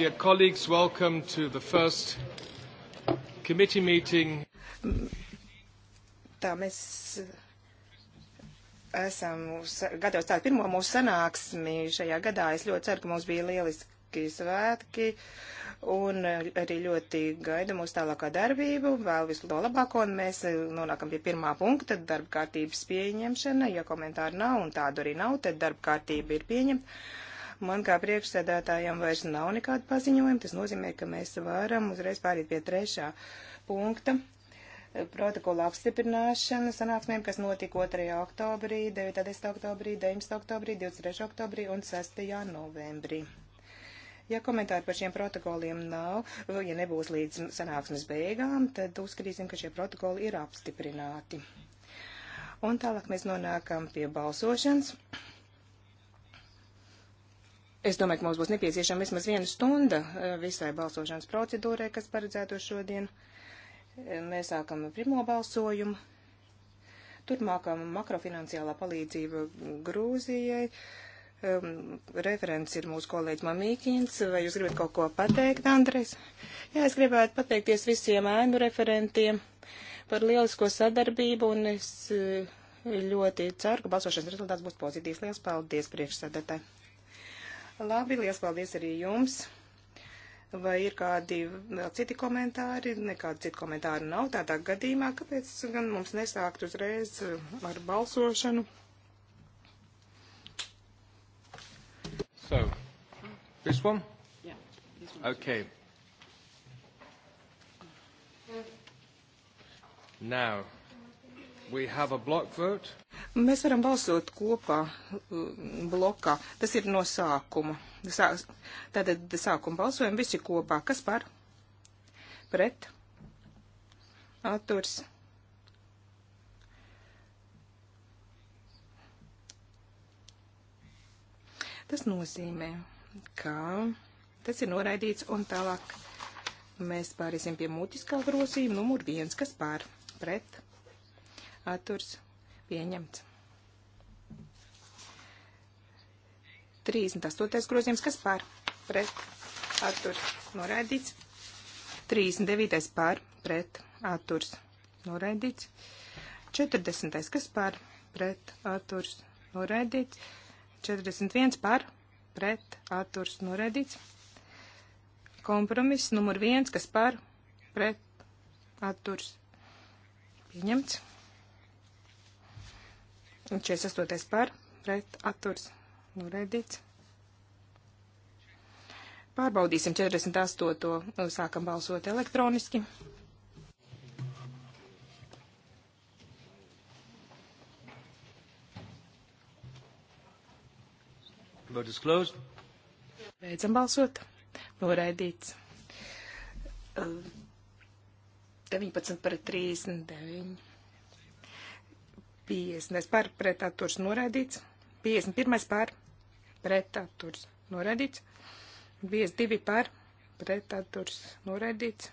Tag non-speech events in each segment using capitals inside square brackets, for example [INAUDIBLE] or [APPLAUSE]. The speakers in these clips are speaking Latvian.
Dear colleagues, welcome to the first committee meeting. Tā mēs esam gatavs tādu pirmo mūsu sanāksmi šajā gadā. Es ļoti ceru, ka mums bija lieliski svētki un arī ļoti gaida mūsu tālākā darbību. Vēl visu to labāko un mēs nonākam pie pirmā punkta - darba kārtības pieņemšana. Ja komentāru nav un tādu arī nav, tad darba kārtība ir pieņemta man kā priekšsēdētājam vairs nav nekāda paziņojuma. Tas nozīmē, ka mēs varam uzreiz pāriet pie trešā punkta protokola apstiprināšana sanāksmēm, kas notika 2. oktobrī, 19. oktobrī, 19. oktobrī, 23. oktobrī un 6. novembrī. Ja komentāri par šiem protokoliem nav, ja nebūs līdz sanāksmes beigām, tad uzskatīsim, ka šie protokoli ir apstiprināti. Un tālāk mēs nonākam pie balsošanas. Es domāju, ka mums būs nepieciešama vismaz viena stunda eh, visai balsošanas procedūrai, kas paredzēto šodien. Eh, mēs sākam pirmo balsojumu. Turpmākā makrofinanciālā palīdzība Grūzijai. Um, referents ir mūsu kolēģis Mamīkins. Vai jūs gribat kaut ko pateikt, Andres? Jā, es gribētu pateikties visiem ēnu referentiem par lielisko sadarbību, un es eh, ļoti ceru, ka balsošanas rezultāts būs pozitīvs. Lielas paldies priekšsēdētāji! Labi, liels paldies arī jums. Vai ir kādi vēl citi komentāri? Nekādu citu komentāru nav tādā gadījumā, kāpēc gan mums nesākt uzreiz eh, ar balsošanu? So, this one? Yeah, this one. Okay. Now. Mēs varam balsot kopā mm, blokā. Tas ir no sākuma. Sā, tātad sākuma balsojam visi kopā. Kas par? Pret? Atturs? Tas nozīmē, ka tas ir noraidīts un tālāk mēs pāriesim pie mutiskā grozījuma numur viens, kas pār pret atturs pieņemts. 38. grozījums, kas pār pret atturs noraidīts. 39. pār pret atturs noraidīts. 40. kas pār pret atturs noraidīts. 41 pār pret atturs noraidīts. Kompromiss numur 1, kas pār pret atturs pieņemts. 48. par pret atturs noraidīts. Pārbaudīsim 48. sākam balsot elektroniski. Vote is closed. Beidzam balsot. Noraidīts. 19 par 39. 50. par pretaturs noraidīts. 51. par pretaturs noraidīts. 52. par pretaturs noraidīts.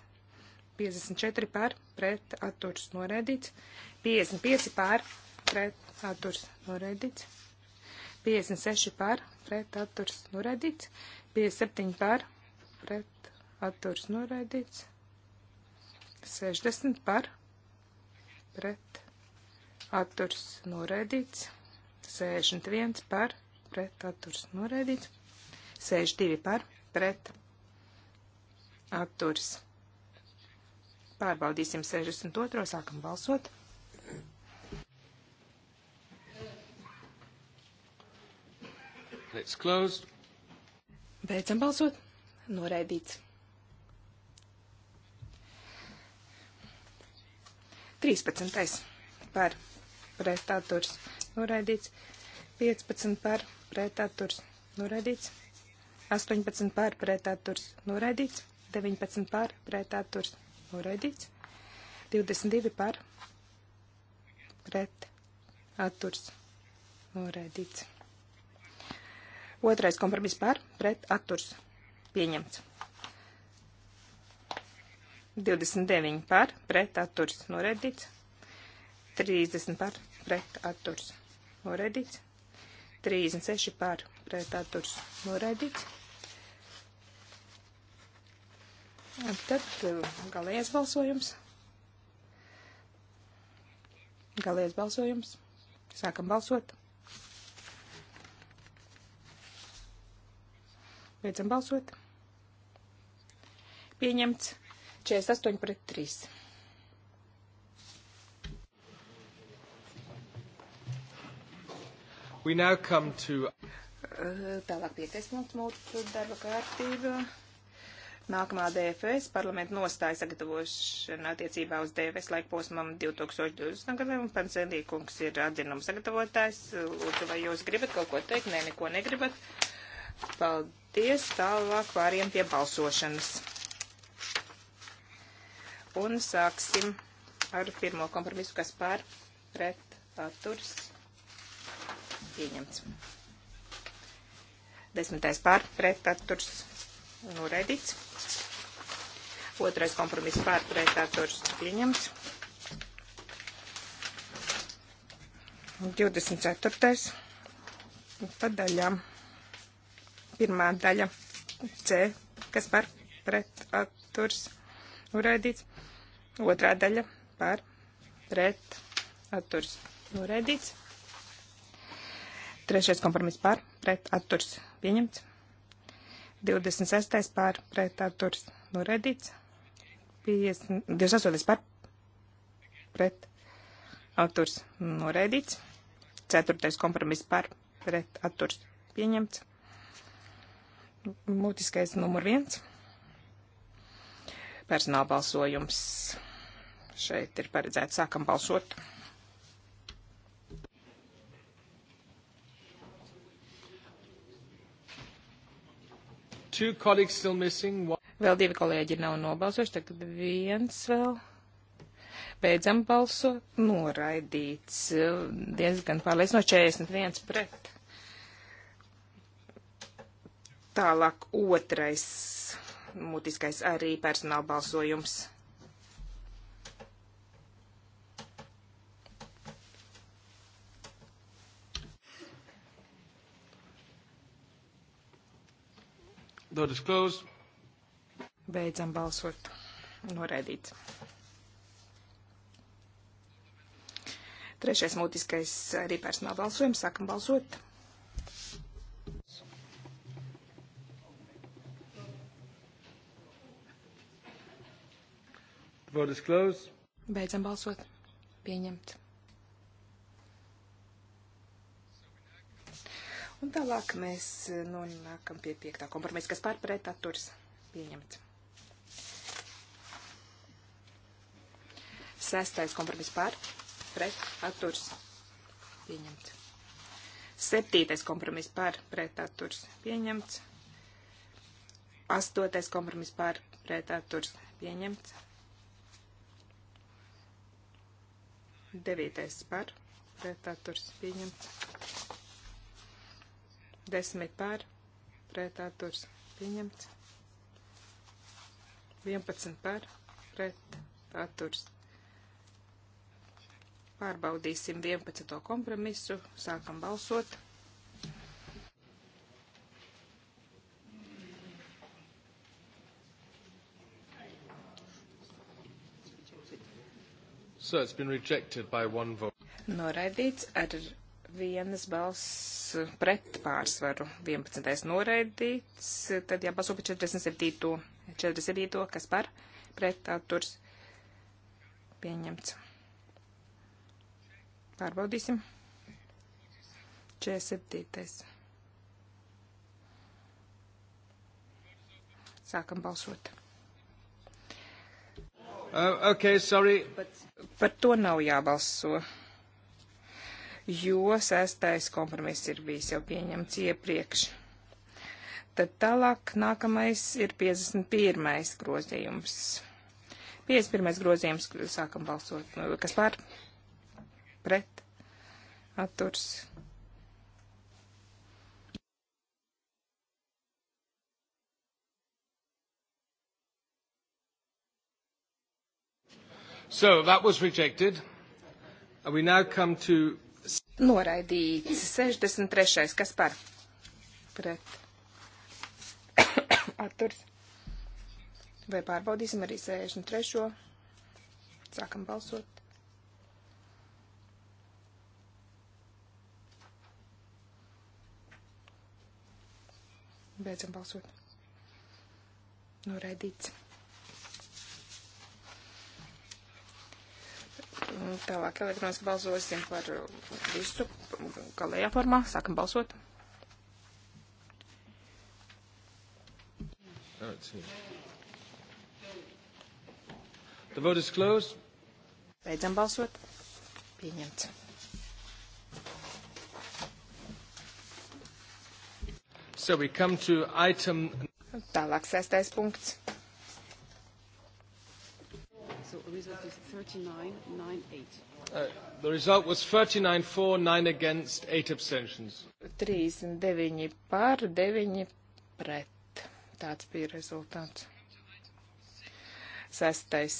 54 par pretaturs noraidīts. 55 par pretaturs noraidīts. 56 par pretaturs noraidīts. 57 par pretaturs noraidīts. 60 par pretaturs atturs noraidīts, 61 par, pret atturs noraidīts, 62 par, pret atturs. Pārbaudīsim 62, sākam balsot. It's closed. Beidzam balsot. Noraidīts. 13. par pretaturs noraidīts, 15 par pretaturs noraidīts, 18 par pretaturs noraidīts, 19 par pretaturs noraidīts, 22 par pretaturs noraidīts. Otrais kompromiss par pretaturs pieņemts. 29 par pretaturs noraidīts, 30 par pret atturs noraidīts. 36 par pret atturs noraidīts. Un tad uh, galējais balsojums. Galējais balsojums. Sākam balsot. Beidzam balsot. Pieņemts 48 pret 3. We now come to... Tālāk piektais punkts mūsu darba kārtībā. Nākamā DFS parlamenta nostāja sagatavošana attiecībā uz DFS laikposmam 2020. gadam. Pats Endīkungs ir atzinums sagatavotājs. Lūdzu, vai jūs gribat kaut ko teikt? Nē, neko negribat. Paldies. Tālāk pāriem pie balsošanas. Un sāksim ar pirmo kompromisu, kas pār pret atturs pieņemts. Desmitais pār pretaturs noraidīts. Otrais kompromiss pār pretaturs pieņemts. 24. pa daļām. Pirmā daļa C, kas par pretaturs noraidīts. Otrā daļa par pretaturs noraidīts. Trešais kompromiss par pret atturs pieņemts. 26. par pret atturs noraidīts. 28. par pret atturs noraidīts. 4. kompromiss par pret atturs pieņemts. Mūtiskais numur 1. Personāla balsojums šeit ir paredzēts. Sākam balsot. Vēl divi kolēģi nav nobalsojuši, tagad viens vēl. Beidzam balso noraidīts. Diezgan pārliecinoši 41 pret. Tālāk otrais mutiskais arī personāla balsojums. Vote is closed. Beidzam balsot. Noraidīts. Trešais mutiskais arī personāla balsojums. Sākam balsot. Vote is closed. Beidzam balsot. Pieņemt. Un tālāk mēs nonākam pie piektā kompromisa, kas pārpret atturs pieņemts. Sestais kompromiss pār, pret, atturs, pieņemts. Septītais kompromiss pār, pret, atturs, pieņemts. Astotais kompromiss pār, pret, atturs, pieņemts. Devītais pār, pret, atturs, pieņemts. 10 pār, pret atturs pieņemts. 11 pār, pret atturs. Pārbaudīsim 11. kompromisu, sākam balsot. So it's been rejected by one vote. Noraidīts ar vienas balss pret pārsvaru. 11. noraidīts, tad jābalso par 47. 47. kas par pret atturs pieņemts. Pārbaudīsim. 47. Sākam balsot. Uh, okay, sorry. Par to nav jābalso jo sestais kompromiss ir bijis jau pieņemts iepriekš. Tad tālāk nākamais ir 51. grozījums. 51. grozījums, sākam balsot, nu, kas pār pret atturs. So that was rejected. And we now come to Noraidīts 63. Kas par? Pret. [COUGHS] Atturs. Vai pārbaudīsim arī 63. Sākam balsot. Beidzam balsot. Noraidīts. Tālāk elektroniski balsosim par visu galējā formā. Sākam balsot. Oh, The vote is closed. Beidzam balsot. Pieņemts. So we come to item... Tālāk sestais punkts. So the result is 39, 9, 8. Uh, the result was 39, 4, 9 against, 8 abstentions. 39 par, 9 pret. Tāds bija rezultāts. Sestais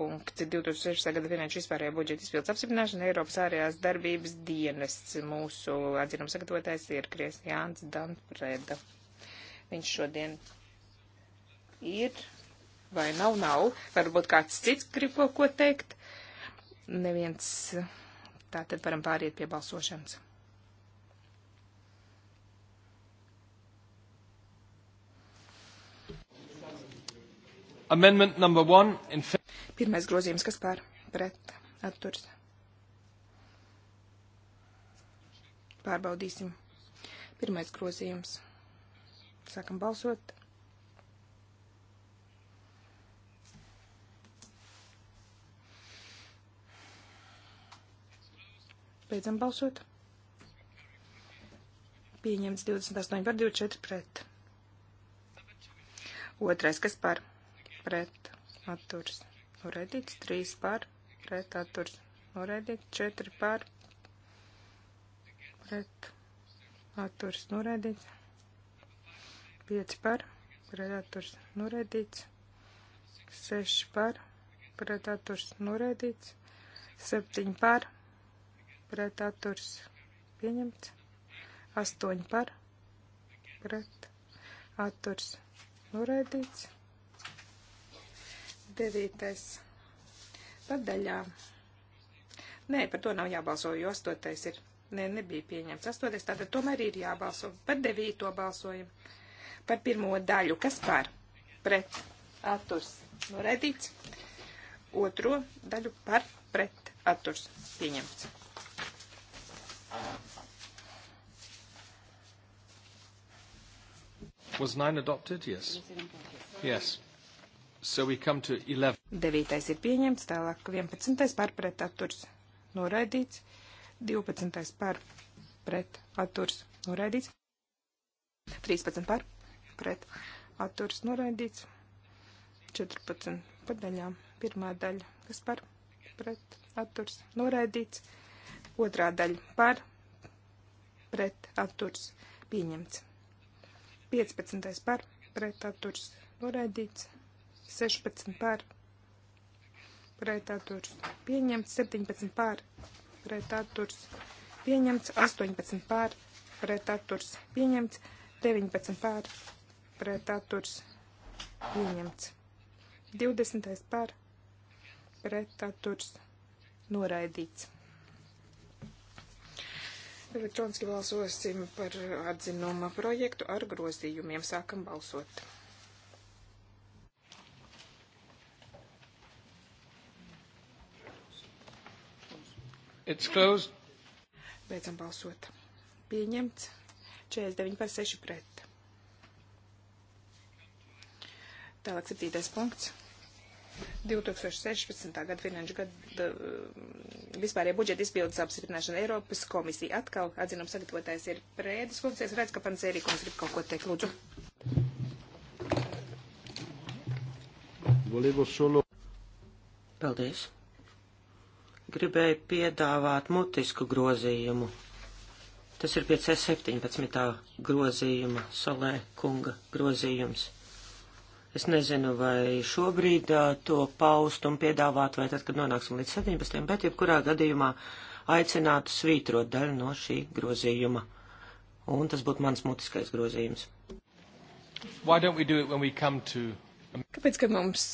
punkts - 2006. gada finanšu vispārējā budžeta izpildes apstiprināšana Eiropas ārējās darbības dienests. Mūsu atzinuma sagatavotājs ir Kristiāns Danpreda. Viņš šodien ir vai nav, nav. Varbūt kāds cits grib kaut ko teikt. Neviens. Tā tad varam pāriet pie balsošanas. Amendment number one. In... Pirmais grozījums, kas pār pret atturs. Pārbaudīsim. Pirmais grozījums. Sākam balsot. Beidzam balsot. Pieņemts 28 par 24 pret. Otrais, kas par pret atturs noraidīts, 3 par pret atturs noraidīts, 4 par pret atturs noraidīts, 5 par pret atturs noraidīts, 6 par pret atturs noraidīts, 7 par pret atturs noraidīts pret atturs pieņemts. 8 par pret atturs noraidīts. 9. par daļām. Nē, par to nav jābalso, jo 8. ir. Nē, nebija pieņemts 8. Tātad tomēr ir jābalso. Par 9. balsojam. Par pirmo daļu. Kas par? Pret. Atturs. Noraidīts. Otro daļu par pret. Atturs. Pieņemts. Was 9 adopted? Yes. Yes. So we come to 11. 9. ir pieņemts, tālāk 11. pārpret atturs noraidīts, 12. pārpret atturs noraidīts, 13. pārpret atturs noraidīts, 14. padaļām, pirmā daļa, kas pārpret atturs noraidīts, otrā daļa pārpret atturs pieņemts. 15. par pret atturs noraidīts, 16 par pret atturs pieņemts, 17 par pret atturs pieņemts, 18 par pret atturs pieņemts, 19 par pret atturs pieņemts, 20. par pret atturs noraidīts. Elektroniski balsosim par atzinuma projektu ar grozījumiem. Sākam balsot. It's closed. Beidzam balsot. Pieņemts 49 par 6 pret. Tālāk 7. punkts. 2016. gada finanšu gada mm, vispārējā budžeta izpildes apstiprināšana Eiropas komisija. Atkal atzinums sagatavotājs ir Prēdis kungs. Es redzu, ka pants Ērīkums grib kaut ko teikt. Lūdzu. Paldies. Gribēju piedāvāt mutisku grozījumu. Tas ir pie C17 grozījuma, Solē kunga grozījums. Es nezinu, vai šobrīd uh, to paust un piedāvāt, vai tad, kad nonāksim līdz 17, bet jebkurā gadījumā aicinātu svītrot daļu no šī grozījuma. Un tas būtu mans mutiskais grozījums. To... Kāpēc, kad mums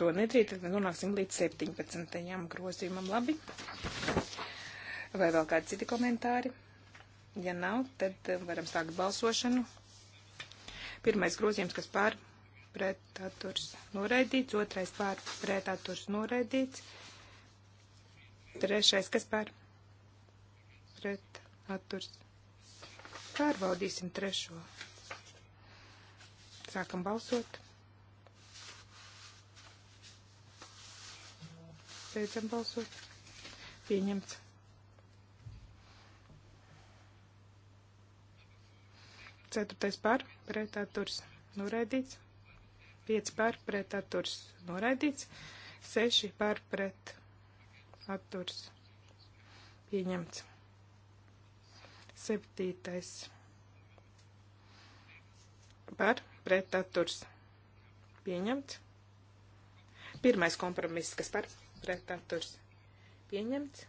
to nedrīkst, tad nonāksim līdz 17. grozījumam labi? Vai vēl kādi citi komentāri? Ja nav, tad varam sākt balsošanu. Pirmais grozījums, kas pār pretaturs noraidīts, otrais pār pretaturs noraidīts, trešais kas pār pretaturs. Pārbaudīsim trešo. Sākam balsot. Beidzam balsot. Pieņemts. Ceturtais par pretaturs noraidīts. 5 par pret atturs noraidīts, 6 par pret atturs pieņemts. 7. par pret atturs pieņemts. Pirmais kompromiss, kas par pret atturs pieņemts.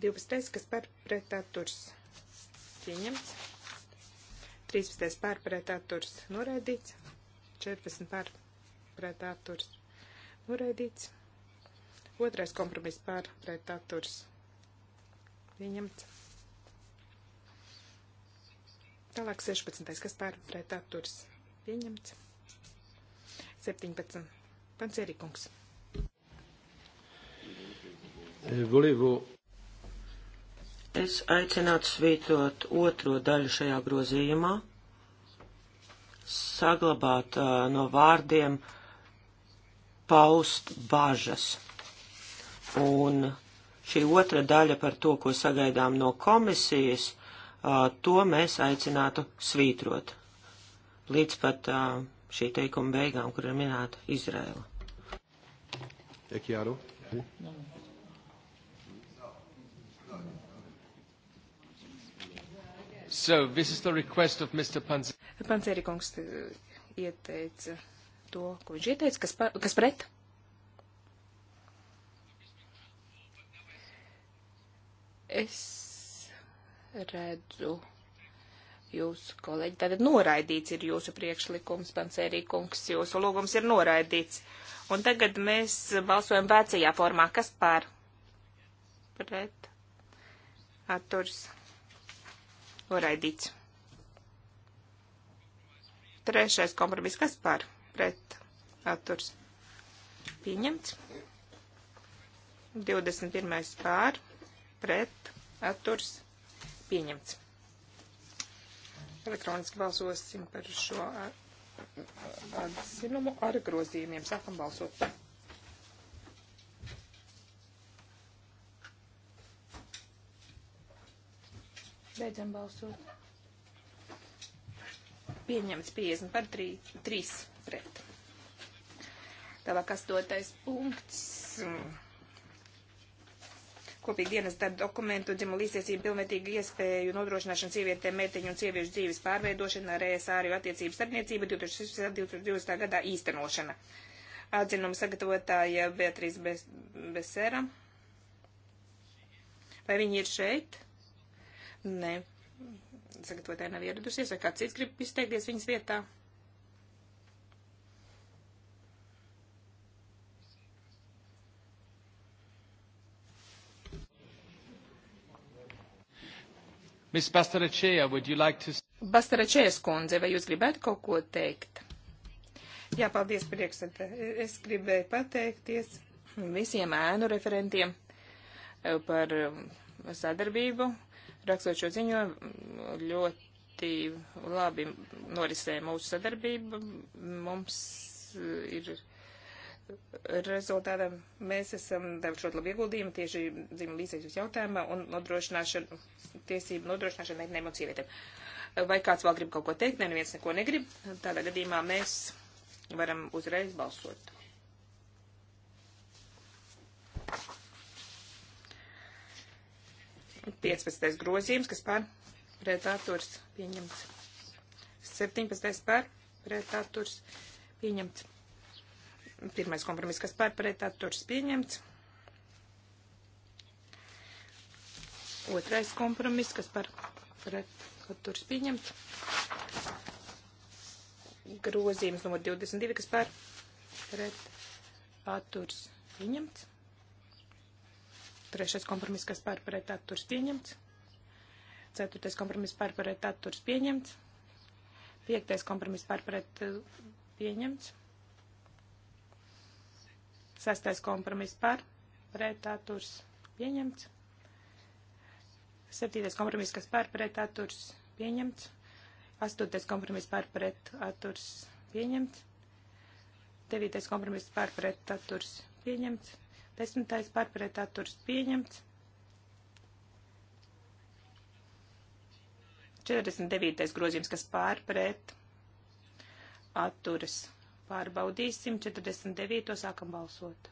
12. kas par pret atturs pieņemts. 13. pārpretā turs noraidīts, 14 par pret atturs noraidīts. Otrais kompromiss par pret atturs pieņemts. Tālāk 16. kas par pret atturs pieņemts. 17. Pancerikungs. Eh, volevo Es aicinātu svītrot otro daļu šajā grozījumā, saglabāt uh, no vārdiem paust bažas. Un šī otra daļa par to, ko sagaidām no komisijas, uh, to mēs aicinātu svītrot līdz pat uh, šī teikuma beigām, kur ir minēta Izrēla. Ekiāru. So, this is the request of Mr. Panzeri. Pancerikungs eh, ieteica to, ko viņš ieteica, kas, pa, kas pret. Es redzu jūsu kolēģi. Tātad noraidīts ir jūsu priekšlikums, pancērīkungs, jūsu lūgums ir noraidīts. Un tagad mēs balsojam vecajā formā. Kas pār? Pret. Atturs. Noraidīts. Trešais kompromiss, kas par pret atturs pieņemts. 21. pār pret atturs pieņemts. Elektroniski balsosim par šo atzinumu ar grozījumiem. Sākam balsot. Beidzam balsot pieņemts 50 par 3, 3 pret. Tālāk astotais punkts. Kopīgi dienas darba dokumentu dzimulīsiesību pilnvērtīgu iespēju nodrošināšanu sievietēm mētiņu un sieviešu dzīves pārveidošana ar ESāriju attiecības starpniecību 2020. gadā īstenošana. Atzinuma sagatavotāja Beatrīs Besera. Vai viņi ir šeit? Nē sagatavotāji nav ieradušies, vai kāds cits grib izteikties viņas vietā? Miss Bastarečēja, would you like to... Bastarečējas kundze, vai jūs gribētu kaut ko teikt? Jā, paldies, priekšsēdē. Es gribēju pateikties visiem ēnu referentiem eh, par um, sadarbību. Rakstot šo ziņojumu, ļoti labi norisēja mūsu sadarbība. Mums eh, ir rezultātā mēs esam devuši ļoti labu ieguldījumu tieši dzimumu līdzekļu jautājumā un nodrošināšanu, tiesību nodrošināšanu meitenēm un sievietēm. Vai kāds vēl grib kaut ko teikt? Nē, neviens neko negrib. Tādā gadījumā mēs varam uzreiz balsot. 15. grozījums, kas par pretaturs pieņemts. 17. par pretaturs pieņemts. Pirmais kompromiss, kas par pretaturs pieņemts. Otrais kompromiss, kas par pretaturs pieņemts. Grozījums numur 22, kas par pretaturs pieņemts. Trešais kompromiss, kas pārpret atturs pieņemts. Ceturtais kompromiss pārpret atturs pieņemts. Piektais kompromiss pārpret eh, pieņemts. Sestais kompromiss pārpret atturs pieņemts. Septītais kompromiss, kas pārpret atturs pieņemts. Astotais kompromiss pārpret atturs pieņemts. Devītais kompromiss pārpret atturs pieņemts. Desmitais pārpret atturs pieņemts. 49. grozījums, kas pārpret atturas. Pārbaudīsim 49. sākam balsot.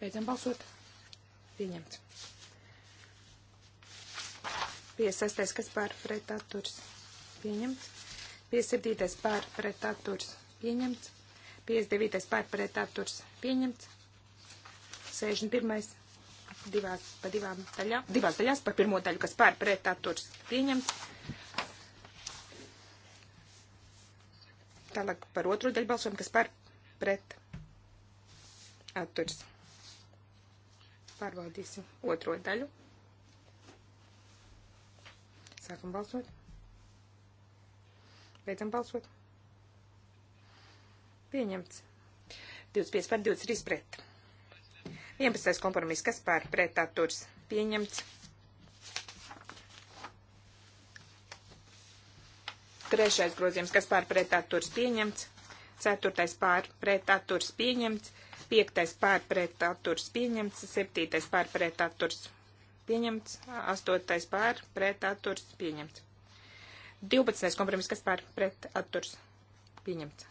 Beidzam balsot. Pieņemts. 56. kas pārpret atturs. Pieņemts. 57. pār pret atturs pieņemts. 59. pār pret atturs pieņemts. 61. Divās, pa divām daļām, divās daļās par pirmo daļu, kas pār pret atturs pieņemts. Tālāk par otro daļu balsojumu, kas pār pret atturs. Pārbaudīsim otro daļu. Sākam balsot. Beidzam balsot. Pieņemts. 25 par 23 pret. 11. kompromiss, kas pār pret atturs. Pieņemts. 3. grozījums, kas pār pret atturs. Pieņemts. 4. pār pret atturs. Pieņemts. 5. pār pret atturs. Pieņemts. 7. pār pret atturs. Pieņemts. 8. pār pret atturs. Pieņemts. 12. kompromiss, kas pār pret atturs pieņemts.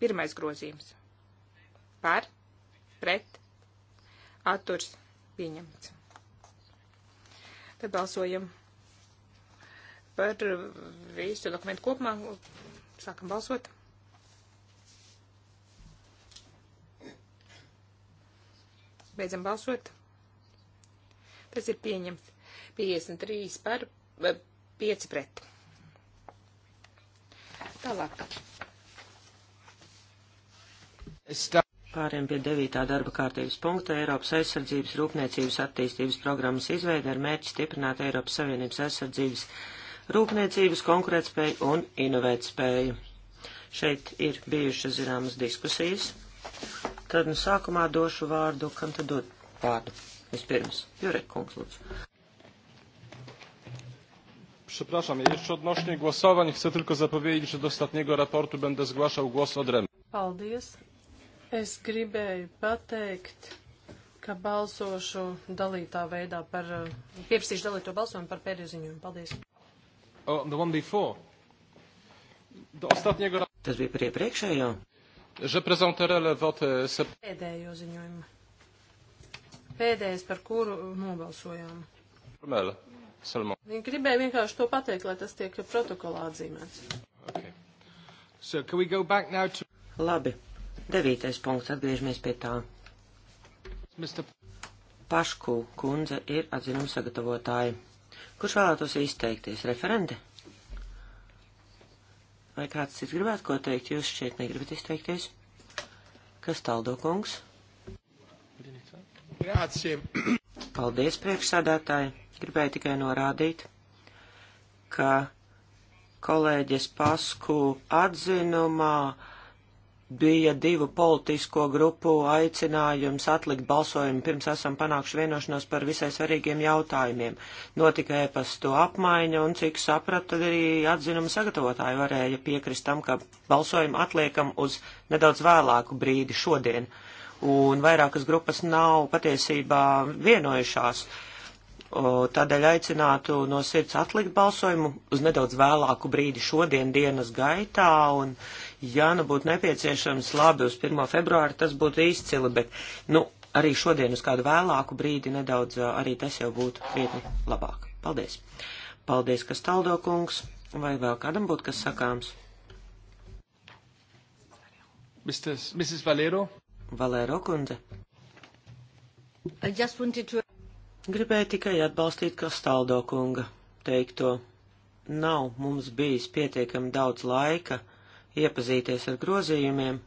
Pirmais grozījums. Par, pret, atturs pieņemts. Tad balsojam par visu dokumentu kopumā. Sākam balsot. Beidzam balsot. Tas ir pieņemts. 53 par 5 eh, pret. Tālāk. Pāriem pie 9. darba kārtības punkta Eiropas aizsardzības rūpniecības attīstības programmas izveida ar mērķi stiprināt Eiropas Savienības aizsardzības rūpniecības konkurētspēju un inovētspēju. Šeit ir bijušas zināmas diskusijas. Tad nu sākumā došu vārdu, kam tad dod vārdu? Vispirms, Jurek Kungs, lūdzu. Przepraszam, ja jeszcze odnośnie głosowań chcę tylko zapowiedzieć, że do ostatniego raportu będę zgłaszał głos odrębny. Paldies. Es gribēju pateikt, ka balsošu dalītā veidā par, eh, pieprasīšu dalīto balsojumu par pēdējo ziņojumu. Paldies. Oh, the one before. Do ostatniego raportu. Tas bija par iepriekšējo. Je présenterai le vote sept. Pēdējo ziņojumu. Pēdējais, par kuru nobalsojām. Formēla. Salomon. Viņi gribēja vienkārši to pateikt, lai tas tiek protokolā atzīmēts. Okay. So, can we go back now to... Labi. Devītais punkts. Atgriežamies pie tā. Mr. Pašku kundze ir atzinuma sagatavotāja. Kurš vēlētos izteikties? Referente? Vai kāds cits gribētu ko teikt? Jūs šķiet negribat izteikties? Kas taldo kungs? Grācie. Paldies, priekšsādātāji. Gribēju tikai norādīt, ka kolēģis Pasku atzinumā bija divu politisko grupu aicinājums atlikt balsojumu pirms esam panākuši vienošanos par visai svarīgiem jautājumiem. Notika ēpastu apmaiņa un, cik sapratu, tad arī atzinuma sagatavotāji varēja piekrist tam, ka balsojumu atliekam uz nedaudz vēlāku brīdi šodien. Uh, un vairākas grupas nav patiesībā vienojušās. Tādēļ aicinātu no sirds atlikt balsojumu uz nedaudz vēlāku brīdi šodien dienas gaitā, un ja nu būtu nepieciešams labi uz 1. februāru, tas būtu izcili, bet, nu, arī šodien uz kādu vēlāku brīdi nedaudz arī tas jau būtu krietni labāk. Paldies! Paldies, kas taldo kungs, vai vēl kādam būtu kas sakāms? Mr. Mrs. Valero? Valēro kundze. To... Gribēju tikai atbalstīt Kastaldo kunga teikto. Nav mums bijis pietiekami daudz laika iepazīties ar grozījumiem,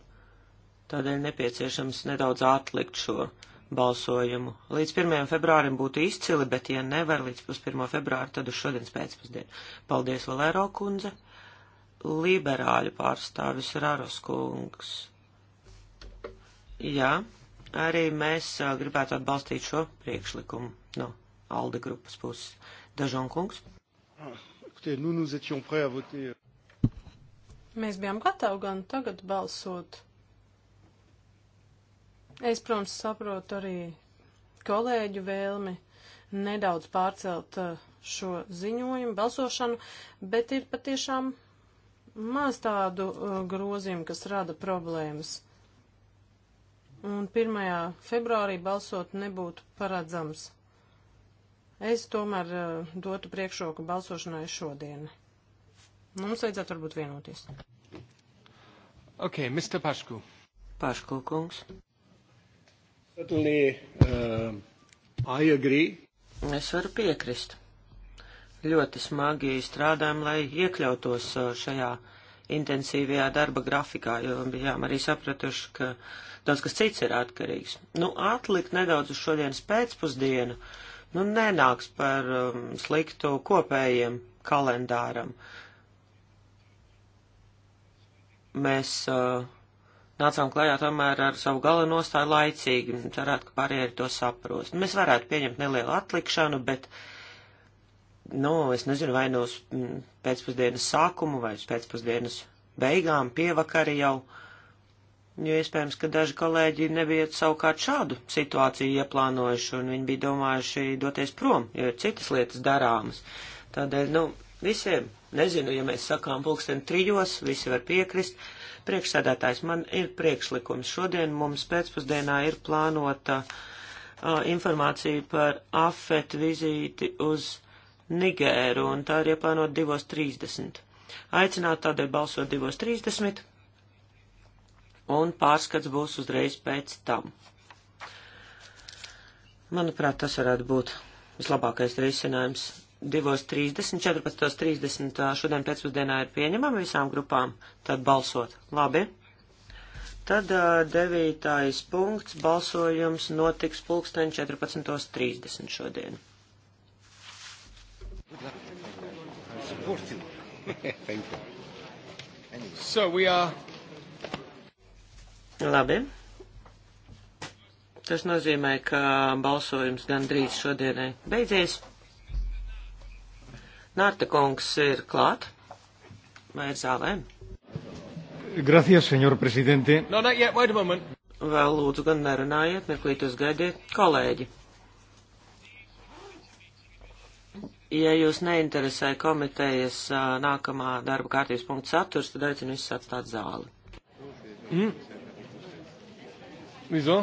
tādēļ nepieciešams nedaudz atlikt šo balsojumu. Līdz 1. februārim būtu izcili, bet ja nevar līdz 1. februāru, tad uz šodienas pēcpusdienu. Paldies, Valēro kundze. Liberāļu pārstāvis Raros kungs. Jā, arī mēs uh, gribētu atbalstīt šo priekšlikumu no ALDE grupas puses. Dažon kungs. Mēs bijām gatavi gan tagad balsot. Es, protams, saprotu arī kolēģu vēlmi nedaudz pārcelt šo ziņojumu, balsošanu, bet ir patiešām maz tādu grozījumu, kas rada problēmas un 1. februārī balsot nebūtu paredzams. Es tomēr uh, dotu priekšroku balsošanai šodien. Mums vajadzētu varbūt vienoties. Ok, Mr. Pašku. Pašku kungs. Certainly, uh, I agree. Es varu piekrist. Ļoti smagi strādājam, lai iekļautos uh, šajā uh, intensīvajā darba grafikā, jo bijām arī sapratuši, ka daudz kas cits ir atkarīgs. Nu, atlikt nedaudz uz šodienas pēcpusdienu, nu, nenāks par um, sliktu kopējiem kalendāram. Mēs uh, nācām klajā tomēr ar savu gala nostāju laicīgi, cerētu, ka pārējie to saprast. Mēs varētu pieņemt nelielu atlikšanu, bet uh, nu, es nezinu, vai no nu mm, pēcpusdienas sākumu vai uz pēcpusdienas beigām, pievakari jau, jo iespējams, ka daži kolēģi nebija savukārt šādu situāciju ieplānojuši un viņi bija domājuši doties prom, jo ir citas lietas darāmas. Tādēļ, nu, visiem, nezinu, ja mēs sakām pulksten trijos, visi var piekrist. Priekšsēdētājs, man ir priekšlikums. Šodien mums pēcpusdienā ir plānota uh, informācija par afet vizīti uz Nigēru, un tā ir ieplānot 2.30. Aicināt tādēļ balsot 2.30, un pārskats būs uzreiz pēc tam. Manuprāt, tas varētu būt vislabākais risinājums 2.30, 14.30 šodien pēcpusdienā ir pieņemama visām grupām, tad balsot. Labi. Tad devītais punkts balsojums notiks pulksten 14.30 šodien support you. Thank you. Anyway. So we are. Labi. Tas nozīmē, ka balsojums gandrīz šodienai beidzies. Nārta kungs ir klāt. Vai ir zālē? Gracias, senor presidente. No, not yet. Wait a moment. Vēl lūdzu gan nerunājiet, mirklīt uzgaidiet. Kolēģi. ja jūs neinteresē komitejas uh, nākamā darba kārtības punkta saturs, tad aicinu visus atstāt zāli. Mm. Wieso?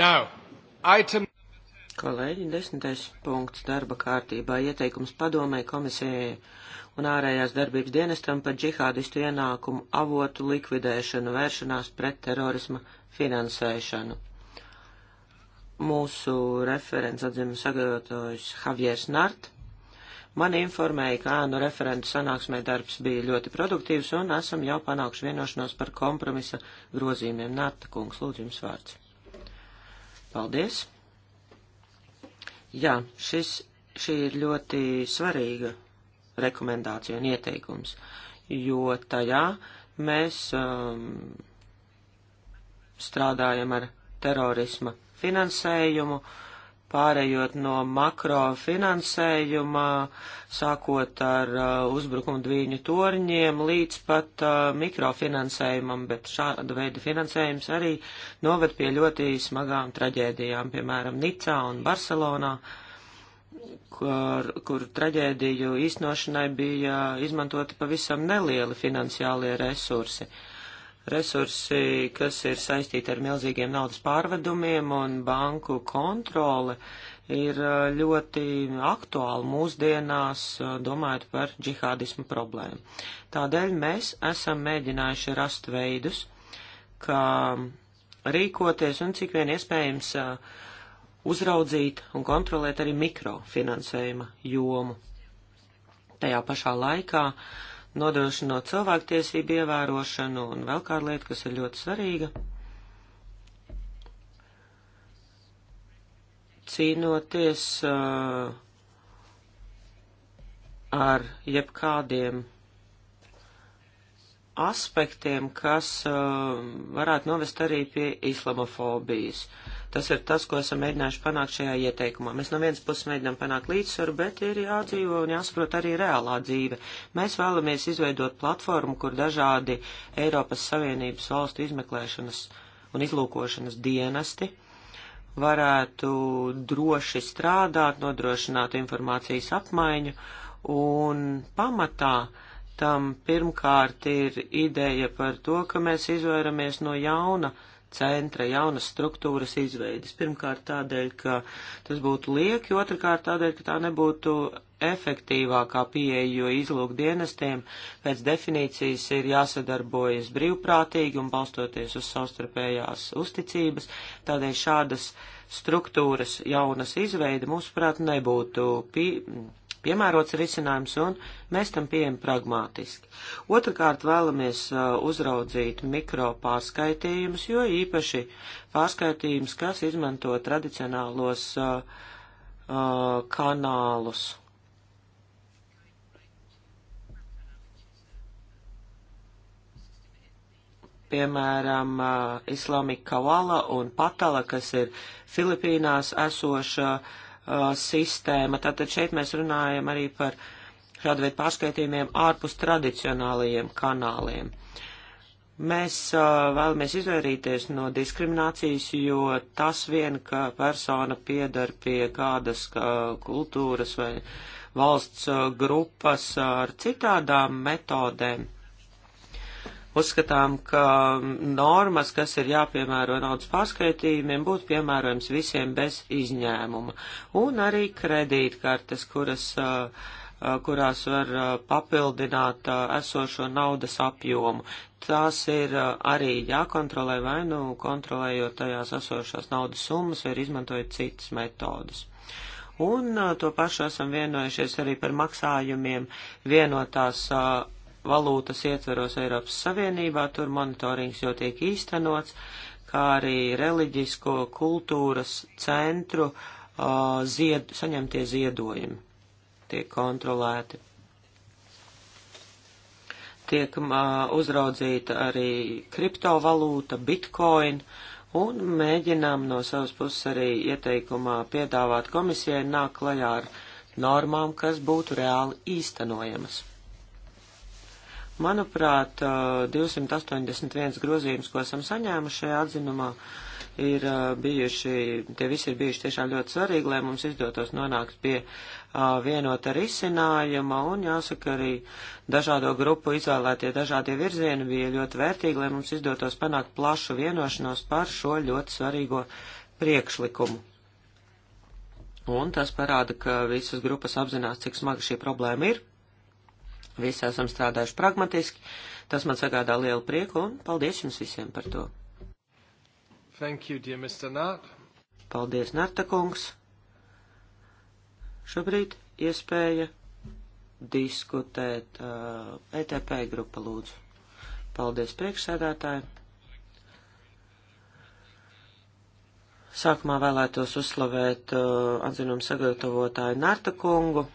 Now, item... Kolēģi, desmitais punkts darba kārtībā ieteikums padomē komisijai un ārējās darbības dienestam par džihādistu ienākumu avotu likvidēšanu, vēršanās pret terorisma finansēšanu. Mūsu referents atzīmē sagatavojis Javiers Nart. Man informēja, ka ēnu referentu sanāksmē darbs bija ļoti produktīvs un esam jau panākuši vienošanos par kompromisa grozījumiem. Nārta kungs, lūdzu jums vārds. Paldies. Jā, šis, šī ir ļoti svarīga rekomendācija un ieteikums, jo tajā mēs um, strādājam ar terorisma finansējumu. Uh, pārējot no makrofinansējuma, sākot ar uh, uzbrukumu dviņu torņiem, līdz pat uh, mikrofinansējumam, bet šāda veida finansējums arī noved pie ļoti smagām traģēdijām, piemēram, Nicā un Barcelonā, kur, kur traģēdiju īstenošanai bija izmantoti pavisam nelieli finansiālie resursi. Uh, resursi, kas ir saistīti ar milzīgiem naudas pārvedumiem un banku kontroli, ir uh, ļoti aktuāli mūsdienās, uh, domājot par džihādismu problēmu. Tādēļ mēs esam mēģinājuši rast veidus, kā rīkoties un cik vien iespējams uh, uzraudzīt un kontrolēt arī mikrofinansējuma jomu. Tajā pašā laikā uh, nodrošinot cilvēktiesību ievērošanu un vēl kāda lieta, kas ir ļoti svarīga. Cīnoties uh, ar jebkādiem aspektiem, kas uh, varētu novest arī pie islamofobijas. Uh, Tas ir tas, ko esam mēģinājuši panākt šajā ieteikumā. Mēs no vienas puses mēģinām panākt līdzsvaru, bet ir jādzīvo un jāsaprot arī reālā dzīve. Mēs vēlamies izveidot platformu, kur dažādi Eiropas Savienības valstu izmeklēšanas un izlūkošanas dienesti varētu droši strādāt, nodrošināt informācijas apmaiņu un pamatā tam pirmkārt ir ideja par to, ka mēs izvairamies no jauna centra, jaunas struktūras izveidas. Pirmkārt tādēļ, ka tas būtu lieki, otrkārt tādēļ, ka tā nebūtu efektīvākā pieeja, jo izlūk dienestiem pēc definīcijas ir jāsadarbojas brīvprātīgi un balstoties uz savstarpējās uzticības, tādēļ šādas struktūras jaunas izveida, mūsuprāt, nebūtu pie, piemērots risinājums, un mēs tam pieejam pragmātiski. Otrakārt vēlamies uzraudzīt mikro pārskaitījumus, jo īpaši pārskaitījumus, kas izmanto tradicionālos kanālus. Piemēram, Islāmika Kavala un Patala, kas ir Filipīnās esoša uh, uh, sistēma. Tātad šeit mēs runājam arī par šādu veidu pārskaitījumiem ārpus tradicionālajiem kanāliem. Mēs uh, vēlamies izvairīties no diskriminācijas, jo tas vien, ka persona piedar pie kādas uh, kultūras vai valsts uh, grupas ar citādām metodēm, Uzskatām, ka normas, kas ir jāpiemēro naudas pārskaitījumiem, būtu piemērojams visiem bez izņēmuma. Un arī kredītkartes, kuras, kurās var papildināt esošo naudas apjomu. Tās ir arī jākontrolē vai nu kontrolējot tajās esošās naudas summas vai izmantojot citas metodas un to pašu esam vienojušies arī par maksājumiem vienotās valūtas ietveros Eiropas Savienībā, tur monitorings jau tiek īstenots, kā arī reliģisko kultūras centru uh, zied, saņemtie ziedojumi tiek kontrolēti. Tiek uh, uzraudzīta arī kriptovalūta, bitcoin, un mēģinām no savas puses arī ieteikumā piedāvāt komisijai nāk klajā ar normām, kas būtu reāli īstenojamas. Manuprāt, 281 grozījums, ko esam saņēmuši šajā atzinumā, ir bijuši, tie visi ir bijuši tiešām ļoti svarīgi, lai mums izdotos nonākt pie vienota risinājuma, un jāsaka arī dažādo grupu izvēlētie dažādie virzieni bija ļoti vērtīgi, lai mums izdotos panākt plašu vienošanos par šo ļoti svarīgo priekšlikumu. Un tas parāda, ka visas grupas apzinās, cik smaga šī problēma ir Visi esam strādājuši pragmatiski. Tas man sagādā lielu prieku un paldies jums visiem par to. Thank you, dear Mr. Nārt. Paldies, Narta kungs. Šobrīd iespēja diskutēt uh, ETP grupa lūdzu. Paldies priekšsēdētāji. Sākumā vēlētos uzslavēt uh, atzinumu sagatavotāju Narta kungu.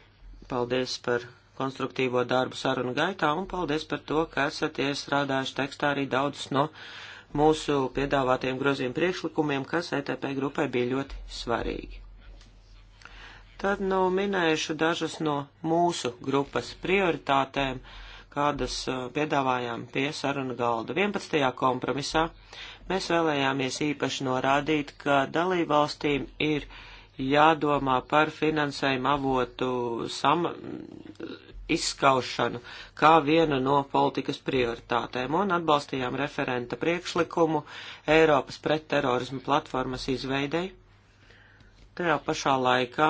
Paldies par konstruktīvo darbu sarunu gaitā, un paldies par to, ka esat iestrādājuši tekstā arī daudzus no mūsu piedāvātiem grozījumu priekšlikumiem, kas ETP grupai bija ļoti svarīgi. Tad nu minējuši dažas no mūsu grupas prioritātēm, kādas uh, piedāvājām pie saruna galda. 11. kompromisā mēs vēlējāmies īpaši norādīt, ka dalībvalstīm ir jādomā par finansējumu avotu sam, izskaušanu kā vienu no politikas prioritātēm un atbalstījām referenta priekšlikumu Eiropas pretterorismu platformas izveidei. Tajā pašā laikā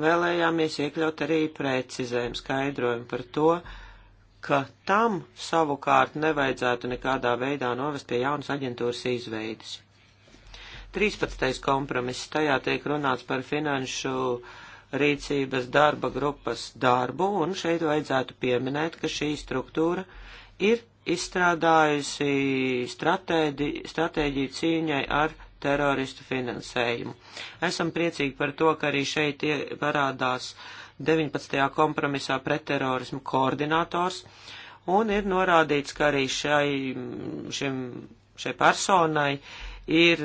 vēlējāmies iekļaut arī precizējumu skaidrojumu par to, ka tam savukārt nevajadzētu nekādā veidā novest pie jaunas aģentūras izveidas. 13. kompromiss, tajā tiek runāts par finanšu rīcības darba grupas darbu, un šeit vajadzētu pieminēt, ka šī struktūra ir izstrādājusi stratēdi, stratēģiju cīņai ar teroristu finansējumu. Esam priecīgi par to, ka arī šeit parādās 19. kompromisā pretterorismu koordinators, un ir norādīts, ka arī šai, šim, šai personai uh, ir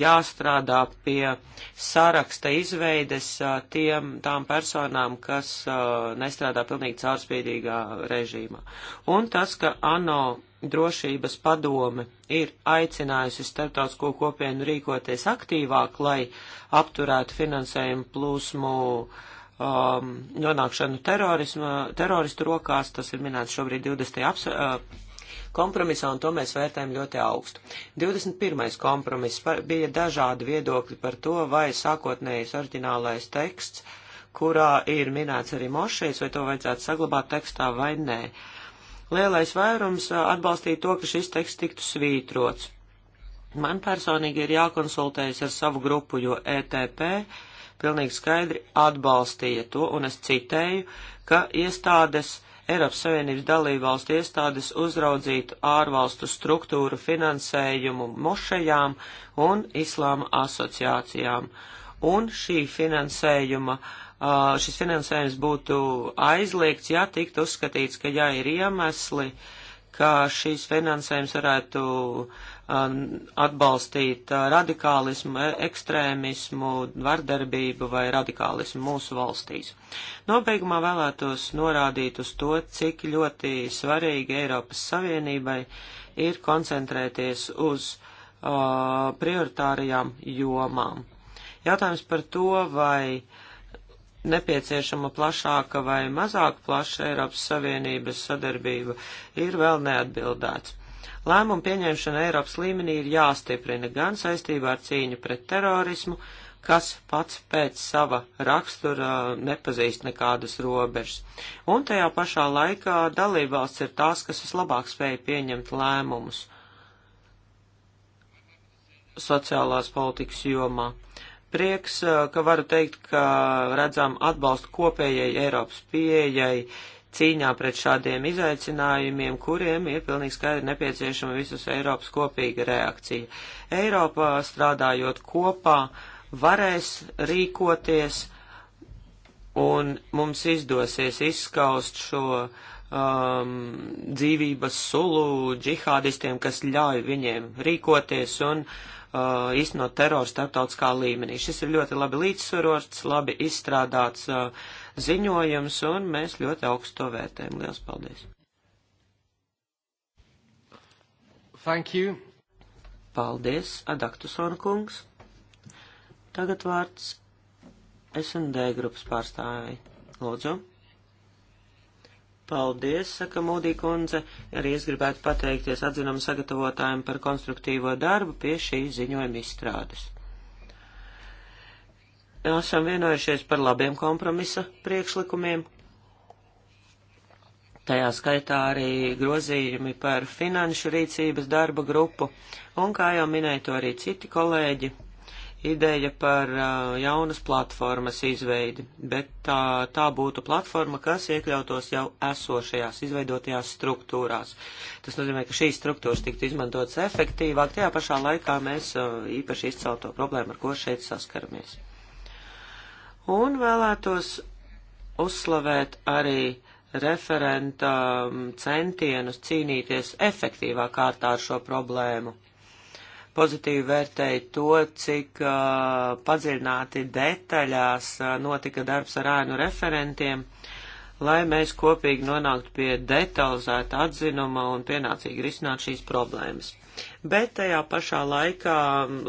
jāstrādā pie saraksta izveides tiem, tām personām, kas nestrādā pilnīgi caurspīdīgā režīmā. Un tas, ka ANO drošības padome ir aicinājusi starptautisko kopienu rīkoties aktīvāk, lai apturētu finansējumu plūsmu um, nonākšanu terorismu, teroristu rokās, tas ir minēts šobrīd 20. Aps, uh, kompromisā, un to mēs vērtējam ļoti augstu. 21. kompromiss par, bija dažādi viedokļi par to, vai sākotnējais oriģinālais teksts, kurā ir minēts arī mošais, vai to vajadzētu saglabāt tekstā vai nē. Lielais vairums atbalstīja to, ka šis teksts tiktu svītrots. Man personīgi ir jākonsultējas ar savu grupu, jo ETP pilnīgi skaidri atbalstīja to, un es citēju, ka iestādes uh, Eiropas Savienības dalībvalstu iestādes uzraudzītu ārvalstu struktūru finansējumu mošajām un islāma asociācijām. Un šī finansējuma, šis finansējums būtu aizliegts, ja tiktu uzskatīts, ka jā, ir iemesli uh, ka šīs finansējums varētu um, atbalstīt uh, radikālismu, e, ekstrēmismu, vardarbību vai radikālismu mūsu valstīs. Nobeigumā vēlētos norādīt uz to, cik ļoti svarīgi Eiropas Savienībai ir koncentrēties uz uh, prioritārajām jomām. Jautājums par to, vai uh, nepieciešama plašāka vai mazāk plaša Eiropas Savienības sadarbība, ir vēl neatbildēts. Lēmumu pieņemšana Eiropas līmenī ir jāstiprina gan saistībā ar cīņu pret terorismu, kas pats pēc sava rakstura nepazīst nekādas robežas. Un tajā pašā laikā dalībvalsts ir tās, kas vislabāk spēja pieņemt lēmumus sociālās politikas jomā. Prieks, ka varu teikt, ka redzam atbalstu kopējai Eiropas pieejai cīņā pret šādiem izaicinājumiem, kuriem ir pilnīgi skaidri nepieciešama visas Eiropas kopīga reakcija. Eiropā strādājot kopā varēs rīkoties un mums izdosies izskaust šo um, dzīvības sulu džihādistiem, kas ļauj viņiem rīkoties un uh, uh, īstenot teroru starptautiskā līmenī. Šis ir ļoti labi līdzsvarots, labi izstrādāts uh, ziņojums, un mēs ļoti augstu to vērtējam. Lielas paldies! Thank you. Paldies, Adaktusona kungs. Tagad vārds S&D grupas pārstāvēji. Lūdzu. Paldies, saka Mūdī kundze. Arī es gribētu pateikties atzinam sagatavotājiem par konstruktīvo darbu pie šī ziņojuma izstrādes. Esam vienojušies par labiem kompromisa priekšlikumiem. Tajā skaitā arī grozījumi par finanšu rīcības darba grupu, un, kā jau minēja to arī citi kolēģi, ideja par jaunas platformas izveidi, bet tā, tā būtu platforma, kas iekļautos jau esošajās, izveidotajās struktūrās. Tas nozīmē, ka šīs struktūras tiktu izmantotas efektīvāk, tajā pašā laikā mēs īpaši izcelto problēmu, ar ko šeit saskaramies. Un vēlētos uzslavēt arī referenta centienus cīnīties efektīvā kārtā ar šo problēmu pozitīvi vērtēju to, cik uh, padziļināti detaļās uh, notika darbs ar ēnu referentiem, lai mēs kopīgi nonāktu pie detalizēta atzinuma un pienācīgi risināt šīs problēmas. Bet tajā pašā laikā,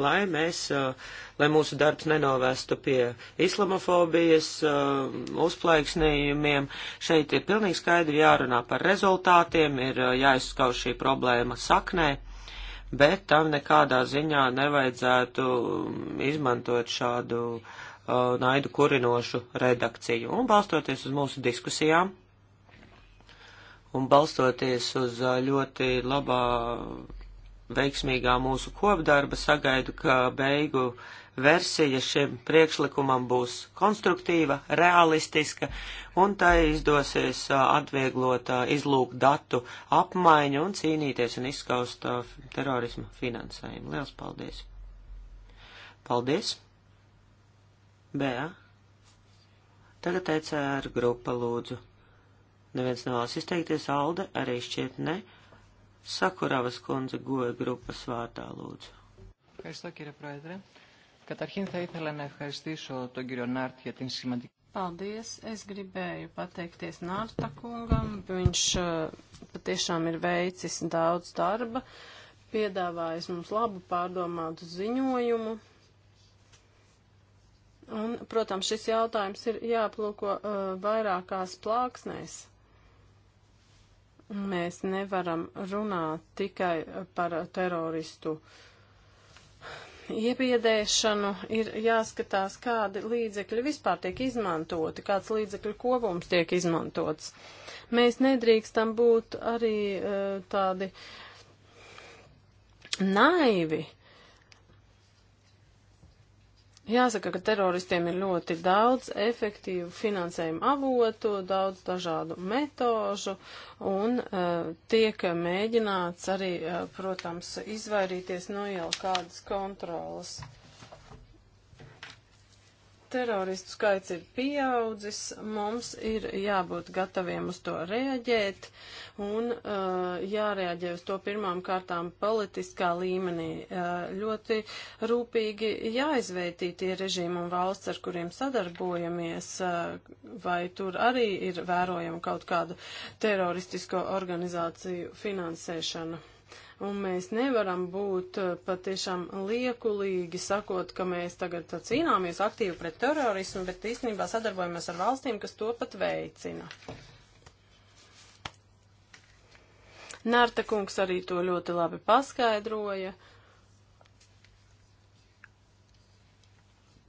lai mēs, uh, lai mūsu darbs nenovestu pie islamofobijas uh, uzplaiksnījumiem, šeit ir pilnīgi skaidri jārunā par rezultātiem, ir uh, jāizskauž šī problēma saknē bet tam nekādā ziņā nevajadzētu mm, izmantot šādu uh, naidu kurinošu redakciju. Un balstoties uz mūsu diskusijām un balstoties uz uh, ļoti labā veiksmīgā mūsu kopdarba, sagaidu, ka beigu versija šim priekšlikumam būs konstruktīva, realistiska, un tai izdosies atvieglot izlūk datu apmaiņu un cīnīties un izskaust terorismu finansējumu. Liels paldies! Paldies! Bēā! Tagad ECR grupa lūdzu. Neviens nevēlas izteikties, Alde arī šķiet ne. Sakuravas kundze goja grupas vārdā lūdzu. Ευχαριστώ κύριε Πρόεδρε. Καταρχήν θα ήθελα να ευχαριστήσω τον κύριο Νάρτ για την σημαντική. Paldies! Es gribēju pateikties Nārta kungam. Viņš patiešām ir veicis daudz darba, piedāvājis mums labu pārdomātu ziņojumu. Un, protams, šis jautājums ir jāplūko uh, vairākās plāksnēs. Mēs nevaram runāt tikai par teroristu uh, iebiedēšanu, ir jāskatās, kādi līdzekļi vispār tiek izmantoti, kāds līdzekļu kopums tiek izmantots. Mēs nedrīkstam būt arī eh, tādi naivi. Jāsaka, ka teroristiem ir ļoti daudz efektīvu finansējumu avotu, daudz dažādu metožu un uh, tiek mēģināts arī, uh, protams, izvairīties no jau kādas kontrolas. Uh, teroristu skaits ir pieaudzis, mums ir jābūt gataviem uz to reaģēt un uh, jārēģē uz to pirmām kārtām politiskā līmenī. Uh, ļoti rūpīgi jāizvērtī tie režīmi un valsts, ar kuriem sadarbojamies, uh, vai tur arī ir vērojama kaut kāda teroristisko organizāciju finansēšana un mēs nevaram būt eh, patiešām liekulīgi sakot, ka mēs tagad eh, cīnāmies aktīvi pret terorismu, bet īstenībā sadarbojamies ar valstīm, kas to pat veicina. Nārta kungs arī to ļoti labi paskaidroja. Uh,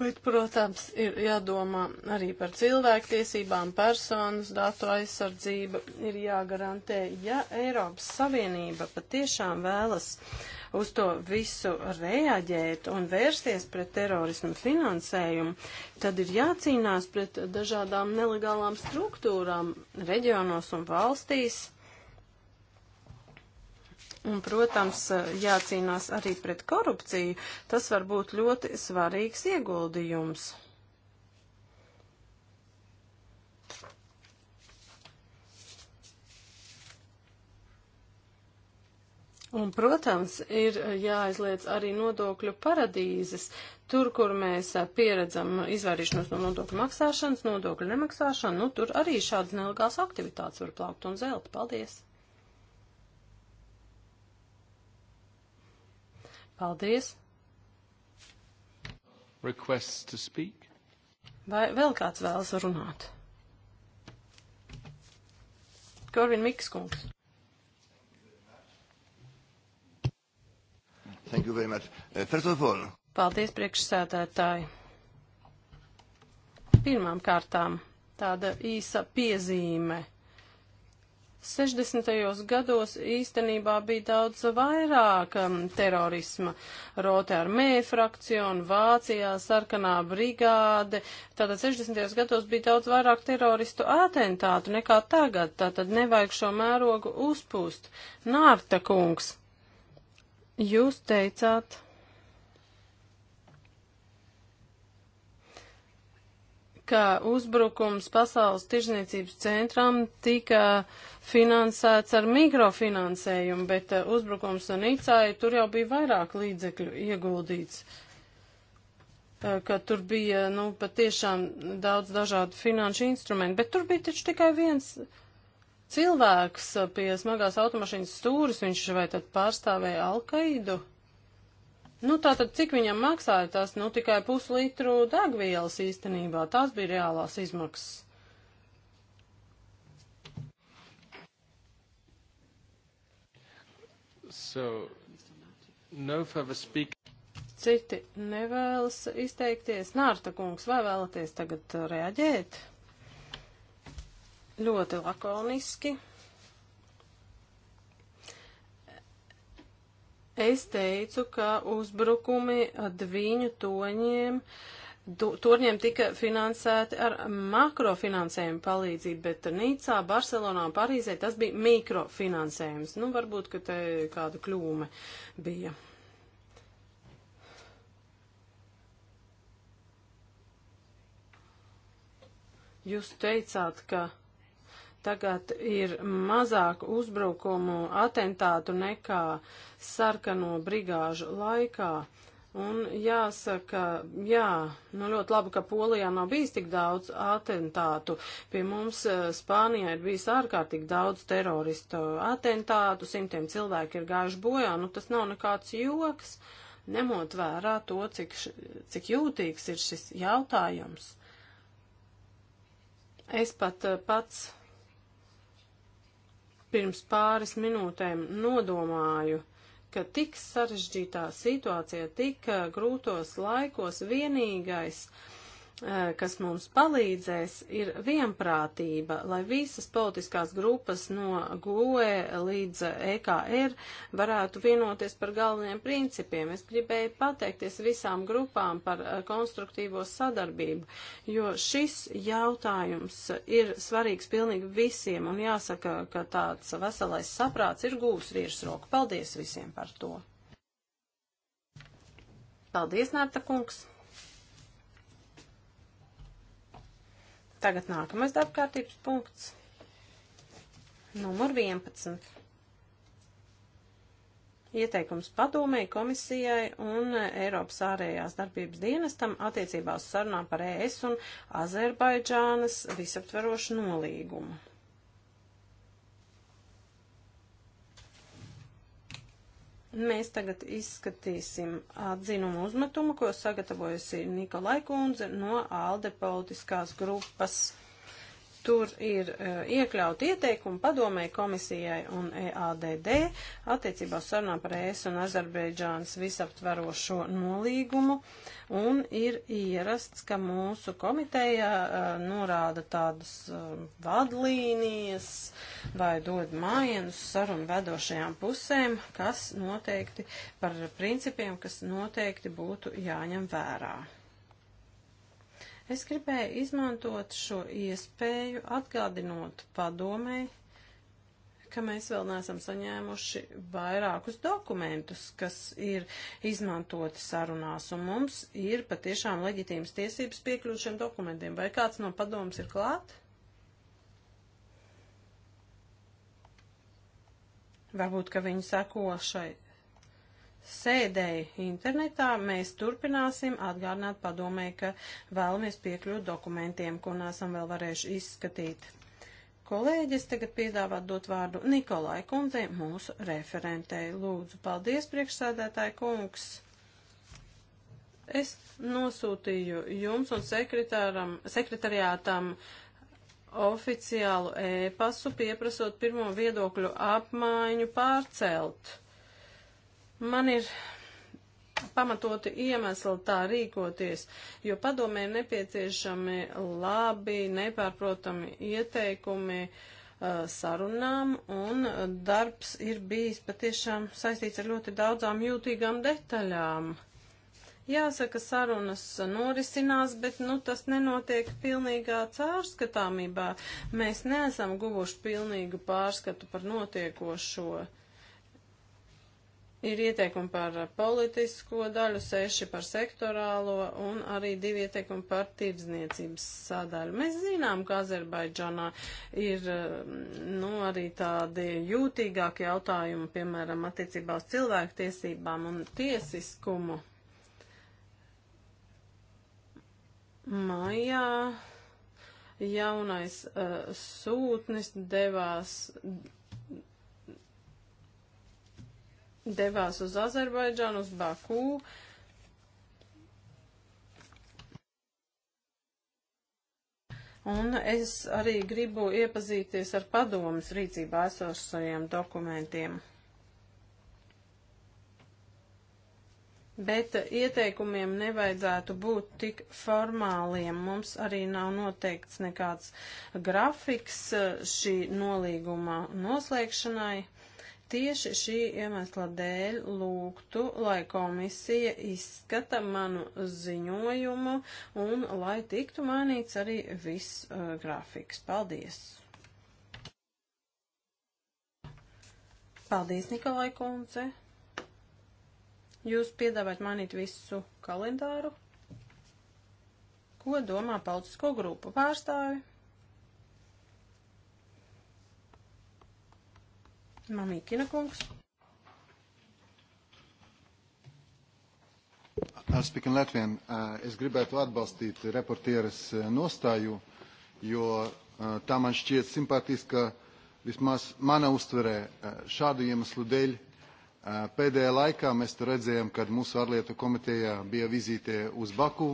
Bet, protams, ir jādomā arī par cilvēktiesībām, personas datu aizsardzība ir jāgarantē. Ja Eiropas Savienība patiešām vēlas uz to visu reaģēt un vērsties pret terorismu finansējumu, tad ir jācīnās pret dažādām nelegālām struktūrām reģionos un valstīs Un, protams, jācīnās arī pret korupciju. Tas var būt ļoti svarīgs ieguldījums. Un, protams, ir jāizliedz arī nodokļu paradīzes. Tur, kur mēs pieredzam izvairīšanos no nodokļu maksāšanas, nodokļu nemaksāšanu, nu, tur arī šādas nelegālas aktivitātes var plaukt un zelt. Paldies! Paldies! Requests to speak? Vai vēl kāds vēlas runāt? Korvin Mikskungs. Thank you very much. Uh, first of all. Paldies priekšsēdētāji. Pirmām kārtām tāda īsa piezīme 60. gados īstenībā bija daudz vairāk um, terorisma. Rote ar mēju frakcionu, Vācijā, sarkanā brigāde. Tātad 60. gados bija daudz vairāk teroristu atentātu nekā tagad. Tātad nevajag šo mērogu uzpūst. Nārta kungs, jūs teicāt ka uzbrukums pasaules tirzniecības centram tika finansēts ar mikrofinansējumu, bet uh, uzbrukums Nicāja tur jau bija vairāk līdzekļu ieguldīts, uh, ka tur bija, nu, patiešām daudz dažādu finanšu instrumentu, bet tur bija taču tikai viens cilvēks uh, pie smagās automašīnas stūris, viņš vai tad pārstāvēja Alkaidu. Nu, tātad, cik viņam maksāja tas, nu, tikai puslitru degvielas īstenībā, tās bija reālās izmaksas. So, no speak... Citi nevēlas izteikties. Nārta kungs, vai vēlaties tagad reaģēt? Ļoti lakoniski. Es teicu, ka uzbrukumi dviņu toņiem. Du, turņiem tika finansēti ar makrofinansējumu palīdzību, bet Nīcā, Barcelonā un Parīzē tas bija mikrofinansējums. Nu, varbūt, ka te kāda kļūme bija. Jūs teicāt, ka tagad ir mazāk uzbrukumu atentātu nekā sarkano brigāžu laikā. Un jāsaka, jā, nu ļoti labi, ka Polijā nav bijis tik daudz atentātu. Pie mums eh, Spānijā ir bijis ārkārtīgi daudz teroristu atentātu, simtiem cilvēki ir gājuši bojā, nu tas nav nekāds joks, nemot vērā to, cik, cik jūtīgs ir šis jautājums. Es pat eh, pats pirms pāris minūtēm nodomāju, ka tik sarežģītā situācijā, tik grūtos laikos vienīgais uh, Eh, kas mums palīdzēs, ir vienprātība, lai visas politiskās grupas no GOE līdz EKR varētu vienoties par galveniem principiem. Es gribēju pateikties visām grupām par eh, konstruktīvo sadarbību, jo šis jautājums ir svarīgs pilnīgi visiem un jāsaka, ka tāds veselais saprāts ir gūs virsroku. Paldies visiem par to! Paldies, Nārta kungs! Tagad nākamais darbkārtības punkts. Numur 11. Ieteikums padomēji komisijai un Eiropas ārējās darbības dienestam attiecībā uz sarunām par ES un Azerbaidžānas visaptverošu nolīgumu. Mēs tagad izskatīsim atzinumu uzmetumu, ko sagatavojusi Nikolai Kundze no ALDE politiskās grupas. Tur ir uh, iekļauti ieteikumi padomē komisijai un EADD attiecībā uz sarunām par ES un Azerbeidžānas visaptverošo nolīgumu. Un ir ierasts, ka mūsu komiteja uh, norāda tādas uh, vadlīnijas vai dod mājienus sarunu vedošajām pusēm, kas noteikti par principiem, kas noteikti būtu jāņem vērā. Es gribēju izmantot šo iespēju atgādinot padomēji, ka mēs vēl neesam saņēmuši vairākus dokumentus, kas ir izmantoti sarunās, un mums ir patiešām leģitīmas tiesības piekļūt šiem dokumentiem. Vai kāds no padomus ir klāt? Varbūt, ka viņi seko šai sēdēji internetā, mēs turpināsim atgādināt padomē, ka vēlamies piekļūt dokumentiem, ko nesam vēl varējuši izskatīt. Kolēģis tagad piedāvā dot vārdu Nikolai kundzei, mūsu referentei. Lūdzu, paldies, priekšsēdētāji kungs! Es nosūtīju jums un sekretariātam oficiālu ēpasu, pieprasot pirmo viedokļu apmaiņu pārcelt. Man ir pamatoti iemesli tā rīkoties, jo padomē ir nepieciešami labi, nepārprotami ieteikumi uh, sarunām, un darbs ir bijis patiešām saistīts ar ļoti daudzām jūtīgām detaļām. Jāsaka, sarunas norisinās, bet nu, tas nenotiek pilnīgā cārskatāmībā. Mēs neesam guvuši pilnīgu pārskatu par notiekošo. Ir ieteikumi par politisko daļu, seši par sektorālo un arī divi ieteikumi par tirdzniecības sadaļu. Mēs zinām, ka Azerbaidžanā ir mm, nu, arī tādi jūtīgāki jautājumi, piemēram, attiecībā uz cilvēktiesībām un tiesiskumu. Maijā jaunais uh, sūtnis devās devās uz Azerbaidžānu, uz Bakū. Un es arī gribu iepazīties ar padomas rīcībā esošajiem dokumentiem. Bet ieteikumiem nevajadzētu būt tik formāliem. Mums arī nav noteikts nekāds grafiks šī nolīguma noslēgšanai. Tieši šī iemesla dēļ lūgtu, lai komisija izskata manu ziņojumu un lai tiktu mainīts arī viss uh, grafiks. Paldies! Paldies, Nikolai Kunze! Jūs piedāvājat mainīt visu kalendāru? Ko domā politisko grupu pārstāvi? Mamīkina kungs. Ar spikin Latvijam uh, es gribētu atbalstīt reportieres uh, nostāju, jo uh, tā man šķiet simpātiska vismaz mana uztverē šādu iemeslu dēļ. Pēdējā laikā mēs redzējām, kad mūsu ārlietu komitejā bija vizīte uz Baku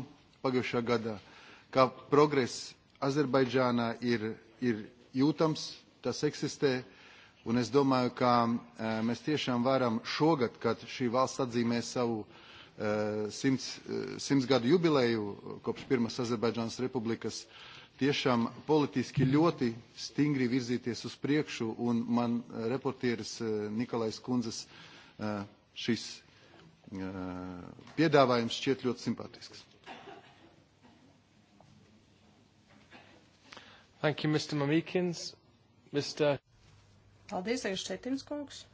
pagājušā gada, ka progress Azerbaidžānā ir, ir jūtams, tas eksistē. Uh, Un es domāju, ka e, mēs tiešām varam šogad, kad šī valsts atzīmē savu e, simts, e, simts gadu jubileju kopš pirmas Azerbaidžānas republikas, tiešām politiski ļoti stingri virzīties uz priekšu. Un man reportieris Nikolais Kunzes šis piedāvājums šķiet ļoti simpātisks. Thank you, Mr. Mamikins. Mr. Paldies, arī Štetinskogs.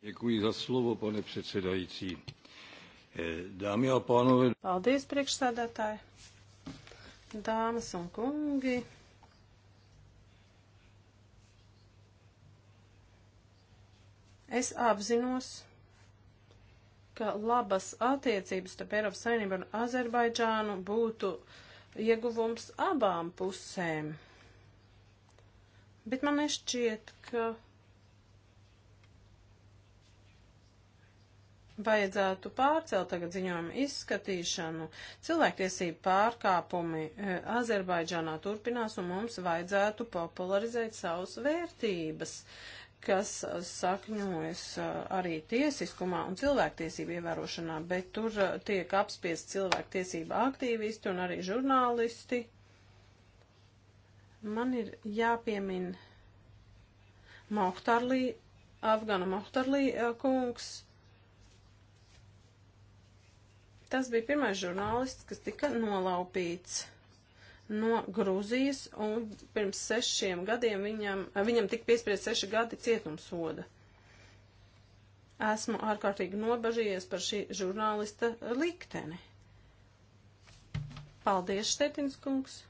Děkuji za slovo, pane předsedající. Eh, dámy a pánové. Paldies, priekšsēdētāji. Dāmas un kungi. Es apzinos, ka labas attiecības starp Eiropas Savienību un Azerbaidžānu būtu ieguvums abām pusēm. Bet man nešķiet, ka vajadzētu pārcelt tagad ziņojumu izskatīšanu. Cilvēktiesību pārkāpumi e, Azerbaidžānā turpinās un mums vajadzētu popularizēt savus vērtības, kas e, sakņojas e, arī tiesiskumā un cilvēktiesību ievērošanā, bet tur tiek apspiesti cilvēktiesība aktīvisti un arī žurnālisti. Man ir jāpiemin Mohtarlī, Afgana Mohtarlī eh, kungs. Tas bija pirmais žurnālists, kas tika nolaupīts no Grūzijas, un pirms sešiem gadiem viņam, eh, viņam tika piespriedz seši gadi cietumsoda. Esmu ārkārtīgi nobažījies par šī žurnālista likteni. Paldies, Štetins kungs!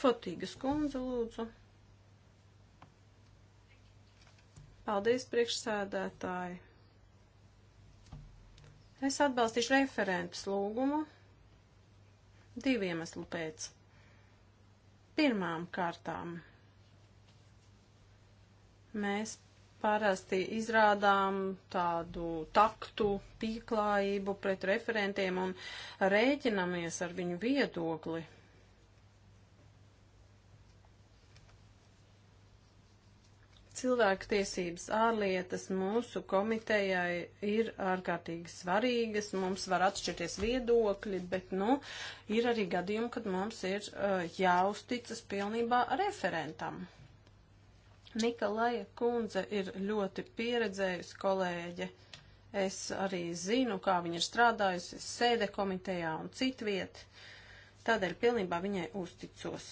Fotīgas kundze, lūdzu. Paldies, priekšsēdētāji. Es atbalstīšu referentus lūgumu divu iemeslu pēc. Pirmām kārtām mēs parasti izrādām tādu taktu, pieklājību pret referentiem un rēķinamies ar viņu viedokli. Cilvēktiesības ārlietas mūsu komitejai ir ārkārtīgi svarīgas, mums var atšķirties viedokļi, bet, nu, ir arī gadījumi, kad mums ir uh, jāuzticas pilnībā referentam. Nikolaja kundze ir ļoti pieredzējusi kolēģe. Es arī zinu, kā viņa ir strādājusi sēde komitejā un citviet. Tādēļ pilnībā viņai uzticos.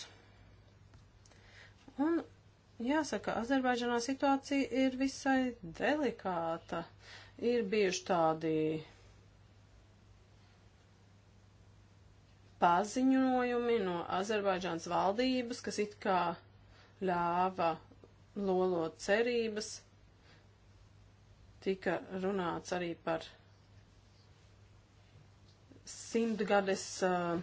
Un Jāsaka, Azerbaidžanā situācija ir visai delikāta. Ir bijuši tādi paziņojumi no Azerbaidžānas valdības, kas it kā ļāva lolot cerības. Tika runāts arī par simtgades uh,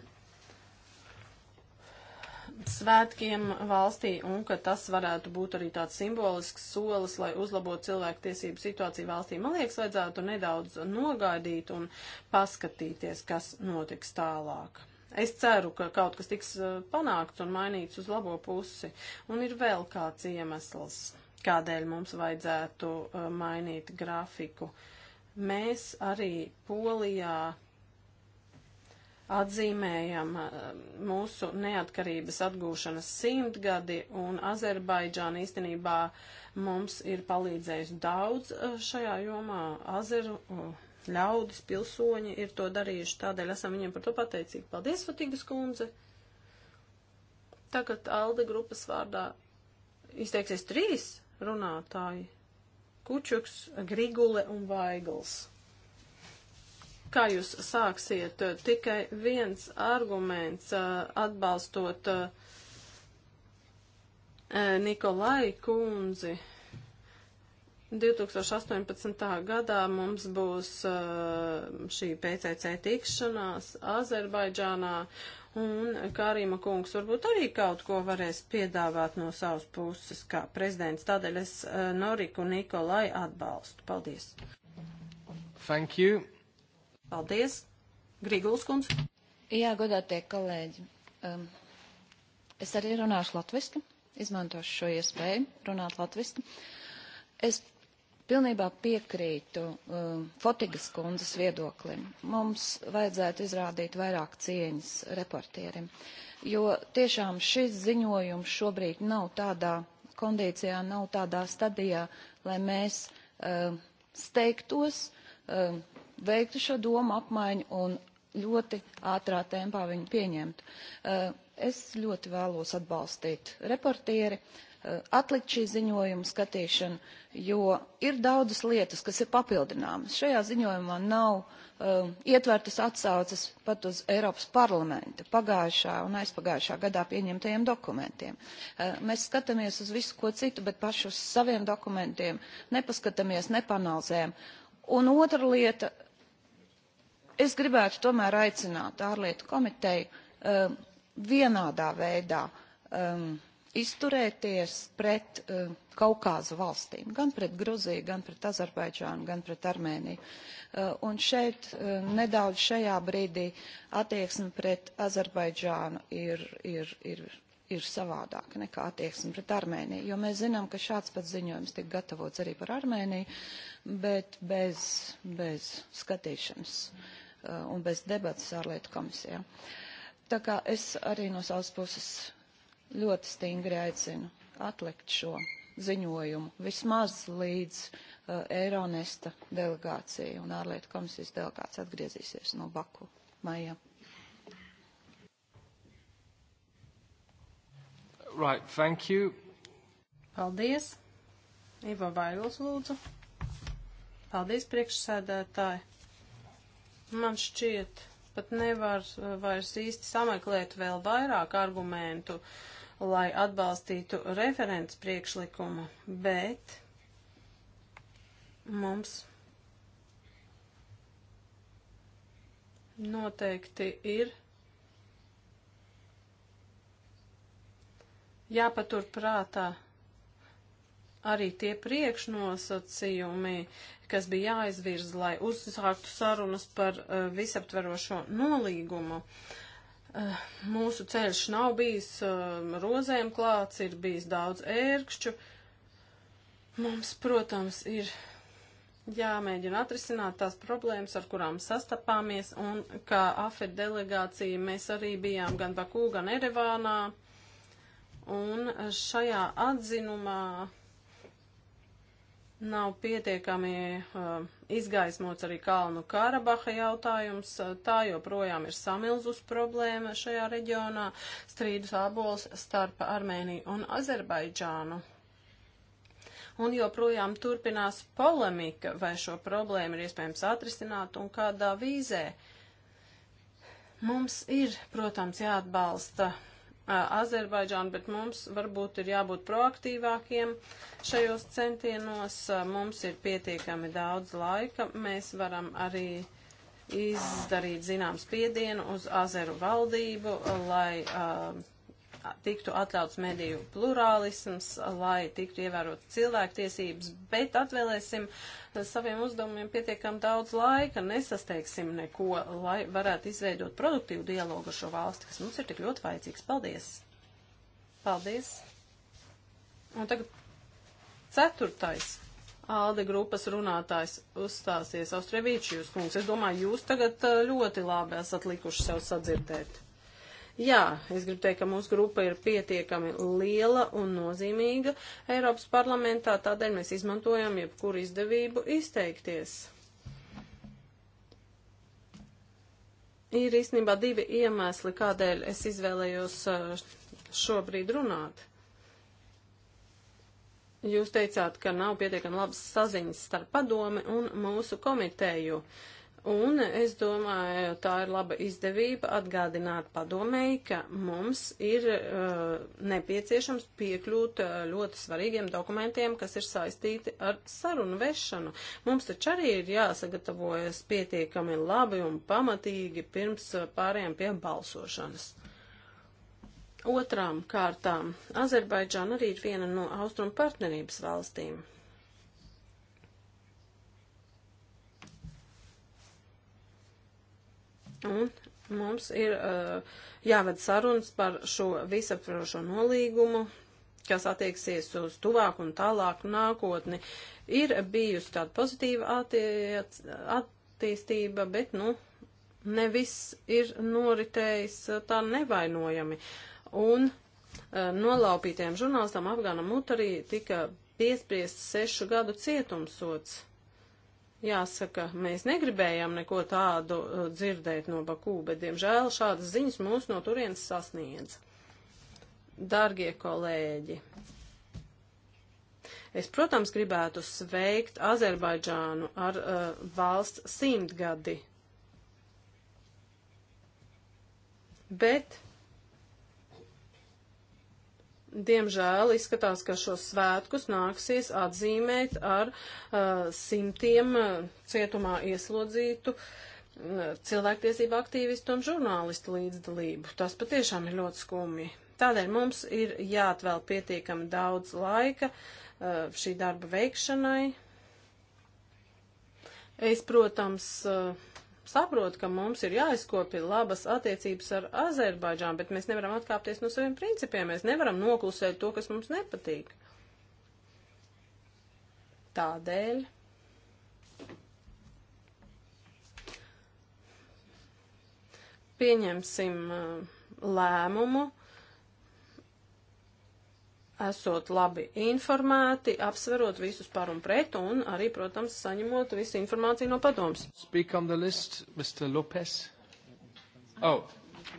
svētkiem valstī un ka tas varētu būt arī tāds simbolisks solis, lai uzlabotu cilvēku tiesību situāciju valstī. Man liekas, vajadzētu nedaudz nogaidīt un paskatīties, kas notiks tālāk. Es ceru, ka kaut kas tiks eh, panākts un mainīts uz labo pusi. Un ir vēl kāds iemesls, kādēļ mums vajadzētu eh, mainīt grafiku. Mēs arī Polijā atzīmējam eh, mūsu neatkarības atgūšanas simtgadi, un Azerbaidžāna īstenībā mums ir palīdzējusi daudz eh, šajā jomā. Azeru eh, ļaudis, pilsoņi ir to darījuši, tādēļ esam viņiem par to pateicīgi. Paldies, Fatīgas kundze! Tagad Alde grupas vārdā izteiksies trīs runātāji - Kučuks, Grigule un Vaigls kā jūs sāksiet eh, tikai viens arguments eh, atbalstot eh, Nikolai kundzi. 2018. gadā mums būs šī PCC tikšanās Azerbaidžānā, un Kārīma kungs varbūt arī kaut ko varēs piedāvāt no savas puses kā prezidents. Tādēļ es Noriku Nikolai atbalstu. Paldies. Thank you. Paldies. Grīguls kundz. Jā, godātie kolēģi. Um, es arī runāšu latviski, izmantošu šo iespēju runāt latviski. Es pilnībā piekrītu um, Fotigas kundzes viedoklim. Mums vajadzētu izrādīt vairāk cieņas reportierim, jo tiešām šis ziņojums šobrīd nav tādā kondīcijā, nav tādā stadijā, lai mēs um, steigtos, um, veiktu šo domu apmaiņu un ļoti ātrā tempā viņu pieņemtu. Eh, es ļoti vēlos atbalstīt reportieri, eh, atlikt šī ziņojuma skatīšanu, jo ir daudzas lietas, kas ir papildināmas. Šajā ziņojumā nav um, ietvertas atsaucas pat uz Eiropas parlamenta pagājušā un aizpagājušā gadā pieņemtajiem dokumentiem. Uh, mēs skatāmies uz visu ko citu, bet paši uz saviem dokumentiem nepaskatāmies, nepanalizējam. Un otra lieta, es gribētu tomēr aicināt ārlietu komiteju um, vienādā veidā um, izturēties pret um, Kaukāza valstīm, gan pret Gruziju, gan pret Azerbaidžānu, gan pret Armēniju. Uh, un šeit uh, nedaudz šajā brīdī attieksme pret Azerbaidžānu ir, ir, ir, ir savādāka nekā attieksme pret Armēniju, jo mēs zinām, ka šāds pats ziņojums tika gatavots arī par Armēniju, bet bez, bez skatīšanas. Uh, Uh, un bez debatas ārlietu komisijā. Tā kā es arī no savas puses ļoti stingri aicinu atlikt šo ziņojumu vismaz līdz uh, Eironesta delegācija un ārlietu komisijas delegācija atgriezīsies no Baku maijā. Right, thank you. Paldies. Ivo Vaigls lūdzu. Paldies, priekšsēdētāji. Man šķiet, pat nevar uh, vairs īsti sameklēt vēl vairāk argumentu, lai atbalstītu referents priekšlikumu, bet mums noteikti ir jāpatur prātā arī tie priekšnosacījumi, kas bija jāizvirz, lai uzsāktu sarunas par uh, visaptverošo nolīgumu. Uh, mūsu ceļš nav bijis uh, rozēm klāts, ir bijis daudz ērkšķu. Mums, protams, ir jāmēģina atrisināt tās problēmas, ar kurām sastapāmies, un kā AFED delegācija mēs arī bijām gan Bakū, gan Erevānā, un uh, šajā atzinumā Nav pietiekami uh, izgaismots arī Kalnu Karabaha jautājums. Uh, tā joprojām ir samilzus problēma šajā reģionā - strīdus ābols starp Armēniju un Azerbaidžānu. Un joprojām turpinās polemika, vai šo problēmu ir iespējams atrisināt un kādā vīzē. Mums ir, protams, jāatbalsta Azerbaidžānu, bet mums varbūt ir jābūt proaktīvākiem šajos centienos. Mums ir pietiekami daudz laika. Mēs varam arī izdarīt zināms piedienu uz Azeru valdību, lai uh, tiktu atļauts mediju plurālisms, lai tiktu ievērot cilvēktiesības, bet atvēlēsim saviem uzdevumiem pietiekam daudz laika, nesasteigsim neko, lai varētu izveidot produktīvu dialogu ar šo valsti, kas mums ir tik ļoti vajadzīgs. Paldies! Paldies! Un tagad ceturtais Alde grupas runātājs uzstāsies Austrevīčijus kungs. Es domāju, jūs tagad eh, ļoti labi esat likuši sev sadzirdēt. Jā, es gribu teikt, ka mūsu grupa ir pietiekami liela un nozīmīga Eiropas parlamentā, tādēļ mēs izmantojam jebkuru izdevību izteikties. Ir īstenībā divi iemesli, kādēļ es izvēlējos uh, šobrīd runāt. Jūs teicāt, ka nav pietiekami labas saziņas starp padomi un mūsu komiteju. Uh, Un es domāju, tā ir laba izdevība atgādināt padomēji, ka mums ir uh, nepieciešams piekļūt uh, ļoti svarīgiem dokumentiem, kas ir saistīti ar sarunu vešanu. Mums taču arī ir jāsagatavojas pietiekami labi un pamatīgi pirms uh, pārējām pie balsošanas. Otrām kārtām, Azerbaidžāna arī ir viena no austrumu partnerības valstīm. Un mums ir uh, jāved sarunas par šo visaptvarošo nolīgumu, kas attieksies uz tuvāku un tālāku nākotni. Ir bijusi tāda pozitīva attiec, attīstība, bet, nu, ne viss ir noritējis uh, tā nevainojami. Un uh, nolaupītiem žurnālistam Afgānam Mutarī tika piespriests sešu gadu cietumsots. Jāsaka, mēs negribējām neko tādu uh, dzirdēt no Bakū, bet, diemžēl, šādas ziņas mūs no turienes sasniedz. Dargie kolēģi, es, protams, gribētu sveikt Azerbaidžānu ar uh, valsts simtgadi, bet Diemžēl izskatās, ka šos svētkus nāksies atzīmēt ar uh, simtiem uh, cietumā ieslodzītu uh, cilvēktiesību aktīvistu un žurnālistu līdzdalību. Tas patiešām ir ļoti skumji. Tādēļ mums ir jāatvēl pietiekami daudz laika uh, šī darba veikšanai. Es, protams, uh, saprot, ka mums ir jāizkopja labas attiecības ar Azerbaidžānu, bet mēs nevaram atkāpties no saviem principiem, mēs nevaram noklusēt to, kas mums nepatīk. Tādēļ. Pieņemsim uh, lēmumu, esot labi informēti, apsverot visus par un pret un arī, protams, saņemot visu informāciju no padoms. Speak on the list, Mr. Lopez. Oh,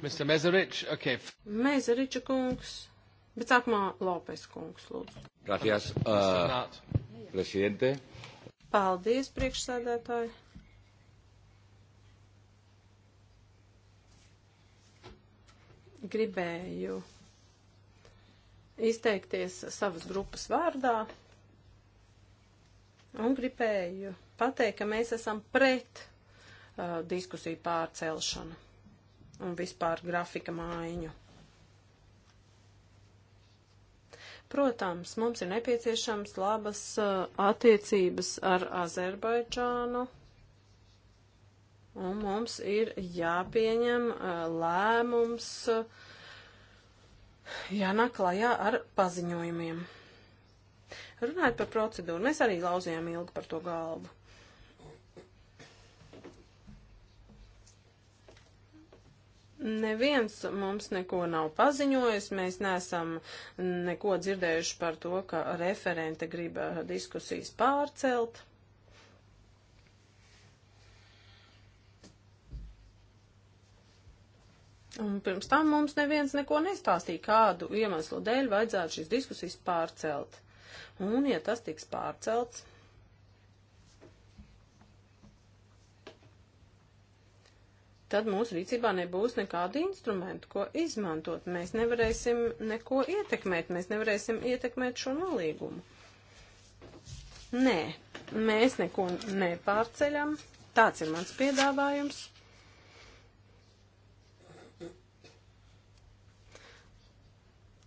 Mr. Mezerich, ok. Mezeriča kungs, bet sākumā Lopez kungs, lūdzu. Gracias, uh, presidente. Paldies, priekšsēdētāji. Gribēju izteikties savas grupas vārdā un gribēju pateikt, ka mēs esam pret uh, diskusiju pārcelšanu un vispār grafika mājiņu. Protams, mums ir nepieciešams labas uh, attiecības ar Azerbaidžānu, un mums ir jāpieņem uh, lēmums uh, jānāk klajā ar paziņojumiem. Runājot par procedūru, mēs arī lauzījām ilgi par to galvu. Neviens mums neko nav paziņojis, mēs neesam neko dzirdējuši par to, ka referente grib eh, diskusijas pārcelt. Un pirms tam mums neviens neko nestāstīja, kādu iemeslu dēļ vajadzētu šīs diskusijas pārcelt. Un, ja tas tiks pārcelts, tad mūsu rīcībā nebūs nekādu instrumentu, ko izmantot. Mēs nevarēsim neko ietekmēt, mēs nevarēsim ietekmēt šo nolīgumu. Nē, mēs neko nepārceļam. Tāds ir mans piedāvājums.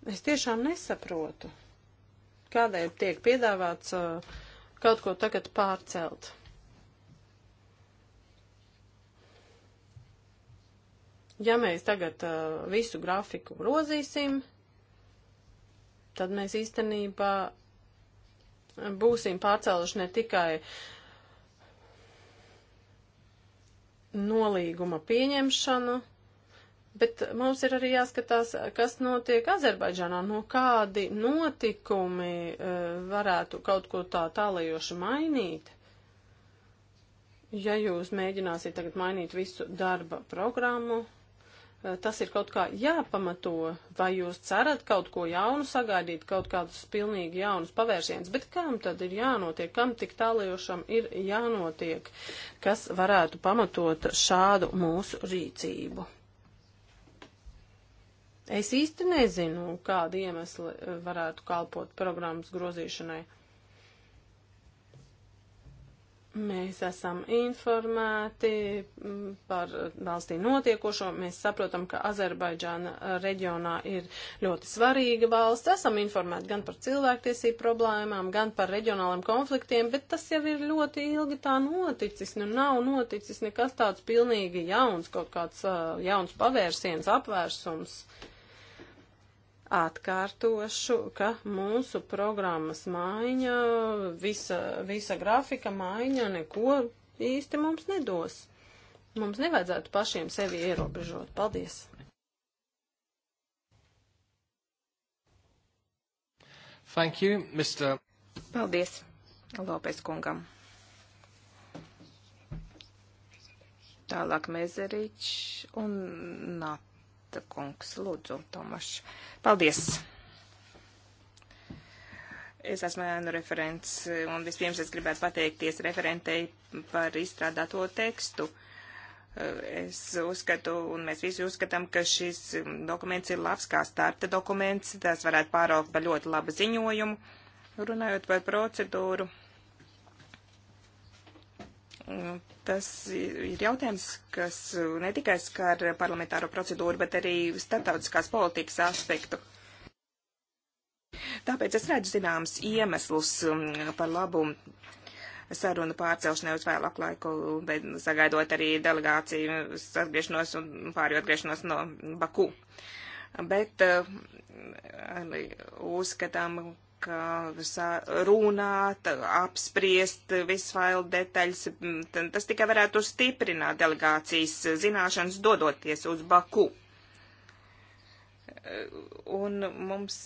Es tiešām nesaprotu, kādēļ tiek piedāvāts uh, kaut ko tagad pārcelt. Ja mēs tagad uh, visu grafiku grozīsim, tad mēs īstenībā būsim pārcēluši ne tikai nolīguma pieņemšanu, Bet mums ir arī jāskatās, kas notiek Azerbaidžānā, no kādi notikumi eh, varētu kaut ko tā tālajoši mainīt. Ja jūs mēģināsiet tagad mainīt visu darba programmu, eh, tas ir kaut kā jāpamato, vai jūs cerat kaut ko jaunu sagaidīt, kaut kādus pilnīgi jaunus pavērsienus, bet kam tad ir jānotiek, kam tik tālajošam ir jānotiek, kas varētu pamatot šādu mūsu rīcību? Es īsti nezinu, kāda iemesla varētu kalpot programmas grozīšanai. Mēs esam informēti mm, par valstī notiekošo. Mēs saprotam, ka Azerbaidžāna reģionā ir ļoti svarīga valsts. Esam informēti gan par cilvēktiesību problēmām, gan par reģionāliem konfliktiem, bet tas jau ir ļoti ilgi tā noticis. Nu, nav noticis nekas tāds pilnīgi jauns, kaut kāds uh, jauns pavērsiens, apvērsums. Uh, Atkārtošu, ka mūsu programmas maiņa, visa, visa grafika maiņa neko īsti mums nedos. Mums nevajadzētu pašiem sevi ierobežot. Paldies! Thank you, Mr. Paldies Lopes kungam. Tālāk Mezerič un Nat kungs. Lūdzu, Tomašs. Paldies! Es esmu ēnu referents, un vispirms es gribētu pateikties referentei par izstrādāto tekstu. Es uzskatu, un mēs visi uzskatām, ka šis dokuments ir labs kā starta dokuments. Tas varētu pāraukt par ļoti labu ziņojumu. Runājot par procedūru, Tas ir jautājums, kas ne tikai skar parlamentāro procedūru, bet arī starptautiskās politikas aspektu. Tāpēc es redzu zināmas iemeslus um, par labu sarunu pārcelšanai uz vēlāku laiku, bet sagaidot arī delegāciju atgriešanos un pārējo atgriešanos no Baku. Bet uh, arī uzskatām, Uh, runāt, apspriest visu failu detaļas. Mm, tas tikai varētu stiprināt delegācijas zināšanas dodoties uz Baku. Un mums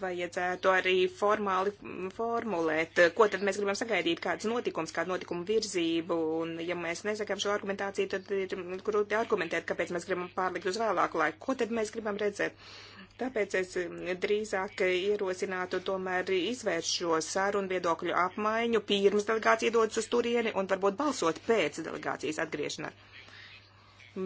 vajadzētu arī formāli formulēt, ko tad mēs gribam sagaidīt, kāds notikums, kādu notikumu virzību, un ja mēs nesakām šo argumentāciju, tad ir grūti argumentēt, kāpēc mēs gribam pārlikt uz vēlāku laiku, ko tad mēs gribam redzēt. Uh, Tāpēc es mm, drīzāk ierosinātu tomēr izvērst šo sarunu viedokļu apmaiņu pirms delegācija dodas uz turieni un varbūt balsot pēc delegācijas atgriešanā.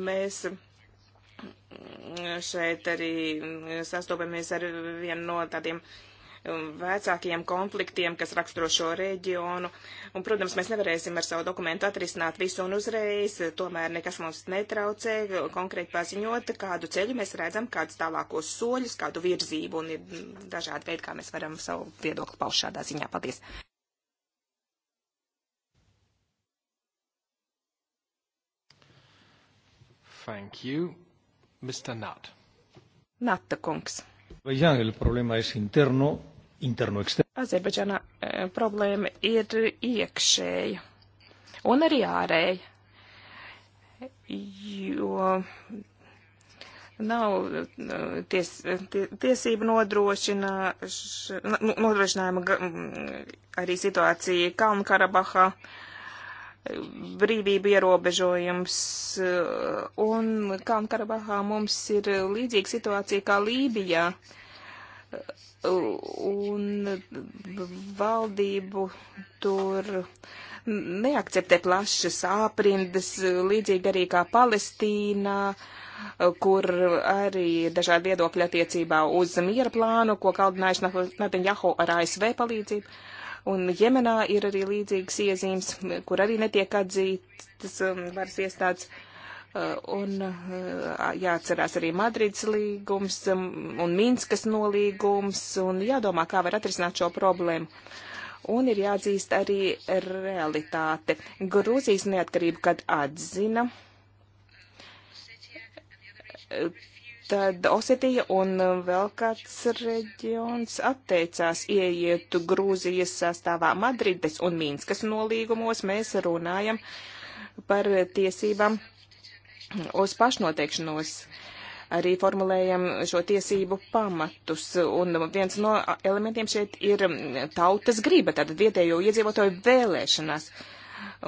Mēs mm, šeit arī mm, sastopamies ar vienu no tādiem uh, Um, vecākajiem konfliktiem, kas raksturo šo reģionu. Un, protams, mēs nevarēsim ar savu dokumentu atrisināt visu un uzreiz, tomēr nekas mums netraucē konkrēti paziņot, kādu ceļu mēs redzam, kādus tālākos soļus, kādu virzību un ir dažādi veidi, kā mēs varam savu viedokli paust šādā ziņā. Paldies! Thank you. Mr. Nutt. Natta kungs. Azerbaidžāna problēma ir interno internu eksternu. Azerbaidžānā e, problēma ir iekšēja un arī ārēja, jo nav e, ties, e, ties, tiesību nu, nodrošinājuma arī situācija Kalnkarabahā brīvība ierobežojums. Un Kalnkarabahā mums ir līdzīga situācija kā Lībijā. Uh, un valdību tur neakceptē plašas āprindas, līdzīgi arī kā Palestīnā, kur arī dažādi viedokļi attiecībā uz miera plānu, ko kaldinājuši Netanjahu ar ASV palīdzību. Un Jemenā ir arī līdzīgas iezīmes, kur arī netiek atzītas um, varas iestādes. Uh, Eh, un eh, jāatcerās arī Madrids līgums um, un Minskas nolīgums un jādomā, kā var atrisināt šo problēmu. Un ir jāatzīst arī realitāte. Grūzijas neatkarība, kad atzina, tad Osetija un vēl kāds reģions atteicās ieiet Grūzijas sastāvā Madrides un Mīnskas nolīgumos. Mēs runājam par tiesībām uz pašnoteikšanos. Arī formulējam šo tiesību pamatus, un viens no elementiem šeit ir tautas grība, tātad vietējo iedzīvotāju vēlēšanās.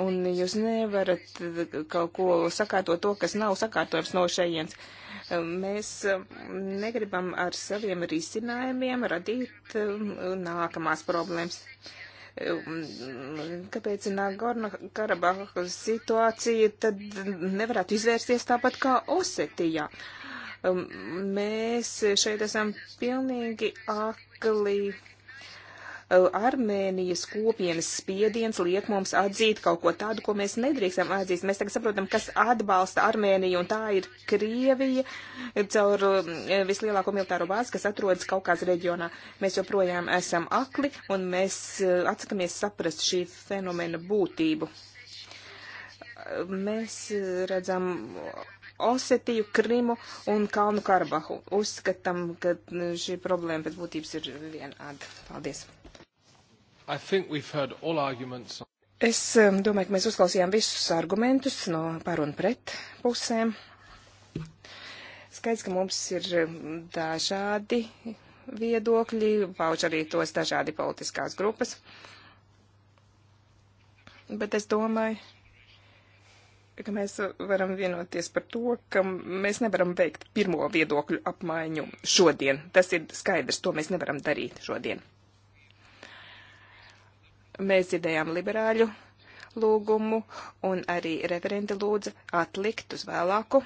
Un jūs nevarat kaut ko sakārtot to, kas nav sakārtojams no šejienes. Mēs negribam ar saviem risinājumiem radīt um, nākamās problēmas kāpēc Nagorno-Karabaha situācija tad nevarētu izvērsties tāpat kā Osetijā. Um, mēs šeit esam pilnīgi akli Armēnijas kopienas spiediens liek mums atzīt kaut ko tādu, ko mēs nedrīkstam atzīt. Mēs tagad saprotam, kas atbalsta Armēniju, un tā ir Krievija caur vislielāko militāro bāzi, kas atrodas Kaukās reģionā. Mēs joprojām esam akli, un mēs atsakamies saprast šī fenomena būtību. Mēs redzam Osetiju, Krimu un Kalnu Karabahu. Uzskatām, ka šī problēma pēc būtības ir vienāda. Paldies! Es um, domāju, ka mēs uzklausījām visus argumentus no par un pret pusēm. Skaidrs, ka mums ir um, dažādi viedokļi, pauž arī tos dažādi politiskās grupas. Bet es domāju, ka mēs varam vienoties par to, ka mēs nevaram veikt pirmo viedokļu apmaiņu šodien. Tas ir skaidrs, to mēs nevaram darīt šodien. Mēs dzirdējām liberāļu lūgumu un arī referenti lūdza atlikt uz vēlāku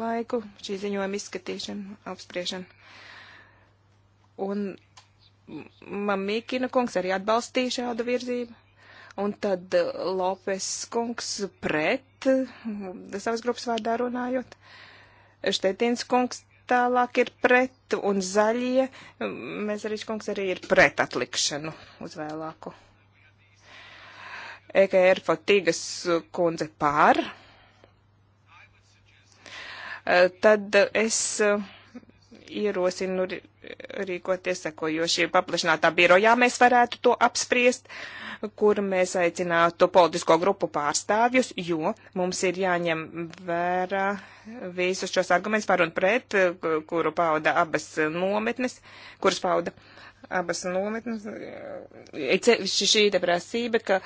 laiku šī ziņojuma izskatīšanu, apspriešanu. Un Mamīkina kungs arī atbalstīja šādu virzību. Un tad eh, Lopes kungs pret eh, savas grupas vārdā runājot. Štetins kungs tālāk ir pret un zaļie. Mēs arī kungs arī ir pret atlikšanu uz vēlāku EKR Fotīgas kundze pār, e, tad es e, ierosinu rīkoties sekojoši paplašinātā birojā. Mēs varētu to apspriest, kur mēs aicinātu politisko grupu pārstāvjus, jo mums ir jāņem vērā visus šos argumentus par un pret, e, kuru pauda abas nometnes, kuras pauda abas nometnes, e, e, šī te prasība, ka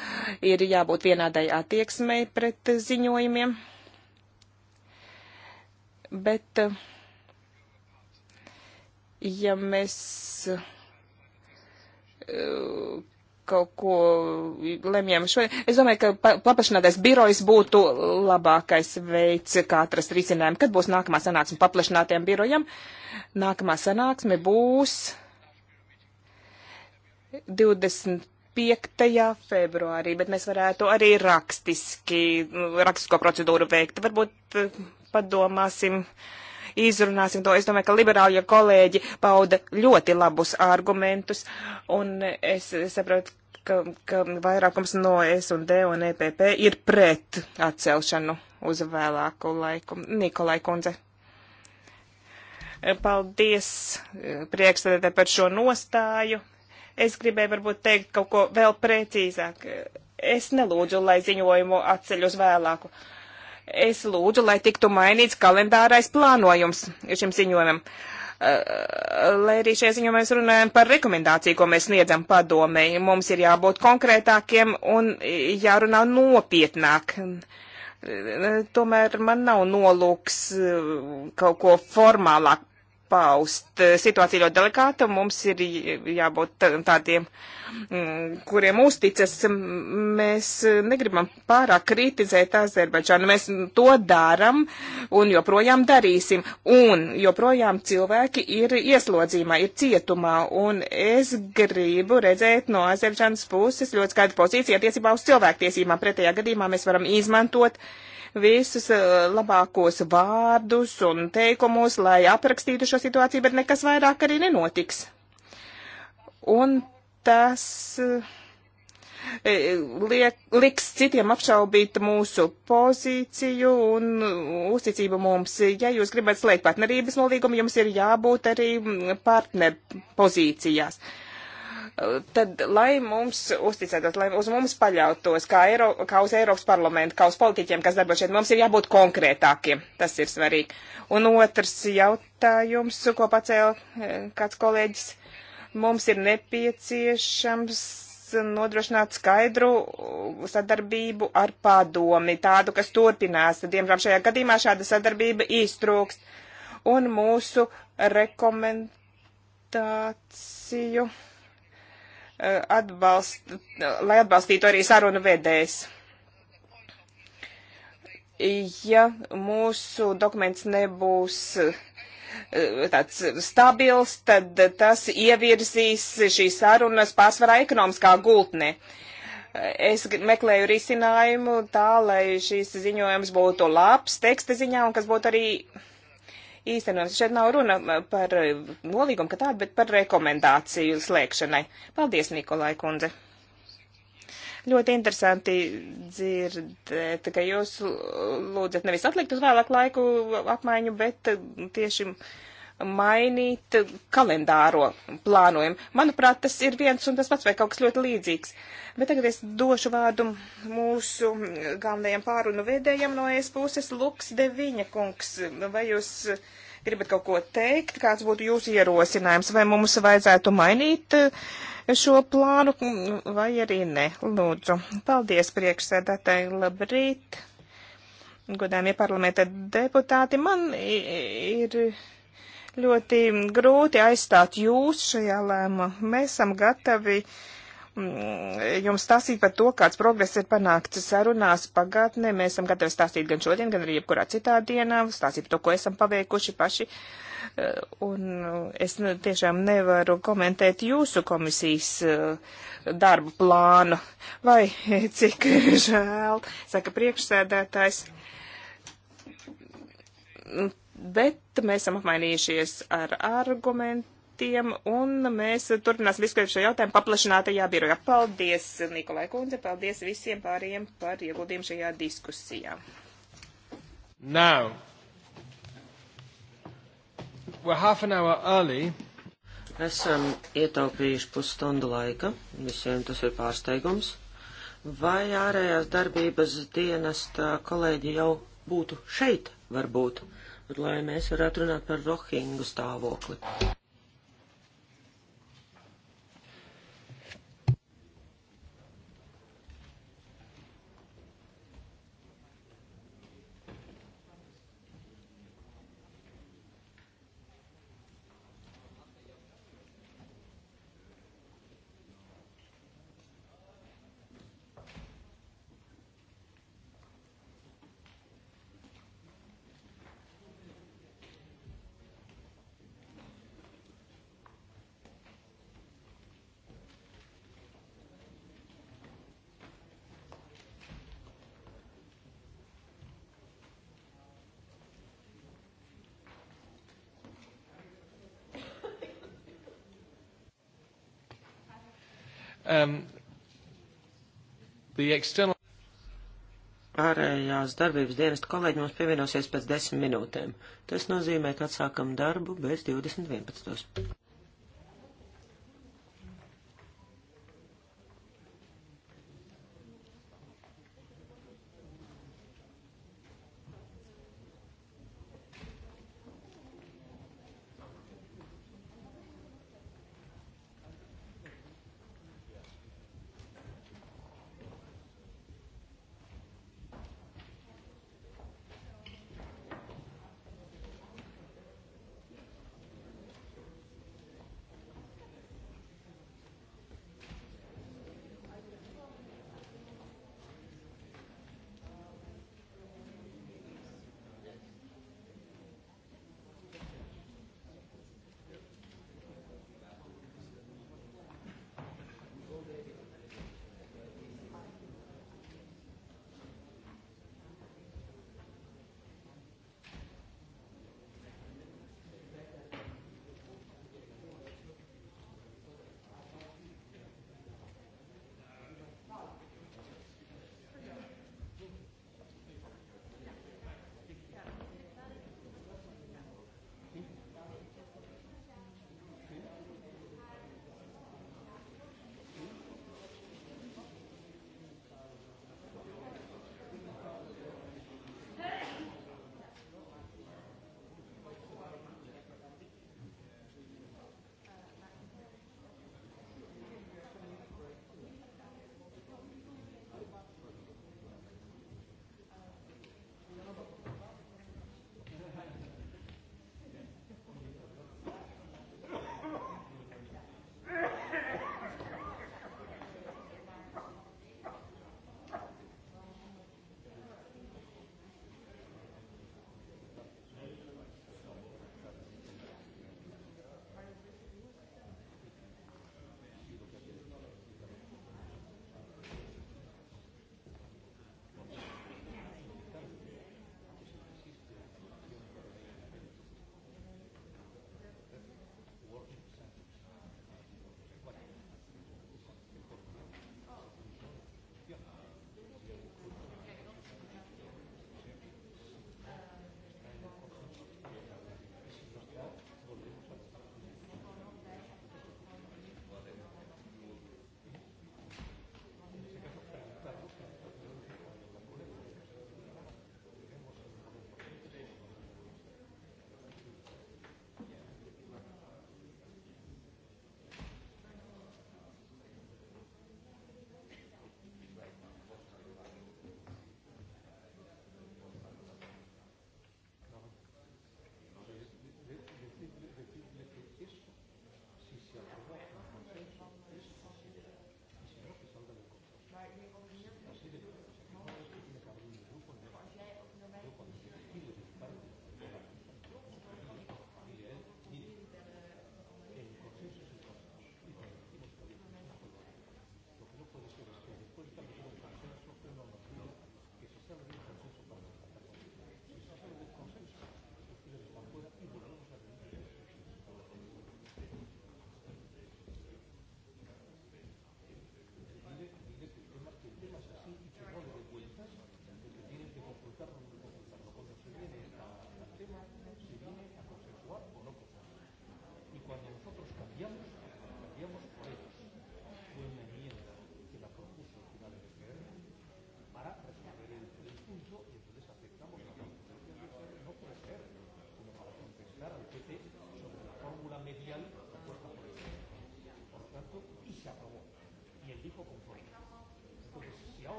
ir jābūt vienādai attieksmei pret ziņojumiem. Bet, ja mēs e, kaut ko lemjam šodien. Es domāju, ka paplašinātais birojs būtu labākais veids, kā atrast risinājumu. Kad būs nākamā sanāksme paplašinātajam birojam? Nākamā sanāksme būs 25. februārī, bet mēs varētu arī rakstiski, rakstisko procedūru veikt. Varbūt eh, padomāsim, izrunāsim to. Es domāju, ka liberāļie kolēģi pauda ļoti labus argumentus, un es saprotu, ka, ka vairākums no S&D un EPP ir pret atcelšanu uz vēlāku laiku. Nikolai Kundze. Paldies eh, priekšstādē par šo nostāju. Es gribēju varbūt teikt kaut ko vēl precīzāk. Es nelūdzu, lai ziņojumu atceļ uz vēlāku. Es lūdzu, lai tiktu mainīts kalendārais plānojums šim ziņojumam. Eh, lai arī šajā ziņā mēs runājam par rekomendāciju, ko mēs sniedzam padomēji, mums ir jābūt konkrētākiem un jārunā nopietnāk eh, tomēr man nav nolūks eh, kaut ko formālāk paust. Eh, Situācija ļoti delikāta, mums ir jābūt tādiem, mm, kuriem uzticas. Mēs eh, negribam pārāk kritizēt Azerbaidžānu, mēs to daram un joprojām darīsim. Un joprojām cilvēki ir ieslodzījumā, ir cietumā, un es gribu redzēt no Azerbaidžānas puses ļoti skaidru pozīciju attiecībā uz cilvēktiesībām. Pretējā gadījumā mēs varam izmantot uh, visus eh, labākos vārdus un teikumus, lai aprakstītu šo situāciju, bet nekas vairāk arī nenotiks. Un tas eh, liek, liks citiem apšaubīt mūsu pozīciju un uzticību mums. Ja jūs gribat slēgt partnerības nolīgumu, jums ir jābūt arī mm, partner pozīcijās. Uh, tad lai mums uzticētos, lai uz mums paļautos, kā, Eiro, kā uz Eiropas parlamentu, kā uz politiķiem, kas darbo šeit, mums ir jābūt konkrētākiem. Tas ir svarīgi. Un otrs jautājums, ko pacēla eh, kāds kolēģis, mums ir nepieciešams nodrošināt skaidru uh, sadarbību ar padomi, tādu, kas turpinās. Diemžēl šajā gadījumā šāda sadarbība iztrūkst. Un mūsu rekomendāciju atbalst, lai atbalstītu arī sarunu vedējs. Ja mūsu dokuments nebūs eh, tāds stabils, tad tas ievirzīs šīs sarunas pārsvarā ekonomiskā gultnē. Es meklēju risinājumu tā, lai šīs ziņojums būtu labs teksta ziņā un kas būtu arī īstenots. Šeit nav runa par nolīgumu, ka tādu, bet par rekomendāciju slēgšanai. Paldies, Nikolai kundze. Ļoti interesanti dzirdēt, ka jūs lūdzat nevis atlikt uz vēlāku laiku apmaiņu, bet tieši mainīt kalendāro plānojumu. Manuprāt, tas ir viens un tas pats vai kaut kas ļoti līdzīgs. Bet tagad es došu vārdu mūsu galvenajam pārunu vedējam no es puses Luks Deviņa kungs. Vai jūs gribat kaut ko teikt? Kāds būtu jūsu ierosinājums? Vai mums vajadzētu mainīt eh, šo plānu vai arī ne? Lūdzu. Paldies priekšsēdētāji. Labrīt. Godājumie parlamenta deputāti, man ir ļoti grūti aizstāt jūs šajā lēmumā. Mēs esam gatavi mm, jums stāstīt par to, kāds progress ir panākts sarunās pagātnē. Mēs esam gatavi stāstīt gan šodien, gan arī jebkurā citā dienā, stāstīt par to, ko esam paveikuši paši. Eh, un eh, es tiešām nevaru komentēt jūsu komisijas eh, darbu plānu. Vai [LAUGHS] cik žēl, saka priekšsēdētājs bet mēs esam apmainījušies ar argumentiem, un mēs turpināsim diskutēt šo jautājumu paplašinātajā birojā. Paldies, Nikolai Kundze, paldies visiem pārējiem par ieguldījumu šajā diskusijā. Now, we're half an hour early. Esam ietaupījuši pusstundu laika, visiem tas ir pārsteigums. Vai ārējās darbības dienesta kolēģi jau būtu šeit, varbūt? lai mēs varētu runāt par rohingu stāvokli. Um, the external... Ārējās darbības dienesta kolēģi mums pievienosies pēc desmit minūtēm. Tas nozīmē, ka atsākam darbu bez 20.11.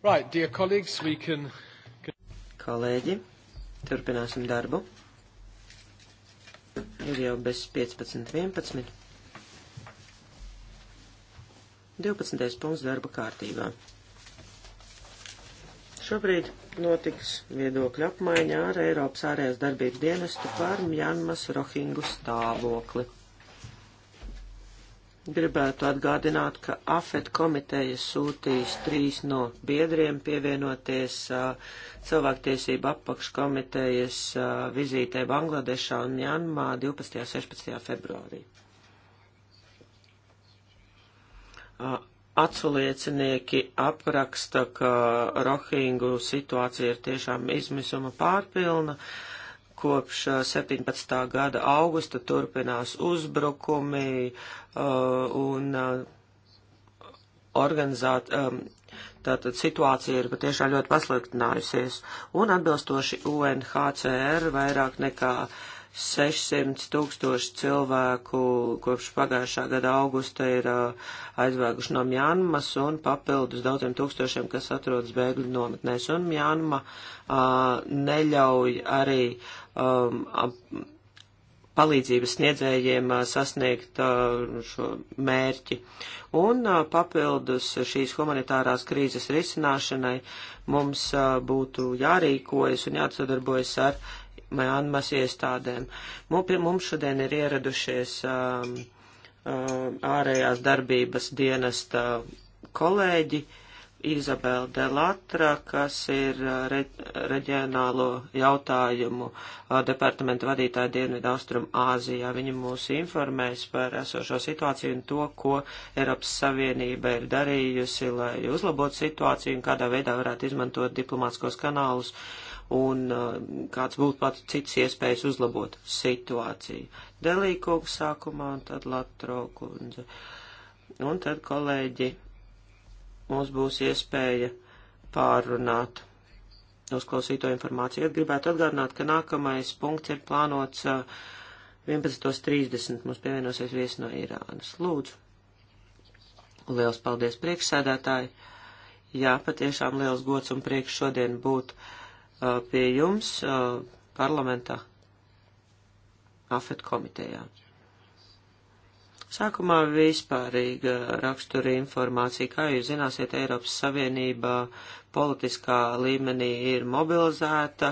Right, dear colleagues, we can... Kolēģi, turpināsim darbu. Ir jau bez 15.11. 12. punkts darba kārtībā. Šobrīd notiks viedokļa apmaiņa ar Eiropas ārējās darbības dienestu par Mjanmas Rohingu stāvokli. Gribētu atgādināt, ka AFET komiteja sūtīs trīs no biedriem pievienoties uh, cilvēktiesību apakškomitejas uh, vizītē Bangladešā un Janmā 12. un 16. februārī. Uh, atsliecinieki apraksta, ka Rohingu situācija ir tiešām izmisuma pārpilna. Uh, Kopš 17. gada augusta turpinās uzbrukumi uh, un uh, organizāt, um, tātad situācija ir patiešām ļoti pasliktinājusies. Un atbilstoši UNHCR vairāk nekā uh, 600 tūkstoši cilvēku kopš pagājušā gada augusta ir uh, aizvēguši no Mjānmas un papildus daudziem tūkstošiem, kas atrodas bēgļu nometnēs. Un Mjānma uh, neļauj arī um, ap, palīdzības sniedzējiem uh, sasniegt šo mērķi. Un papildus šīs humanitārās krīzes risināšanai mums būtu jārīkojas un jāsadarbojas ar Mjanmas iestādēm. Mums šodien ir ieradušies um, um, ārējās darbības dienesta kolēģi Izabela Delatra, kas ir uh, re, reģionālo jautājumu uh, departamentu vadītāja Dienvidu Austrum Āzijā. Viņa mūs informēs par esošo situāciju un to, ko Eiropas Savienība ir darījusi, lai uzlabotu situāciju un kādā veidā varētu izmantot diplomātskos kanālus uh, un uh, kāds būtu pat cits iespējas uzlabot situāciju. Delīkungs sākumā un tad Latro kundze. Un tad kolēģi mums būs iespēja pārrunāt uzklausīto informāciju. Gribētu atgādināt, ka nākamais punkts ir plānots uh, 11.30 mums pievienosies viesi no Irānas. Lūdzu. Liels paldies priekšsēdētāji. Jā, patiešām liels gods un prieks šodien būt Uh, pie jums uh, parlamentā, AFET komitejā. Sākumā vispārīga rakstura informācija, kā jūs zināsiet, Eiropas Savienība politiskā līmenī ir mobilizēta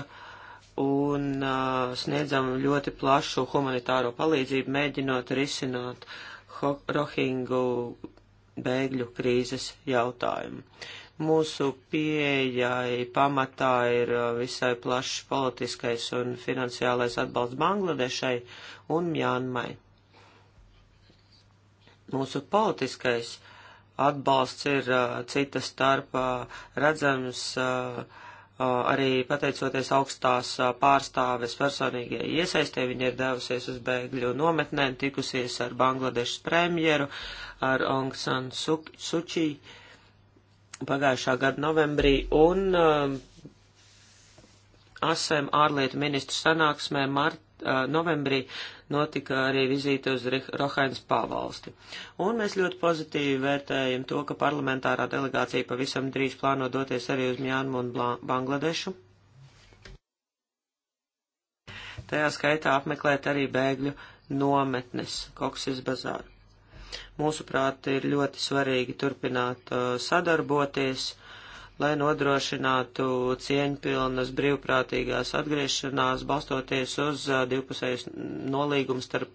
un uh, sniedzam ļoti plašu humanitāro palīdzību, mēģinot risināt Rohingu bēgļu krīzes jautājumu mūsu pieejai pamatā ir uh, visai plašs politiskais un finansiālais atbalsts Bangladešai un Mjānmai. Mūsu politiskais atbalsts ir uh, cita starpā redzams uh, arī pateicoties augstās pārstāves personīgajai iesaistē. Viņa ir devusies uz bēgļu nometnēm, tikusies ar Bangladešas premjeru, ar Aung San Suči. Su pagājušā gada novembrī, un uh, ASEM ārlietu ministru sanāksmē mart, uh, novembrī notika arī vizīte uz Rohainas pavalsti. Un mēs ļoti pozitīvi vērtējam to, ka parlamentārā delegācija pavisam drīz plāno doties arī uz Mjānmu un Bangladešu. Tajā skaitā apmeklēt arī bēgļu nometnes Koksas bazāru. Mūsuprāt, ir ļoti svarīgi turpināt uh, sadarboties, lai nodrošinātu cieņpilnas brīvprātīgās atgriešanās, balstoties uz uh, divpusējas nolīgums starp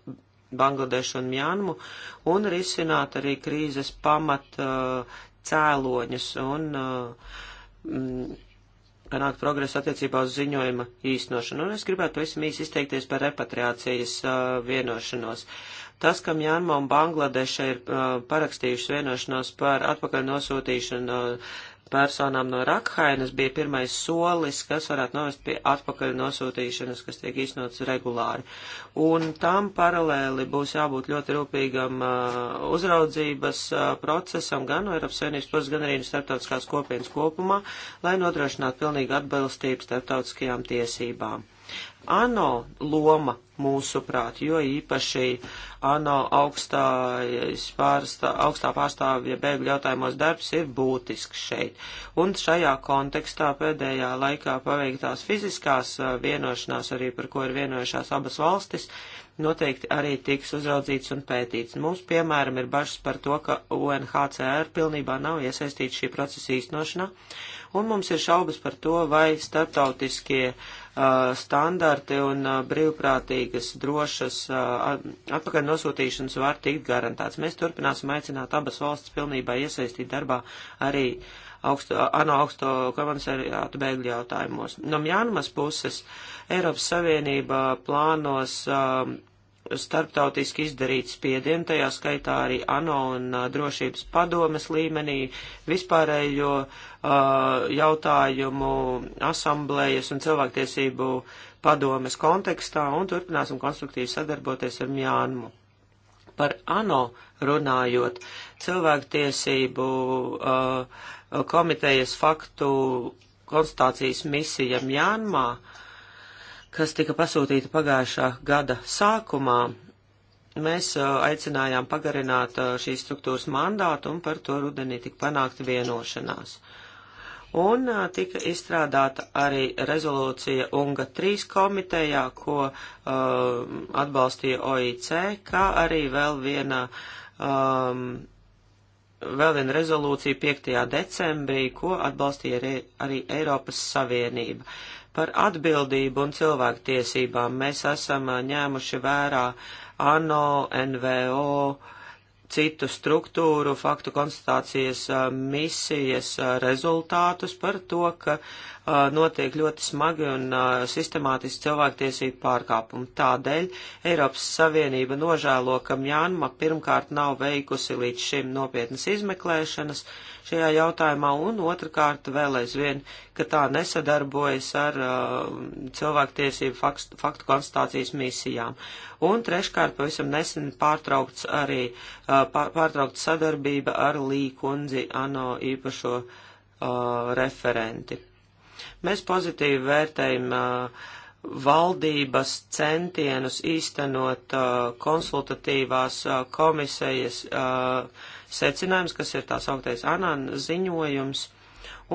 Bangladešu un Mjanmu, un risināt arī krīzes pamat uh, cēloņus un uh, mm, panākt progresu attiecībā uz ziņojuma īstenošanu. Un es gribētu pavisam īsi izteikties par repatriācijas uh, vienošanos. Uh, Tas, ka Mjanma un Bangladeša ir uh, parakstījuši vienošanos par atpakaļ nosūtīšanu uh, personām no Rakhainas, bija pirmais solis, kas varētu novest pie atpakaļ nosūtīšanas, kas tiek īstenots regulāri. Un tam paralēli būs jābūt ļoti rūpīgam uh, uzraudzības uh, procesam gan no Eiropas Savienības puses, gan arī no starptautiskās kopienas kopumā, lai nodrošinātu pilnīgu atbilstību starptautiskajām tiesībām. ANO loma mūsuprāt, jo īpaši ANO augstā pārstāvja bēgļu jautājumos darbs ir būtisks šeit. Un šajā kontekstā pēdējā laikā paveiktās fiziskās eh, vienošanās, arī par ko ir vienojušās abas valstis, uh, noteikti arī tiks uzraudzīts un pētīts. Mums, piemēram, ir bažas par to, ka UNHCR pilnībā nav iesaistīts šī procesa īstenošanā, un mums ir šaubas par to, vai starptautiskie uh, standarti un uh, brīvprātīgas drošas uh, atpakaļ nosūtīšanas var tikt garantēts. Mēs turpināsim aicināt abas valstis pilnībā iesaistīt darbā arī augsto, ANO augsto komisariātu bēgļu jautājumos. No Mjānmas puses Eiropas Savienība plānos um, starptautiski izdarīts spiediens, tajā skaitā arī ANO un uh, drošības padomes līmenī, vispārējo uh, jautājumu asamblējas un cilvēktiesību padomes kontekstā un turpināsim konstruktīvi sadarboties ar Mjānmu. Par ANO runājot, cilvēktiesību uh, komitejas faktu konstatācijas misija Mjānmā uh, kas tika pasūtīta pagājušā gada sākumā, mēs uh, aicinājām pagarināt uh, šīs struktūras mandātu un par to rudenī tika panākta vienošanās. Un uh, tika izstrādāta arī rezolūcija UNGA 3 komitejā, ko uh, atbalstīja OIC, kā arī vēl viena um, vēl viena rezolūcija 5. decembrī, ko atbalstīja arī, arī Eiropas Savienība par atbildību un cilvēktiesībām. Mēs esam ņēmuši vērā ANO, NVO, citu struktūru, faktu konstatācijas misijas rezultātus par to, ka notiek ļoti smagi un sistemātiski cilvēktiesību pārkāpumi. Tādēļ Eiropas Savienība nožēlo, ka Mjānma pirmkārt nav veikusi līdz šim nopietnas izmeklēšanas, uh, šajā jautājumā, un otrkārt vēl aizvien, ka tā nesadarbojas ar uh, cilvēktiesību faktu, faktu konstatācijas misijām. Un treškārt pavisam nesen pārtraukts arī uh, pārtraukta sadarbība ar Lī kundzi ANO īpašo uh, referenti. Mēs pozitīvi vērtējam uh, valdības centienus īstenot uh, konsultatīvās uh, komisijas uh, secinājums, kas ir tā sauktais Anan ziņojums,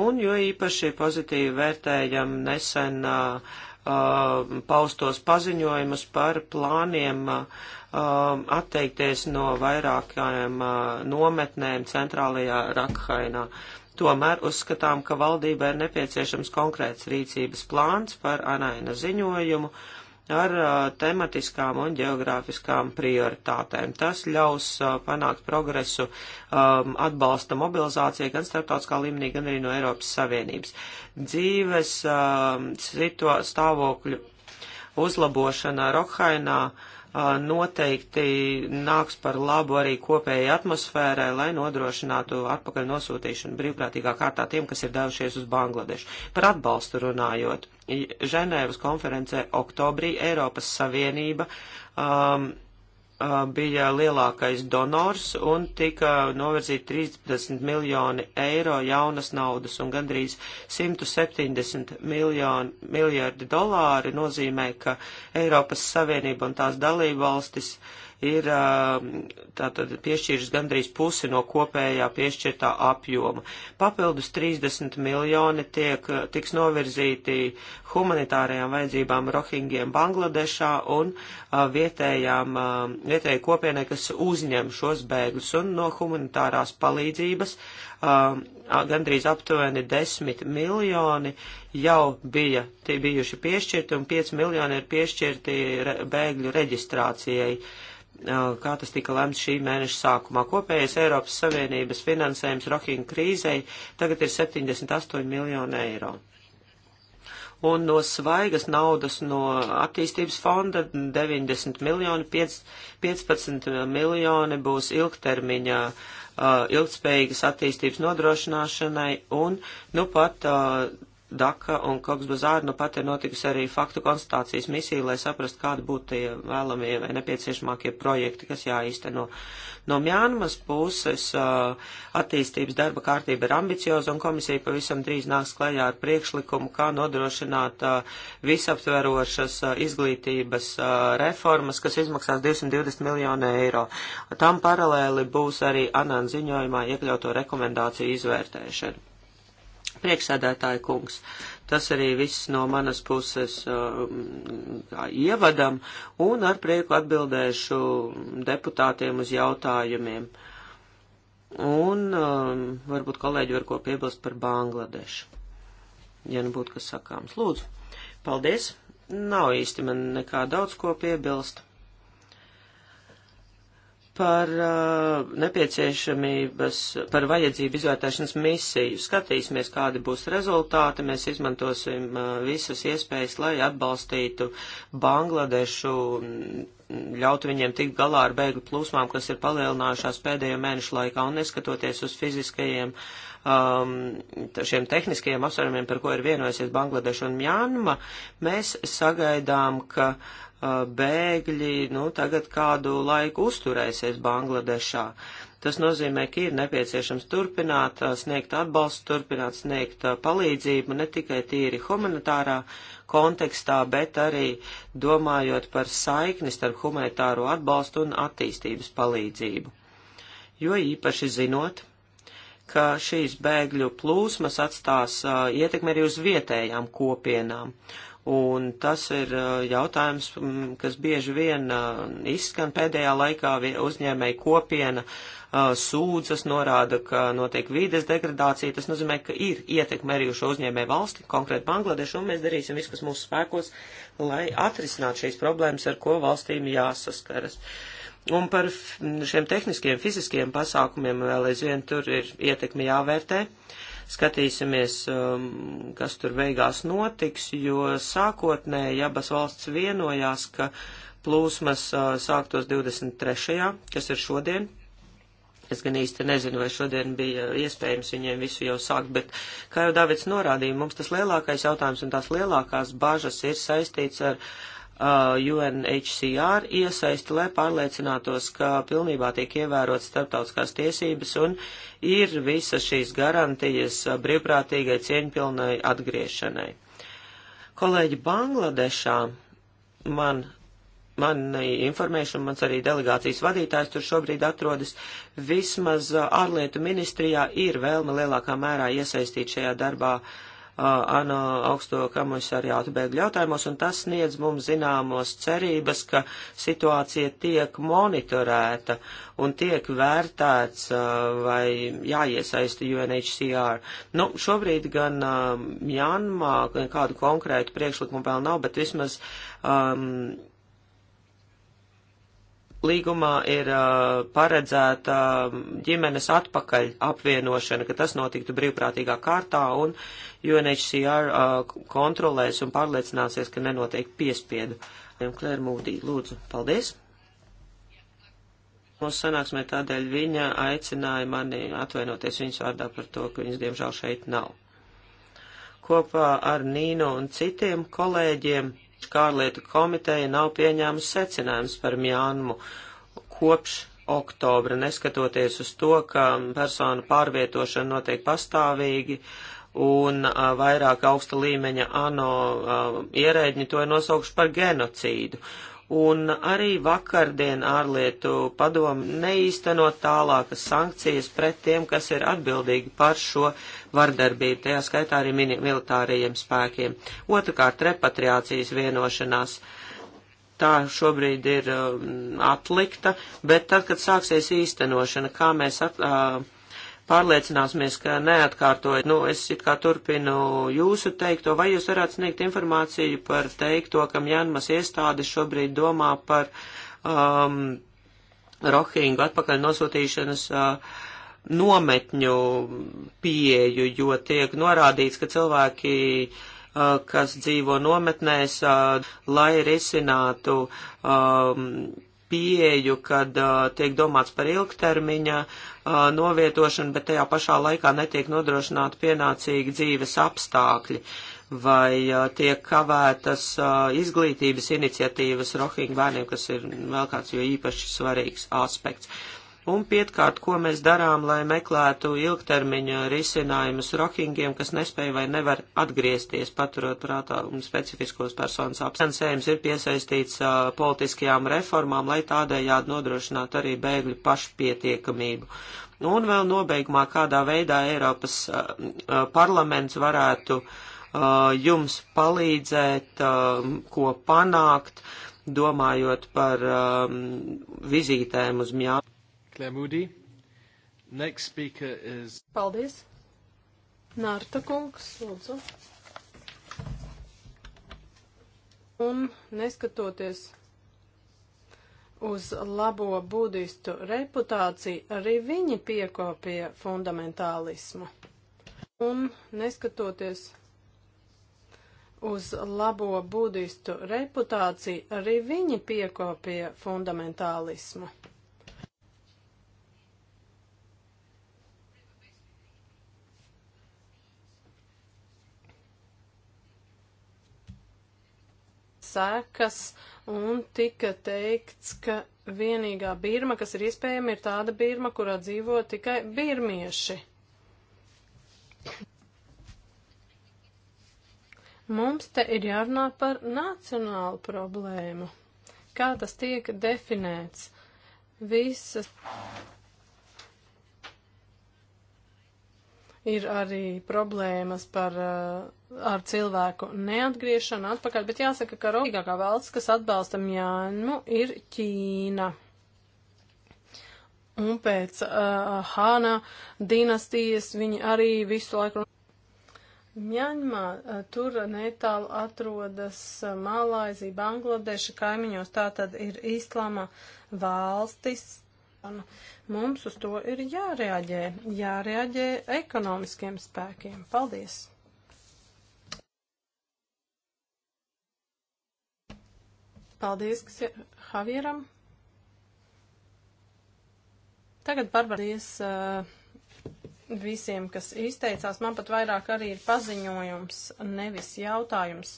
un jo īpaši pozitīvi vērtējam nesen uh, uh, paustos paziņojumus par plāniem uh, um, atteikties no vairākajām uh, nometnēm centrālajā Rakhainā. Uh, Tomēr uzskatām, ka valdībai ir nepieciešams konkrēts rīcības plāns par anaina ziņojumu ar uh, tematiskām un geogrāfiskām prioritātēm. Tas ļaus uh, panākt progresu um, atbalsta mobilizācijai gan starptautiskā līmenī, gan arī no Eiropas Savienības. Dzīves uh, situa stāvokļu uzlabošana Rokhainā uh, noteikti nāks par labu arī kopējai atmosfērai, lai nodrošinātu atpakaļ nosūtīšanu brīvprātīgā kārtā tiem, kas ir devušies uz Bangladešu. Par atbalstu runājot, Ženēvas konferencē oktobrī Eiropas Savienība um, bija lielākais donors un tika novirzīt 30 miljoni eiro jaunas naudas un gandrīz 170 miljoni, miljardi dolāri nozīmē, ka Eiropas Savienība un tās dalībvalstis valstis ir tātad piešķīris gandrīz pusi no kopējā piešķirtā apjoma. Papildus 30 miljoni tiek, tiks novirzīti humanitārajām vajadzībām rohingiem Bangladešā un vietējām, vietējai kopienai, kas uzņem šos bēgļus un no humanitārās palīdzības gandrīz aptuveni 10 miljoni jau bija bijuši piešķirti un 5 miljoni ir piešķirti re, bēgļu reģistrācijai. Uh, kā tas tika lemts šī mēneša sākumā. Kopējais Eiropas Savienības finansējums Rohingya krīzei tagad ir 78 miljoni eiro. Un no svaigas naudas no attīstības fonda 90 miljoni, 5, 15 miljoni būs ilgtermiņā uh, ilgspējīgas attīstības nodrošināšanai un nu pat uh, Daka un Koks Bazāra nu pat ir notikusi arī faktu konstatācijas misija, lai saprastu, kādi būtu tie vēlamie vai nepieciešamākie projekti, kas jāīsteno. No Mjānmas puses attīstības darba kārtība ir ambicioza un komisija pavisam drīz nāks klajā ar priekšlikumu, kā nodrošināt visaptverošas izglītības reformas, kas izmaksās 220 miljonu eiro. Tam paralēli būs arī Anan ziņojumā iekļauto rekomendāciju izvērtēšana priekšsēdētāja kungs. Tas arī viss no manas puses um, ievadam, un ar prieku atbildēšu deputātiem uz jautājumiem. Un um, varbūt kolēģi var ko piebilst par Bangladešu, ja nu būtu kas sakāms. Lūdzu, paldies! Nav īsti man nekā daudz ko piebilst par uh, nepieciešamības, par vajadzību izvērtēšanas misiju. Skatīsimies, kādi būs rezultāti. Mēs izmantosim uh, visas iespējas, lai atbalstītu Bangladešu, ļautu viņiem tikt galā ar bēgļu plūsmām, kas ir palielinājušās pēdējo mēnešu laikā un neskatoties uz fiziskajiem uh, um, šiem tehniskajiem apsvērumiem, par ko ir vienojusies Bangladeša un Mjanma, mēs sagaidām, ka uh, bēgļi nu, tagad kādu laiku uzturēsies Bangladešā. Tas nozīmē, ka ir nepieciešams turpināt uh, sniegt atbalstu, turpināt sniegt uh, palīdzību ne tikai tīri humanitārā kontekstā, bet arī domājot par saikni starp humanitāro atbalstu un attīstības palīdzību. Jo īpaši zinot, ka šīs bēgļu plūsmas atstās uh, ietekmi arī uz vietējām kopienām. Un tas ir uh, jautājums, kas bieži vien uh, izskan pēdējā laikā uzņēmēja kopiena sūdzas, norāda, ka notiek vīdes degradācija. Tas nozīmē, ka ir ietekme arī uz šo uzņēmēju valsti, konkrēti Bangladešu, un mēs darīsim visu, kas mūsu spēkos, lai atrisinātu šīs problēmas, ar ko valstīm jāsaskaras. Uh, Un par šiem tehniskiem, fiziskiem pasākumiem vēl aizvien tur ir ietekmi jāvērtē. Skatīsimies, um, kas tur beigās notiks, jo sākotnēji abas valsts vienojās, ka plūsmas uh, sāktos 23. kas ir šodien. Es gan īsti nezinu, vai šodien bija iespējams viņiem visu jau sākt, bet, kā jau Davids norādīja, mums tas lielākais jautājums un tās lielākās bažas ir saistīts ar uh, uh, UNHCR iesaisti, lai pārliecinātos, ka pilnībā tiek ievērot starptautiskās tiesības un ir visas šīs garantijas brīvprātīgai cieņpilnai atgriešanai. Kolēģi Bangladešā man, man informēšu, mans arī delegācijas vadītājs tur šobrīd atrodas, vismaz ārlietu ministrijā ir vēlme lielākā mērā iesaistīt šajā darbā uh, ANO augsto komisariātu bēgļu jautājumos, un tas sniedz mums zināmos cerības, ka situācija tiek monitorēta un tiek vērtēts vai jāiesaista UNHCR. Nu, šobrīd gan Mjanmā kādu konkrētu priekšlikumu vēl nav, bet vismaz. Um, līgumā ir uh, paredzēta ģimenes atpakaļ apvienošana, ka tas notiktu brīvprātīgā kārtā un UNHCR uh, kontrolēs un pārliecināsies, ka nenotiek piespiedu. Klēra Mūdī, lūdzu, paldies. Mūsu sanāksmē tādēļ viņa aicināja mani atvainoties viņas vārdā par to, ka viņas diemžēl šeit nav. Kopā ar Nīnu un citiem kolēģiem kārlietu komiteja nav pieņēmusi secinājums par Mjānmu kopš oktobra, neskatoties uz to, ka persona pārvietošana notiek pastāvīgi un a, vairāk augsta līmeņa ANO a, ierēģi to ir nosaukuši par genocīdu un arī vakardien ārlietu padomu neīstenot tālākas sankcijas pret tiem, kas ir atbildīgi par šo vardarbību, tajā skaitā arī militārajiem spēkiem. Otrakārt, repatriācijas vienošanās. Tā šobrīd ir uh, atlikta, bet tad, kad sāksies īstenošana, kā mēs at, uh, pārliecināsimies, ka neatkārtojat. Nu, es it kā turpinu jūsu teikto, vai jūs varētu sniegt informāciju par teikto, kam Janmas iestādes šobrīd domā par um, rohingu atpakaļ nosūtīšanas. Uh, nometņu pieeju, jo tiek norādīts, ka cilvēki uh, kas dzīvo nometnēs, uh, lai risinātu um, pieeju, kad uh, tiek domāts par ilgtermiņa uh, novietošanu, bet tajā pašā laikā netiek nodrošināti pienācīgi dzīves apstākļi vai uh, tiek kavētas uh, izglītības iniciatīvas rohingu bērniem, kas ir vēl kāds jo īpaši svarīgs aspekts. Uh, Un pietkārt, ko mēs darām, lai meklētu ilgtermiņa risinājumus rohingiem, kas nespēja vai nevar atgriezties, paturot prātā un specifiskos personas apsensējums, ir piesaistīts uh, politiskajām reformām, lai tādējādi nodrošinātu arī bēgļu pašpietiekamību. Un vēl nobeigumā, kādā veidā Eiropas uh, parlaments varētu uh, jums palīdzēt, uh, ko panākt, domājot par um, vizītēm uz Mjānu. Claire Moody. Next speaker is... Paldies. Nārta kungs, lūdzu. Un neskatoties uz labo budistu reputāciju, arī viņi piekopīja fundamentālismu. Un neskatoties uz labo budistu reputāciju, arī viņi piekopīja fundamentālismu. sekas un tika teikts, ka vienīgā Birma, kas ir iespējama, ir tāda Birma, kurā dzīvo tikai birmieši. Mums te ir jārunā par nacionālu problēmu. Kā tas tiek definēts? Visas Ir arī problēmas par, eh, ar cilvēku neatgriešanu atpakaļ, bet jāsaka, ka rūpīgākā valsts, kas atbalsta Mjānmu, ir Ķīna. Un pēc uh, Hāna dinastijas viņi arī visu laiku. Mjaņmā eh, tur netālu atrodas Malāizija, Bangladeša kaimiņos, tā tad ir islāma valstis. Mums uz to ir jāreaģē, jāreaģē ekonomiskiem spēkiem. Paldies! Paldies, kas ir Javieram. Tagad barbaries uh, visiem, kas izteicās. Man pat vairāk arī ir paziņojums, nevis jautājums.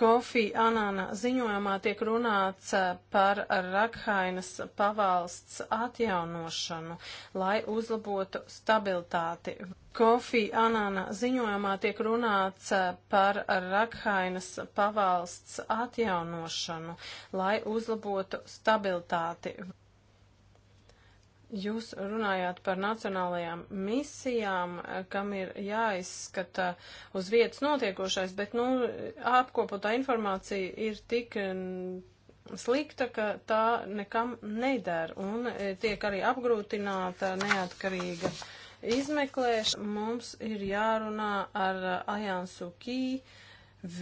Kofi Anāna ziņojumā tiek runāts eh, par Rakhainas pavalsts atjaunošanu, lai uzlabotu stabilitāti. Kofi Anāna ziņojumā tiek runāts eh, par Rakhainas pavalsts atjaunošanu, lai uzlabotu stabilitāti. Jūs runājāt par nacionālajām misijām, eh, kam ir jāizskata uz vietas notiekošais, bet, nu, apkopotā informācija ir tik slikta, ka tā nekam neder un eh, tiek arī apgrūtināta neatkarīga izmeklēšana. Mums ir jārunā ar eh, Ajansu Kī,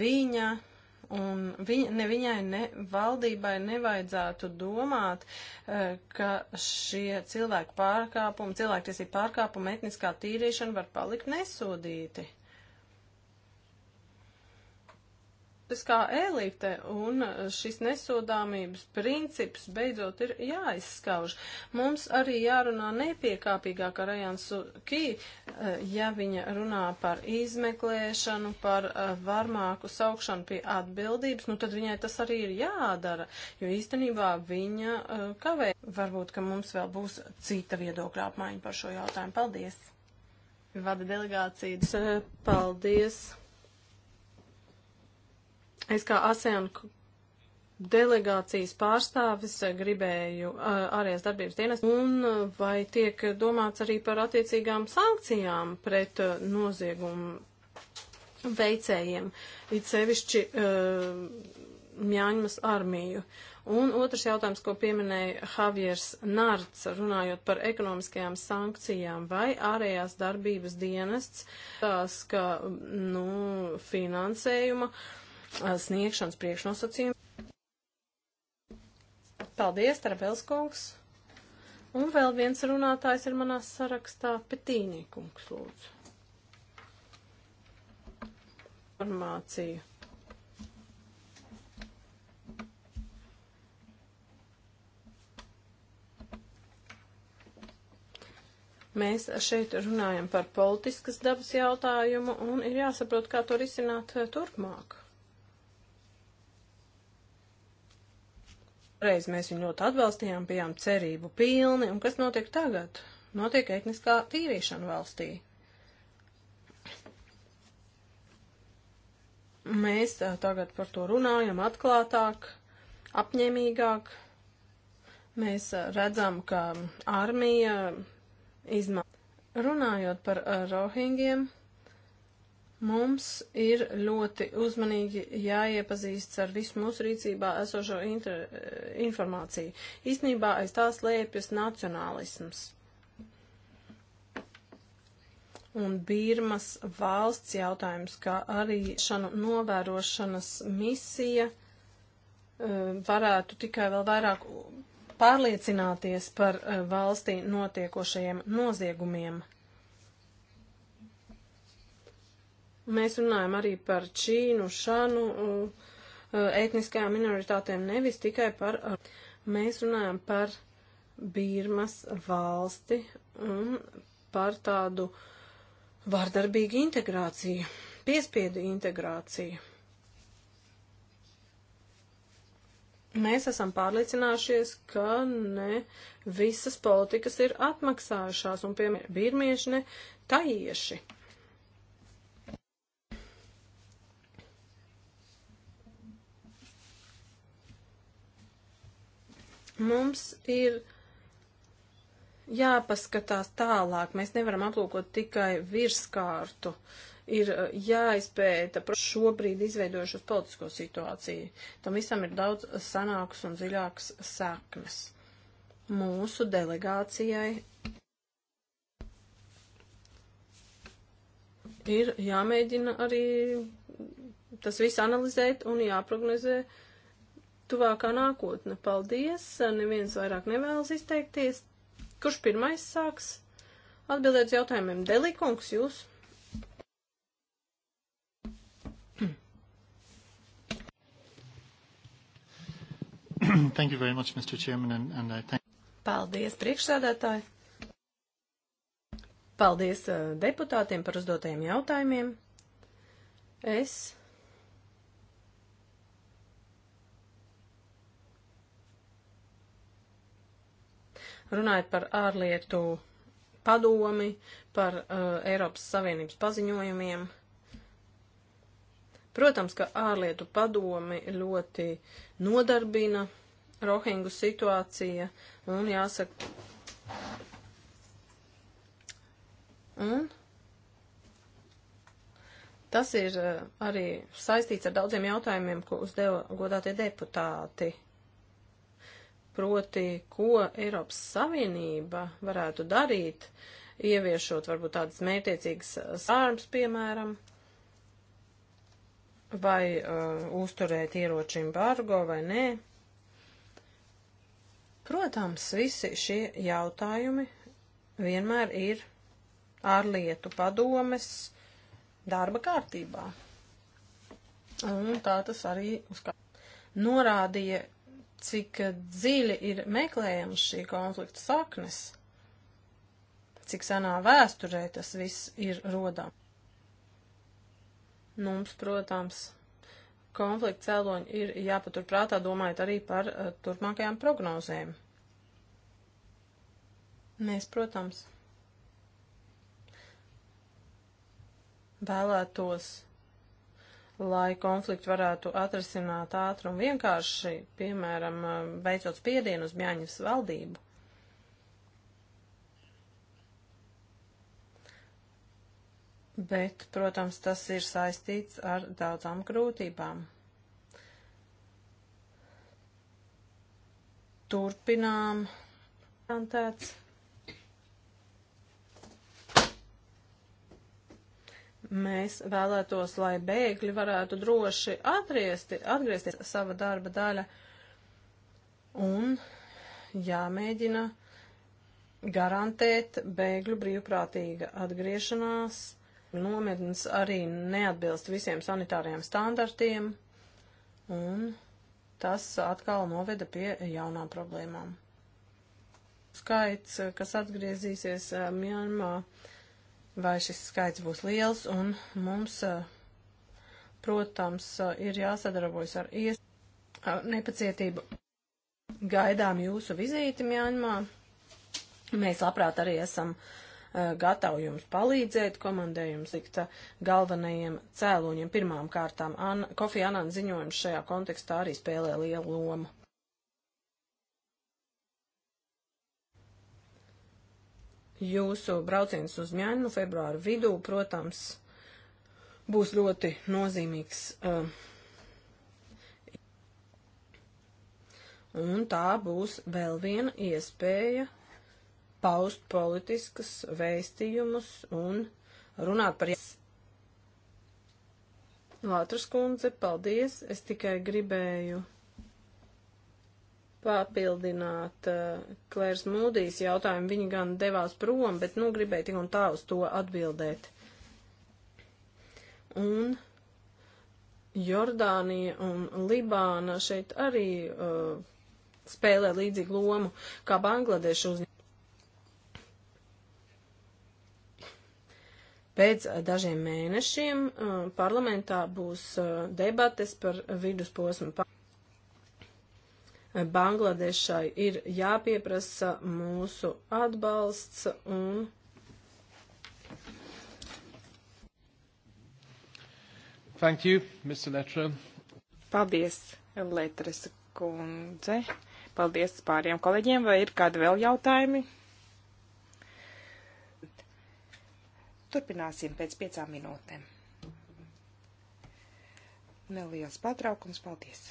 viņa un viņ, ne viņai, ne valdībai nevajadzētu domāt, eh, ka šie cilvēku pārkāpumi, cilvēktiesību pārkāpumi, etniskā tīrīšana var palikt nesodīti. politiskā elite, un šis nesodāmības princips beidzot ir jāizskauž. Mums arī jārunā nepiekāpīgāk ar Ajansu Kī, eh, ja viņa runā par izmeklēšanu, par eh, varmāku saukšanu pie atbildības, nu tad viņai tas arī ir jādara, jo īstenībā viņa eh, kavē. Varbūt, ka mums vēl būs cita viedokļa apmaiņa par šo jautājumu. Paldies! Vada delegācijas. Paldies! Es kā ASEAN delegācijas pārstāvis eh, gribēju eh, ārējās darbības dienas un eh, vai tiek domāts arī par attiecīgām sankcijām pret noziegumu veicējiem, it sevišķi uh, Mjāņmas armiju. Un otrs jautājums, ko pieminēja Javiers Nārts, runājot par ekonomiskajām sankcijām, vai ārējās darbības dienests tās, ka, nu, finansējuma uh, Uh, sniegšanas priekšnosacījumi. Paldies, Tarabelskungs. Un vēl viens runātājs ir manā sarakstā - Petīnīkungs, lūdzu. Informāciju. Mēs šeit runājam par politiskas dabas jautājumu un ir jāsaprot, kā to risināt uh, turpmāk. reiz mēs viņu ļoti atbalstījām, bijām cerību pilni, un kas notiek tagad? Notiek etniskā tīrīšana valstī. Mēs tagad par to runājam atklātāk, apņēmīgāk. Mēs redzam, ka armija izmanto. Runājot par rohingiem, uh, Mums ir ļoti uzmanīgi jāiepazīstas ar visu mūsu rīcībā esošo inter, eh, informāciju. Īsnībā aiz tās lēpjas nacionālisms. Un Birmas valsts jautājums, kā arī šanu novērošanas misija eh, varētu tikai vēl vairāk pārliecināties par eh, valstī notiekošajiem noziegumiem. Mēs runājam arī par Čīnu, Šanu, uh, uh, etniskajām minoritātēm, nevis tikai par. Uh, mēs runājam par Birmas valsti un par tādu vardarbīgu integrāciju, piespiedu integrāciju. Mēs esam pārliecinājušies, ka ne visas politikas ir atmaksājušās, un piemēram, birmieši ne taieši. Mums ir jāpaskatās tālāk. Mēs nevaram aplūkot tikai virskārtu. Ir uh, jāizpēta šobrīd izveidojušos politisko situāciju. Tam visam ir daudz sanāks un dziļāks saknes. Mūsu delegācijai ir jāmēģina arī tas viss analizēt un jāprognozē uh, tuvākā nākotne. Paldies! Neviens vairāk nevēlas izteikties. Kurš pirmais sāks? Atbildēt uz jautājumiem. Delikungs, jūs! [CLEARS THROAT] Thank you very much, Mr. Chairman, and, and I thank Paldies, priekšsādātāji! Paldies uh, deputātiem par uzdotajiem jautājumiem. Es Runājot par ārlietu padomi, par uh, Eiropas Savienības paziņojumiem. Protams, ka ārlietu padomi ļoti nodarbina Rohingu situācija un jāsaka. Un tas ir uh, arī saistīts ar daudziem jautājumiem, ko uzdeva godātie deputāti proti, ko Eiropas Savienība varētu darīt, ieviešot varbūt tādas mētiecīgas uh, sārums, piemēram, vai uh, uzturēt ieroču embargo vai nē. Protams, visi šie jautājumi vienmēr ir ārlietu padomes darba kārtībā. Un tā tas arī uzkā... norādīja cik dziļi ir meklējams šī konflikta saknes, cik senā vēsturē tas viss ir rodams. Mums, protams, konflikta cēloņi ir jāpaturprātā, domājot arī par uh, turpmākajām prognozēm. Mēs, protams, vēlētos lai konfliktu varētu atrasināt ātri un vienkārši, piemēram, beidzot spiedienu uz Bjaņas valdību. Bet, protams, tas ir saistīts ar daudzām grūtībām. Turpinām. Antēts. Mēs vēlētos, lai bēgļi varētu droši atriesti, atgriezties sava darba daļa un jāmēģina garantēt bēgļu brīvprātīga atgriešanās. Nometnes arī neatbilst visiem sanitāriem standartiem, un tas atkal noveda pie jaunām problēmām. Skaits, kas atgriezīsies eh, Mjanmā, uh, vai šis skaits būs liels, un mums, protams, ir jāsadarbojas ar ies nepacietību. Gaidām jūsu vizīti Mjāņmā. Mēs labprāt arī esam gatavi jums palīdzēt, komandējums likt galvenajiem cēloņiem. Pirmām kārtām An Kofi Anan ziņojums šajā kontekstā arī spēlē lielu lomu. Jūsu brauciens uz Mjaņu februāru vidū, protams, būs ļoti nozīmīgs. Eh, un tā būs vēl viena iespēja paust politiskas vēstījumus un runāt par Lātras kundze, paldies. Es tikai gribēju papildināt uh, Klērs Mūdijas jautājumu. Viņa gan devās prom, bet, nu, gribēja tik un tā uz to atbildēt. Un Jordānija un Libāna šeit arī uh, spēlē līdzīgu lomu kā Bangladeša uzņēmumi. Pēc dažiem mēnešiem uh, parlamentā būs uh, debates par vidusposmu. Bangladešai ir jāpieprasa mūsu atbalsts un. Thank you, Mr. Letra. Paldies, Letras kundze. Paldies pāriem kolēģiem. Vai ir kādi vēl jautājumi? Turpināsim pēc piecām minūtēm. Neliels pārtraukums. Paldies!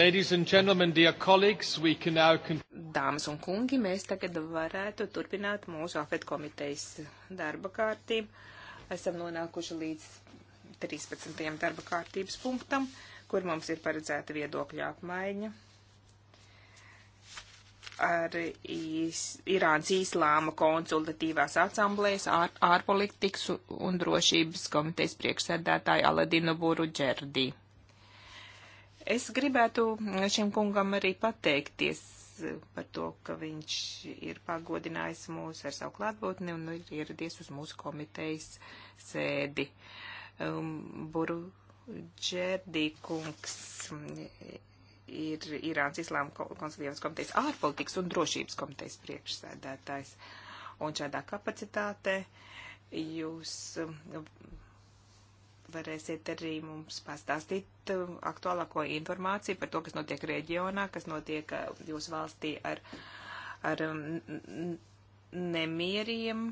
Ladies and gentlemen, dear colleagues, we can now... Dāmas un kungi, mēs tagad varētu turpināt mūsu afet komitejas darba kārtību. Esam nonākuši līdz 13. darba kārtības punktam, kur mums ir paredzēta viedokļa apmaiņa ar īs, Irāns Īslāma konsultatīvās asamblējas ār, ārpolitikas un drošības komitejas priekšsēdētāju Aladinu Buru Džerdī. Es gribētu šim kungam arī pateikties par to, ka viņš ir pagodinājis mūs ar savu klātbūtni un ir ieradies uz mūsu komitejas sēdi. Um, Buru Džerdī kungs ir Irāns Islāma konsultīvas komitejas ārpolitikas un drošības komitejas priekšsēdētājs. Un šādā kapacitātē jūs um, varēsiet arī mums pastāstīt um, aktuālāko informāciju par to, kas notiek reģionā, kas notiek uh, jūsu valstī ar, ar um, nemieriem,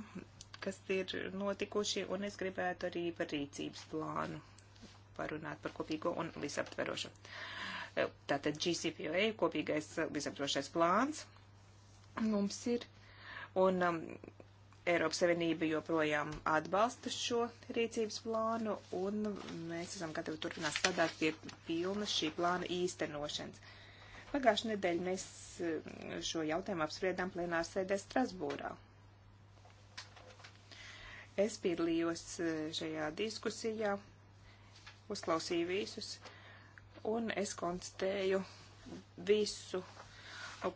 kas ir notikuši, un es gribētu arī par rīcības plānu parunāt par kopīgo un visaptverošu. Uh, tātad GCPOA e, kopīgais uh, visaptverošais plāns mums ir. Un um, Eiropas Savienība joprojām atbalsta šo rīcības plānu, un mēs esam gatavi turpināt strādāt pie pilnas šī plāna īstenošanas. Pagājušajā nedēļā mēs eh, šo jautājumu apspriedām plenāru sēdē Strasbūrā. Es piedalījos eh, šajā diskusijā, uzklausīju visus, un es konstatēju visu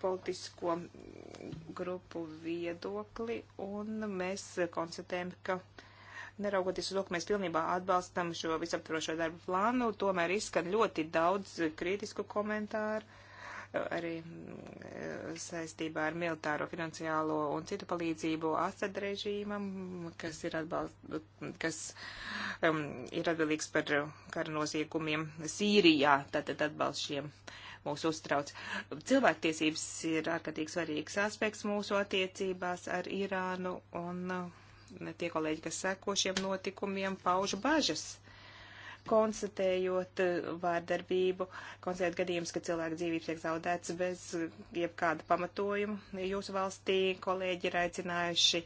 politisko grupu viedokli, un mēs konstatējam, ka neraugoties uz to, ka mēs pilnībā atbalstam šo visaptvarošo darbu plānu, tomēr izskan ļoti daudz kritisku komentāru arī mm, saistībā ar militāro, finansiālo un citu palīdzību Asad režīmam, kas ir, atbalst, kas, um, ir atbildīgs par kara noziegumiem Sīrijā, tātad atbalst šiem uh, mūs uztrauc. Cilvēktiesības ir ārkārtīgi svarīgs aspekts mūsu attiecībās ar Irānu, un uh, tie kolēģi, kas seko šiem notikumiem, pauž bažas konstatējot uh, vārdarbību, konstatējot gadījumus, ka cilvēku dzīvības tiek zaudētas bez uh, jebkāda pamatojuma. Jūsu valstī kolēģi ir aicinājuši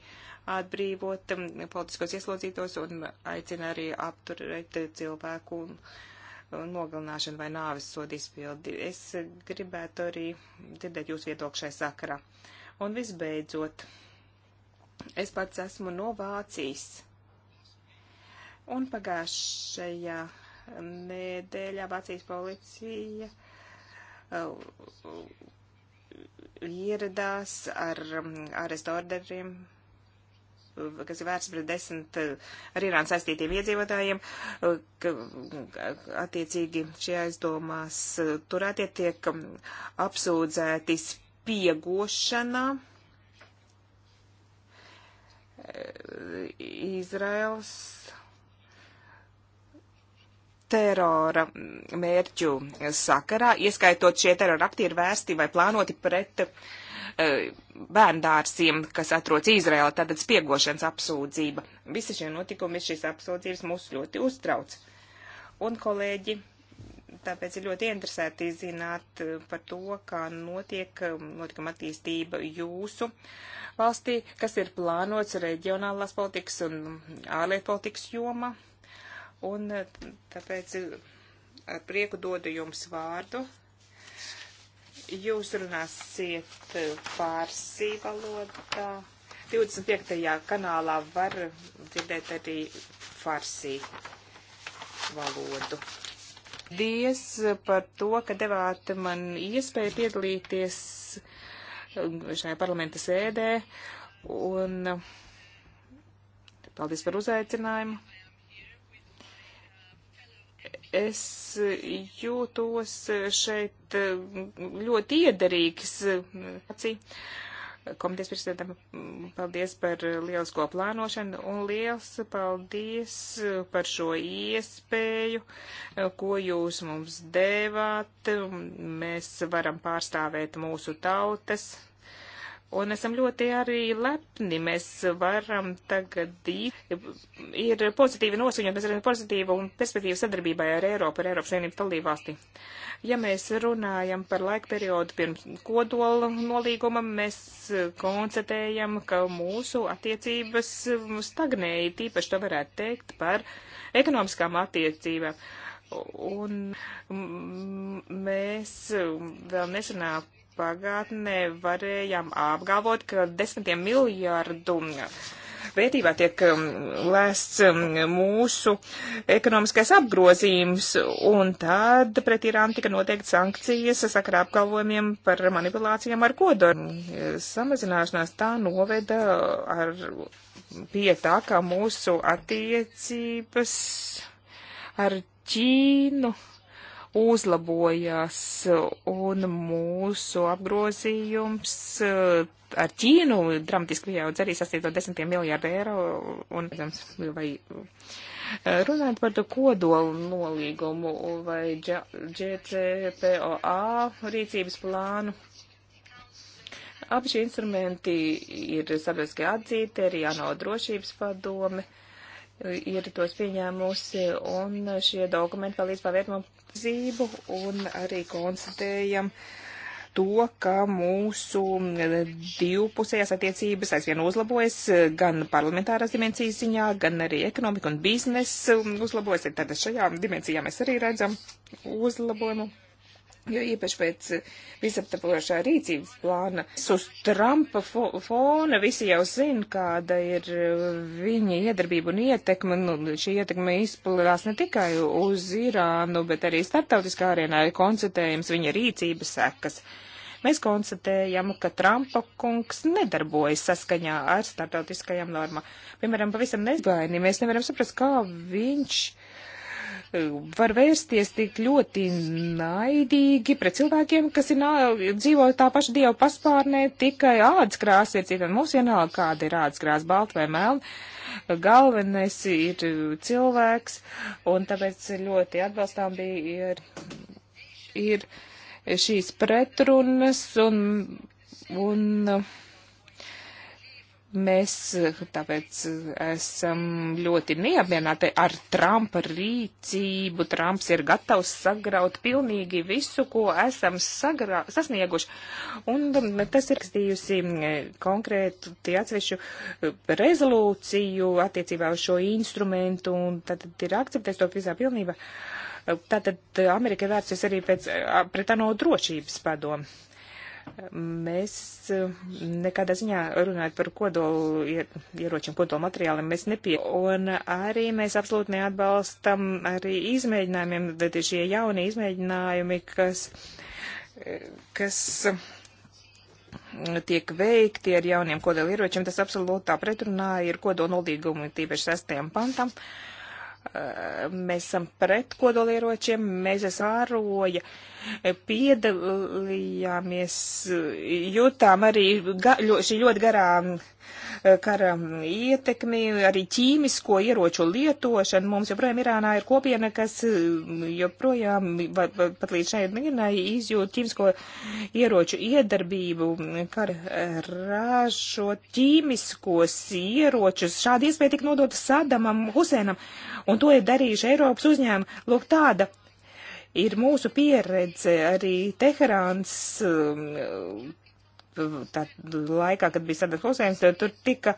atbrīvot um, politiskos ieslodzītos un aicina arī apturēt cilvēku un nogalināšanu vai nāvis sodu izpildi. Es gribētu arī dzirdēt jūsu viedokli šai sakarā. Un visbeidzot, es pats esmu no Vācijas. Un pagājušajā nedēļā Vācijas policija uh, uh, ieradās ar um, arestu orderiem kas ir vērsts pret desmit eh, ar Irānu saistītiem iedzīvotājiem, eh, ka attiecīgi šie aizdomās eh, turētie tiek mm, apsūdzēti spiegošanā. Izraels terora mm, mērķu sakarā, ieskaitot šie terora akti ir vērsti vai plānoti pret uh, Eh, bērndārsiem, kas atrodas Izrēlā, tātad spiegošanas apsūdzība. Visi šie notikumi, šīs apsūdzības mūs ļoti uztrauc. Un kolēģi, tāpēc ir ļoti interesēti zināt eh, par to, kā notiek eh, notikuma attīstība jūsu valstī, kas ir plānots reģionālās politikas un ārlietu politikas joma. Un tāpēc ar prieku dodu jums vārdu jūs runāsiet pārsī eh, valodā. 25. kanālā var dzirdēt arī farsī valodu. Dies par to, ka devāt man iespēju piedalīties eh, šajā parlamenta sēdē un eh, paldies par uzaicinājumu es jūtos šeit mm, ļoti iederīgs. Komitejas priekšsēdētam paldies par lielisko plānošanu un liels paldies par šo iespēju, ko jūs mums devāt. Mēs varam pārstāvēt mūsu tautas Un esam ļoti arī lepni. Mēs varam tagad ir pozitīvi nosuņot, mēs redzam pozitīvu un perspektīvu sadarbībai ar Eiropu, ar Eiropas Savienības dalībvalsti. Ja mēs runājam par laika periodu pirms kodola nolīguma, mēs konstatējam, ka mūsu attiecības stagnēja, tīpaši to varētu teikt par ekonomiskām attiecībām. Un mēs vēl nesenāk pagātnē varējām apgalvot, ka desmitiem miljardu vērtībā tiek um, lēsts um, mūsu ekonomiskais apgrozījums, un tad pret Irānu tika noteikti sankcijas sakarā apgalvojumiem par manipulācijām ar kodoru. Samazināšanās tā noveda ar, pie tā, ka mūsu attiecības ar Ķīnu uzlabojās un mūsu apgrozījums eh, ar Ķīnu dramatiski pieaudz arī sasniedzot desmitiem miljārdu eiro. Un, zams, vai, eh, runājot par to kodolu nolīgumu vai GCPOA rīcības plānu. Abi šie instrumenti ir sabiedriski atzīti, arī ANO drošības padome ir tos pieņēmusi, un šie dokumenti palīdz pavērtumam virzību un arī konstatējam to, ka mūsu divpusējās attiecības aizvien uzlabojas gan parlamentārās dimensijas ziņā, gan arī ekonomika un biznesa uzlabojas. Tad šajā dimensijā mēs arī redzam uzlabojumu. Jo īpaši pēc eh, visaptapošā rīcības plāna uz Trumpa fo fona visi jau zina, kāda ir eh, viņa iedarbība un ietekme. Nu, šī ietekme izplatās ne tikai uz Irānu, bet arī starptautiskā arēnā ir konstatējums viņa rīcības sekas. Mēs konstatējam, ka Trumpa kungs nedarbojas saskaņā ar starptautiskajām normām. Piemēram, pavisam nezvaini, mēs nevaram saprast, kā viņš var vērsties tik ļoti naidīgi pret cilvēkiem, kas ir nā, dzīvo tā paša dieva paspārnē, tikai ādas krāsa ir cita. Mums vienalga, kāda ir ādas krāsa, balta vai melna. Galvenais ir cilvēks, un tāpēc ļoti atbalstām bija ir, ir šīs pretrunas un. un Mēs tāpēc esam ļoti neapmierināti ar Trumpa rīcību. Trumps ir gatavs sagraut pilnīgi visu, ko esam sagrā, sasnieguši. Un tas ir rakstījusi eh, konkrētu tie atsevišķu eh, rezolūciju attiecībā uz šo instrumentu, un tad ir akceptēts to visā pilnībā. Tātad Amerika vērsies arī pēc, pret ANO drošības padomu mēs eh, nekādā ziņā runājot par kodolu ieročiem, kodolu materiāliem, mēs nepie. Un arī mēs absolūti neatbalstam arī izmēģinājumiem, bet šie jaunie izmēģinājumi, kas, eh, kas eh, tiek veikti ar jauniem kodolu ieročiem, tas absolūtā pretrunā ir kodolu noldīgumu, tīpaši sestajam pantam. Uh, Eh, mēs esam pret kodolieročiem, mēs esam āroja, piedalījāmies, eh, jūtām arī ga, ļo, šī ļoti garā kara ietekmi, arī ķīmisko ieroču lietošanu. Mums joprojām Irānā ir kopiena, kas mm, joprojām, pat līdz šai dienai, izjūt ķīmisko ieroču iedarbību, kara ražot ķīmiskos ieročus. Šāda iespēja tika nodota Sadamam Husēnam, un to ir darījuši Eiropas uzņēmumi. Lūk, tāda ir mūsu pieredze arī Teherāns mm, tā laikā, kad bija sadat klausējums, tur tika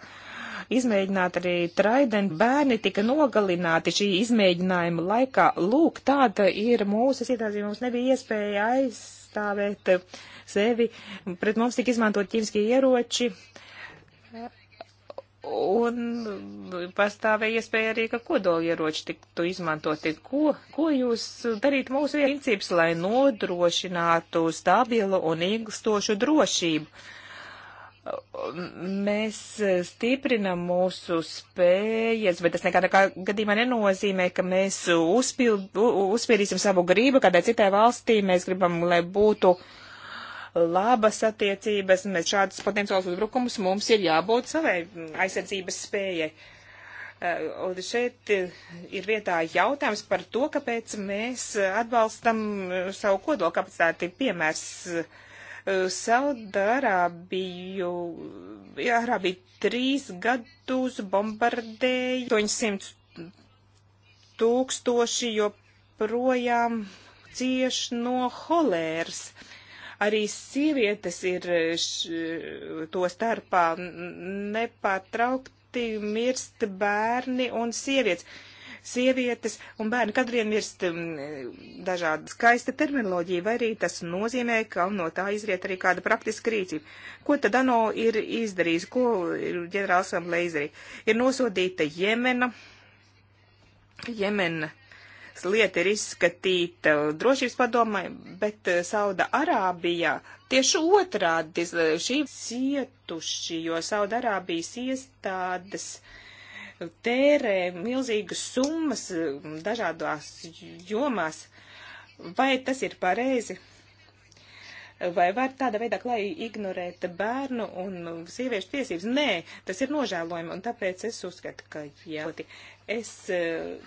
izmēģināti arī traideni. Bērni tika nogalināti šī izmēģinājuma laikā. Lūk, tāda ir mūsu situācija. Mums nebija iespēja aizstāvēt sevi. Pret mums tika izmantot ķīmiskie ieroči un pastāvēja iespēja arī, ka kodolieroči tiktu izmantoti. Ko, ko jūs darīt mūsu princips, lai nodrošinātu stabilu un ilgstošu drošību? Mēs stiprinam mūsu spējas, bet tas nekādā gadījumā nenozīmē, ka mēs uzpild, uzpildīsim savu gribu kādai citai valstī. Mēs gribam, lai būtu uh, labas attiecības, mēs šādus potenciālus uzbrukumus mums ir jābūt savai aizsardzības spējai. Uh, un šeit uh, ir vietā jautājums par to, kāpēc mēs atbalstam uh, savu kodolkapacitāti. Piemērs Saudārābiju, Arābija trīs gadus bombardēja 800 tūkstoši joprojām cieš no holēras. Uh, Arī sievietes ir š, to starpā nepārtraukti mirst bērni un sievietes. Sievietes un bērni kadriem mirst dažāda skaista terminoloģija, vai arī tas nozīmē, ka no tā izriet arī kāda praktiska rīcība. Ko tad ANO ir izdarījis, ko ģenerāls Amblēzerī? Ir nosodīta Jemena, Jemena lieta ir izskatīta eh, drošības padomai, bet eh, Sauda Arābijā tieši otrādi šī cietuši, jo Sauda Arābijas iestādes tērē milzīgas summas eh, dažādās jomās. Vai tas ir pareizi? Vai var tādā veidā klāji ignorēt bērnu un sieviešu tiesības? Nē, tas ir nožēlojami, un tāpēc es uzskatu, ka jā. Es eh,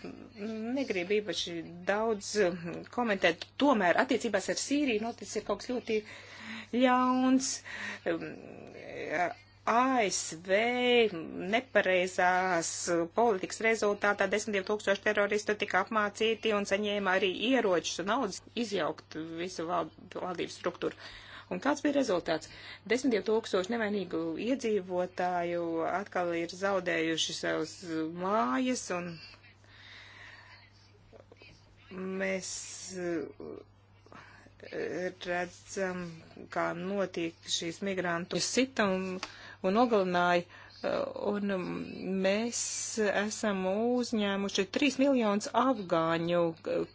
negribu īpaši daudz eh, komentēt, tomēr attiecībās ar Sīriju noticis nu, ir kaut kas ļoti ļauns ASV nepareizās politikas rezultātā desmitiem tūkstoši teroristu tika apmācīti un saņēma arī ieročus un naudas izjaukt visu valdības struktūru. Un kāds bija rezultāts? Desmitiem tūkstoši nevainīgu iedzīvotāju atkal ir zaudējuši savus mājas, un mēs eh, redzam, kā notiek šīs migrantu sita, un un nogalināja. Eh, un um, mēs esam uzņēmuši 3 miljonus afgāņu,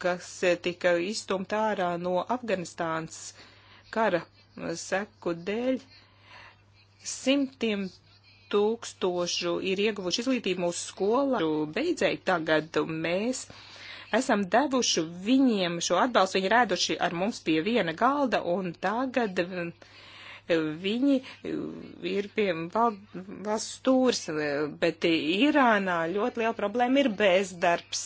kas tika izstumt ārā no Afganistānas kara seku dēļ. Simtiem tūkstošu ir ieguvuši izglītību mūsu skolā. Beidzēji tagad mēs esam devuši viņiem šo atbalstu, viņi rēduši ar mums pie viena galda, un tagad um, viņi ir pie valsts stūrs, bet Irānā ļoti liela problēma ir bezdarbs.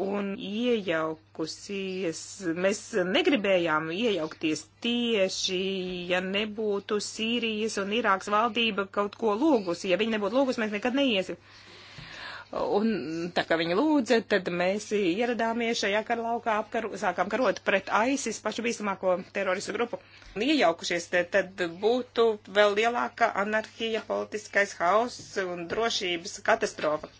Un iejaukusies, mēs negribējām iejaukties tieši, ja nebūtu Sīrijas un Irāks valdība kaut ko lūgusi. Ja viņi nebūtu lūgusi, mēs nekad neiesim. Uh, Un tā kā viņi lūdza, tad mēs ieradāmies šajā karlaukā, apkaru, sākām karot pret ISIS, pašu bīstamāko teroristu grupu. Un iejaukušies, te, tad būtu vēl lielāka anarhija, politiskais hauss un drošības katastrofa.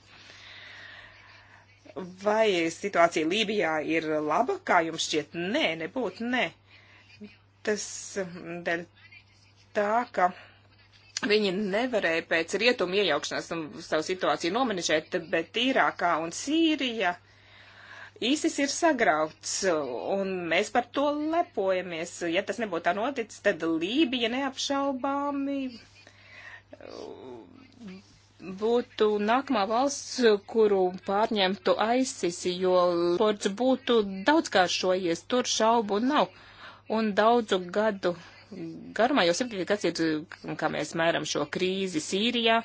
Vai situācija Lībijā ir laba, kā jums šķiet? Nē, nebūtu, nē. Tas dēļ tā, ka Viņi nevarēja pēc rietumu iejaukšanās nu, savu situāciju nomenedžēt, bet Irākā un Sīrijā īsis ir sagrauts, un mēs par to lepojamies. Ja tas nebūtu tā noticis, tad Lībija neapšaubāmi uh, būtu nākamā valsts, kuru pārņemtu ISIS, jo sports būtu daudzkāršojies, tur šaubu nav. Un daudzu gadu garumā, jau 7 gadsimtu, kā mēs mēram šo krīzi Sīrijā,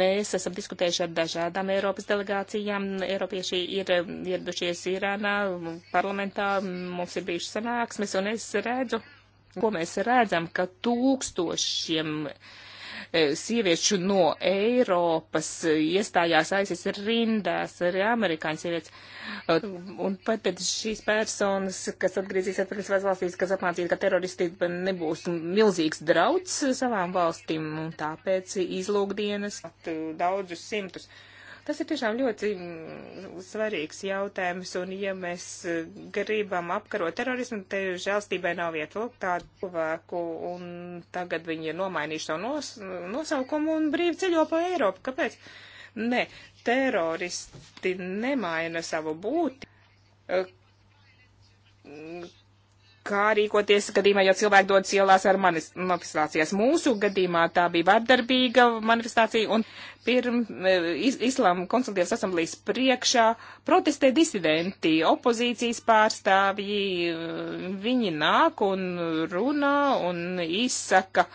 mēs esam diskutējuši ar dažādām Eiropas delegācijām. Eiropieši ir ieradušies Irānā parlamentā, mums ir bijušas sanāksmes, un es redzu, ko mēs redzam, ka tūkstošiem. Uh, E, sieviešu no Eiropas iestājās aizsis rindās, arī amerikāņu sievietes. E, un pat pēc šīs personas, kas atgriezīsies atpakaļ valstīs, kas apmācīja, ka teroristi nebūs milzīgs drauds savām valstīm, un tāpēc izlūkdienas e, daudzus simtus. Uh, Tas ir tiešām ļoti mm, svarīgs jautājums, un ja mēs eh, gribam apkarot terorismu, te žēlstībai nav vieta. Lūk, tādu cilvēku, un tagad viņi ir nomainījuši savu nos, nosaukumu un brīvi ceļo pa Eiropu. Kāpēc? Nē, teroristi nemaina savu būti eh, kā rīkoties gadījumā, ja cilvēki dodas ielās ar manis, manifestācijas. Mūsu gadījumā tā bija vardarbīga manifestācija, un pirms e, iz, Islāma konsultatīvas asamblējas priekšā protestē disidenti, opozīcijas pārstāvji, e, viņi nāk un runā un izsaka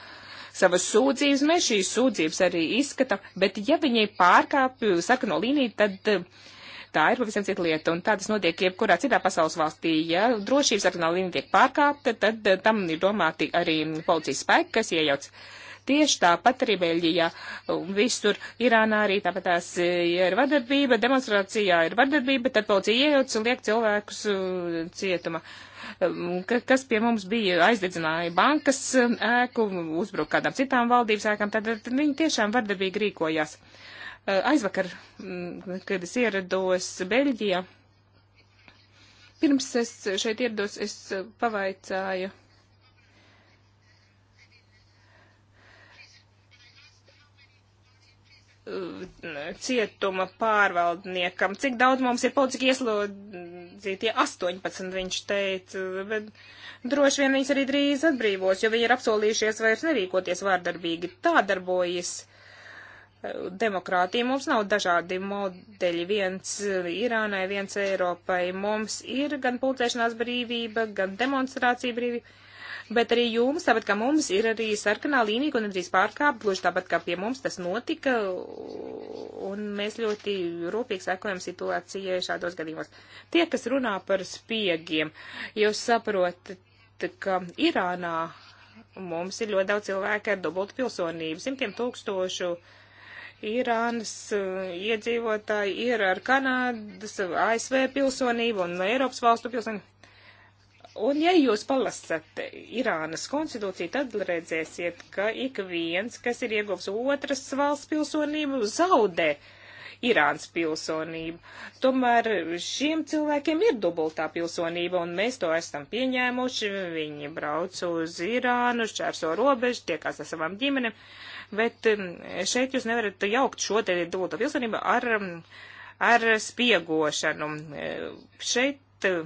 savas sūdzības, mēs šīs sūdzības arī izskatām, bet ja viņi pārkāpj sarkano līniju, tad uh, Tā ir pavisam cita lieta, un tā tas notiek jebkurā citā pasaules valstī. Ja drošības sarunā līnija tiek pārkāpta, tad eh, tam ir domāti arī policijas spēki, kas iejauc. Tieši tāpat arī Beļģijā, visur Irānā arī tāpat tās eh, ir vardarbība, demonstrācijā ir vardarbība, tad policija iejauc un liek cilvēkus eh, cietuma. Um, kas pie mums bija aizdedzināja bankas ēku, uzbruka kādām citām valdības ēkām, tad, tad viņi tiešām vardarbīgi rīkojās. Uh, Eh, aizvakar, mm, kad es ierados Beļģijā, pirms es šeit ierados, es eh, pavaicāju. Eh, cietuma pārvaldniekam, cik daudz mums ir politiski ieslodzītie 18, viņš teica, bet droši vien viņus arī drīz atbrīvos, jo viņi ir apsolījušies vairs nerīkoties vārdarbīgi. Tā darbojas uh, demokrātija. Mums nav dažādi modeļi, viens Irānai, viens Eiropai. Mums ir gan pulcēšanās brīvība, gan demonstrācija brīvība, bet arī jums, tāpat kā mums, ir arī sarkanā līnija, ko nedrīkst pārkāpt, gluži tāpat kā pie mums tas notika, un mēs ļoti rūpīgi sekojam situācijai šādos gadījumos. Tie, kas runā par spiegiem, jūs saprotat, ka Irānā mums ir ļoti daudz cilvēku ar dubultu pilsonību, simtiem tūkstošu uh, Irānas eh, iedzīvotāji ir ar Kanādas, ASV pilsonību un Eiropas valstu pilsonību. Un ja jūs palasat Irānas konstitūciju, tad redzēsiet, ka ik viens, kas ir ieguvis otras valsts pilsonību, zaudē Irānas pilsonību. Tomēr šiem cilvēkiem ir dubultā pilsonība, un mēs to esam pieņēmuši. Viņi brauc uz Irānu, šķērso robežu, tiekās ar savām ģimenēm. Uh, bet um, šeit jūs nevarat jaukt šo te dūto pilsonību ar, um, ar spiegošanu. Uh, šeit uh,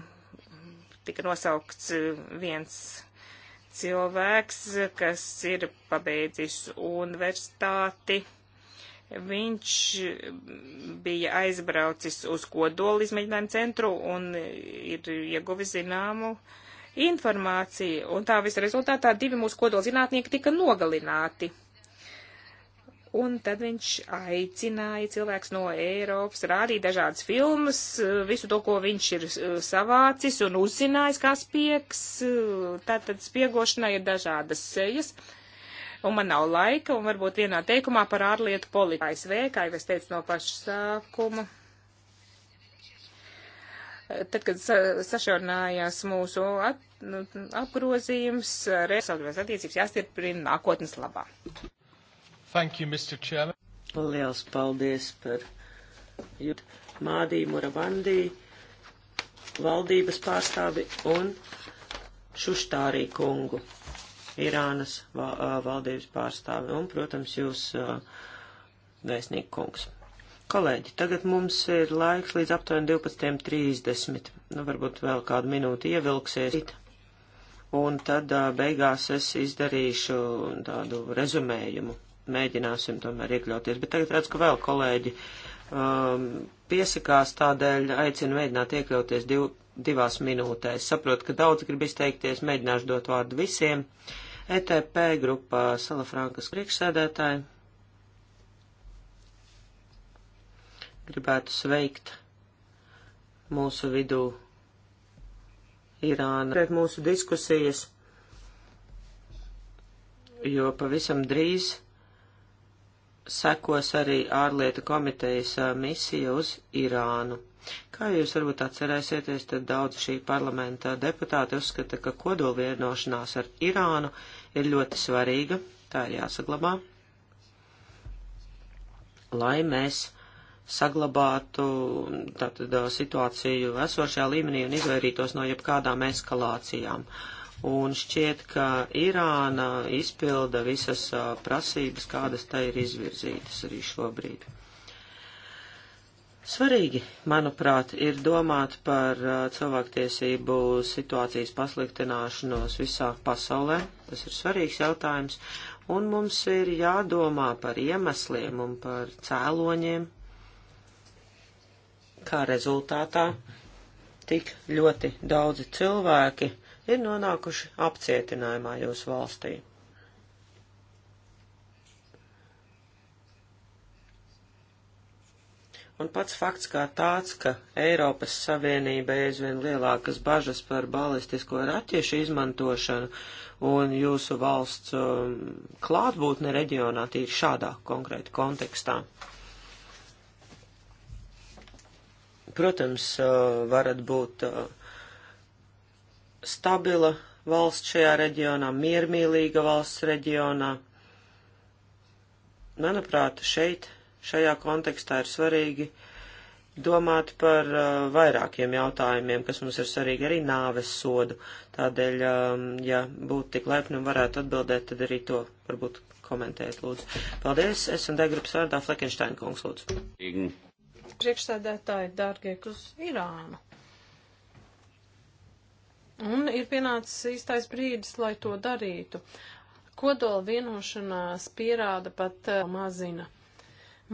tika nosaukts uh, viens cilvēks, kas ir pabeidzis universitāti. Viņš bija aizbraucis uz kodoli izmēģinājumu centru un ir ieguvis zināmu informāciju, un tā visa rezultātā divi mūsu kodoli zinātnieki tika nogalināti. Un tad viņš aicināja cilvēks no Eiropas rādīt dažādas filmas, visu to, ko viņš ir uh, savācis un uzzinājis, kā spiegs. Tātad uh, spiegošanai ir dažādas sejas. Un man nav laika, un varbūt vienā teikumā par ārlietu politiku ASV, kā jau es teicu no paša sākuma. Uh, tad, kad sa sašaurinājās mūsu at, nu, apgrozījums, resursu attiecības jāstiprina nākotnes labā. Thank you, Mr. Chairman. Liels paldies par jūt Mādī Muravandī, valdības pārstāvi un Šuštārī kungu, Irānas valdības pārstāvi un, protams, jūs vēstnieku kungs. Kolēģi, tagad mums ir laiks līdz aptuveni 12.30. Nu, varbūt vēl kādu minūti ievilksies. Un tad beigās es izdarīšu tādu rezumējumu mēģināsim tomēr iekļauties. Bet tagad redzu, ka vēl kolēģi um, piesakās, tādēļ aicinu mēģināt iekļauties div, divās minūtēs. Saprotu, ka daudz grib izteikties, mēģināšu dot vārdu visiem. ETP grupā Salafrankas priekšsēdētāji. Gribētu sveikt mūsu vidū Irānu. Pēc mūsu diskusijas jo pavisam drīz sekos arī ārlietu komitejas misija uz Irānu. Kā jūs varbūt atcerēsieties, tad daudz šī parlamenta deputāti uzskata, ka kodolvienošanās ar Irānu ir ļoti svarīga, tā ir jāsaglabā, lai mēs saglabātu tātad, situāciju esošajā līmenī un izvairītos no jebkādām eskalācijām. Uh, un šķiet, ka Irāna izpilda visas prasības, kādas tai ir izvirzītas arī šobrīd. Svarīgi, manuprāt, ir domāt par cilvēktiesību situācijas pasliktināšanos visā pasaulē. Tas ir svarīgs jautājums, un mums ir jādomā par iemesliem un par cēloņiem, kā rezultātā tik ļoti daudzi cilvēki ir nonākuši apcietinājumā jūsu valstī. Un pats fakts kā tāds, ka Eiropas Savienība ir aizvien lielākas bažas par balistisko raķešu izmantošanu un jūsu valsts um, klātbūtne reģionā tīri šādā konkrēta kontekstā. Protams, uh, varat būt uh, stabila valsts šajā reģionā, miermīlīga valsts reģionā. Manuprāt, šeit, šajā kontekstā ir svarīgi domāt par uh, vairākiem jautājumiem, kas mums ir svarīgi arī nāves sodu. Tādēļ, um, ja būtu tik laipni un varētu atbildēt, tad arī to varbūt komentēt, lūdzu. Paldies, es un degrupas vārdā Flekenšteina kungs, lūdzu. Priekšsēdētāji, dārgie, uz Irānu. Un ir pienācis īstais brīdis, lai to darītu. Kodola vienošanās pierāda pat uh, mazina.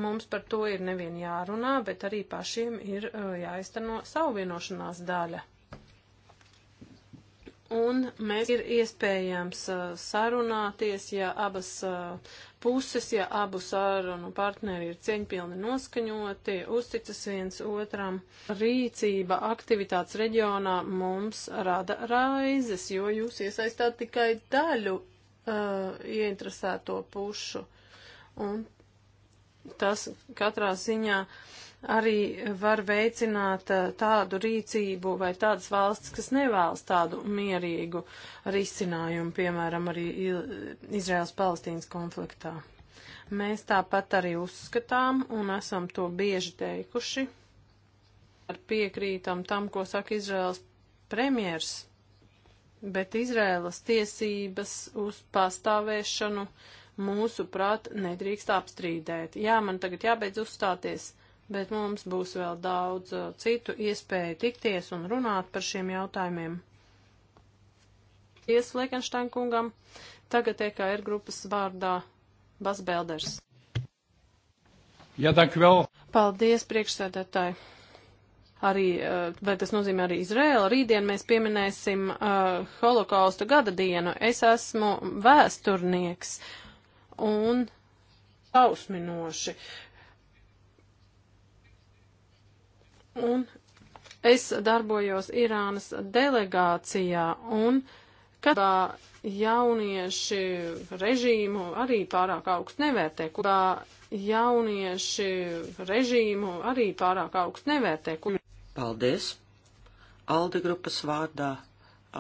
Mums par to ir nevien jārunā, bet arī pašiem ir uh, jāizteno savu vienošanās daļa un mēs ir iespējams uh, sarunāties, ja abas uh, puses, ja abu sarunu partneri ir cieņpilni noskaņoti, uzticas viens otram. Rīcība aktivitātes reģionā mums rada raizes, jo jūs iesaistāt tikai daļu uh, ieinteresēto pušu. Un tas katrā ziņā uh, arī var veicināt eh, tādu rīcību vai tādas valsts, kas nevēlas tādu mierīgu risinājumu, piemēram, arī Izraels-Palestīnas konfliktā. Mēs tāpat arī uzskatām un esam to bieži teikuši. Ar piekrītam tam, ko saka Izraels premjers, bet Izraēlas tiesības uz pastāvēšanu mūsu prāt nedrīkst apstrīdēt. Jā, man tagad jābeidz uzstāties bet mums būs vēl daudz uh, citu iespēju tikties un runāt par šiem jautājumiem. Ies Liekenštain kungam, tagad EKR grupas vārdā Bas Belders. Jā, ja, dank vēl. Paldies, priekšsēdētāji. Arī, uh, vai tas nozīmē arī Izrēla, rītdien mēs pieminēsim uh, holokausta gada dienu. Es esmu vēsturnieks un tausminoši. Uh, Un es darbojos Irānas delegācijā un katrā jaunieši režīmu arī pārāk augstu nevērtē, kurā jaunieši režīmu arī pārāk augstu nevērtē. Kur... Paldies! Aldi grupas vārdā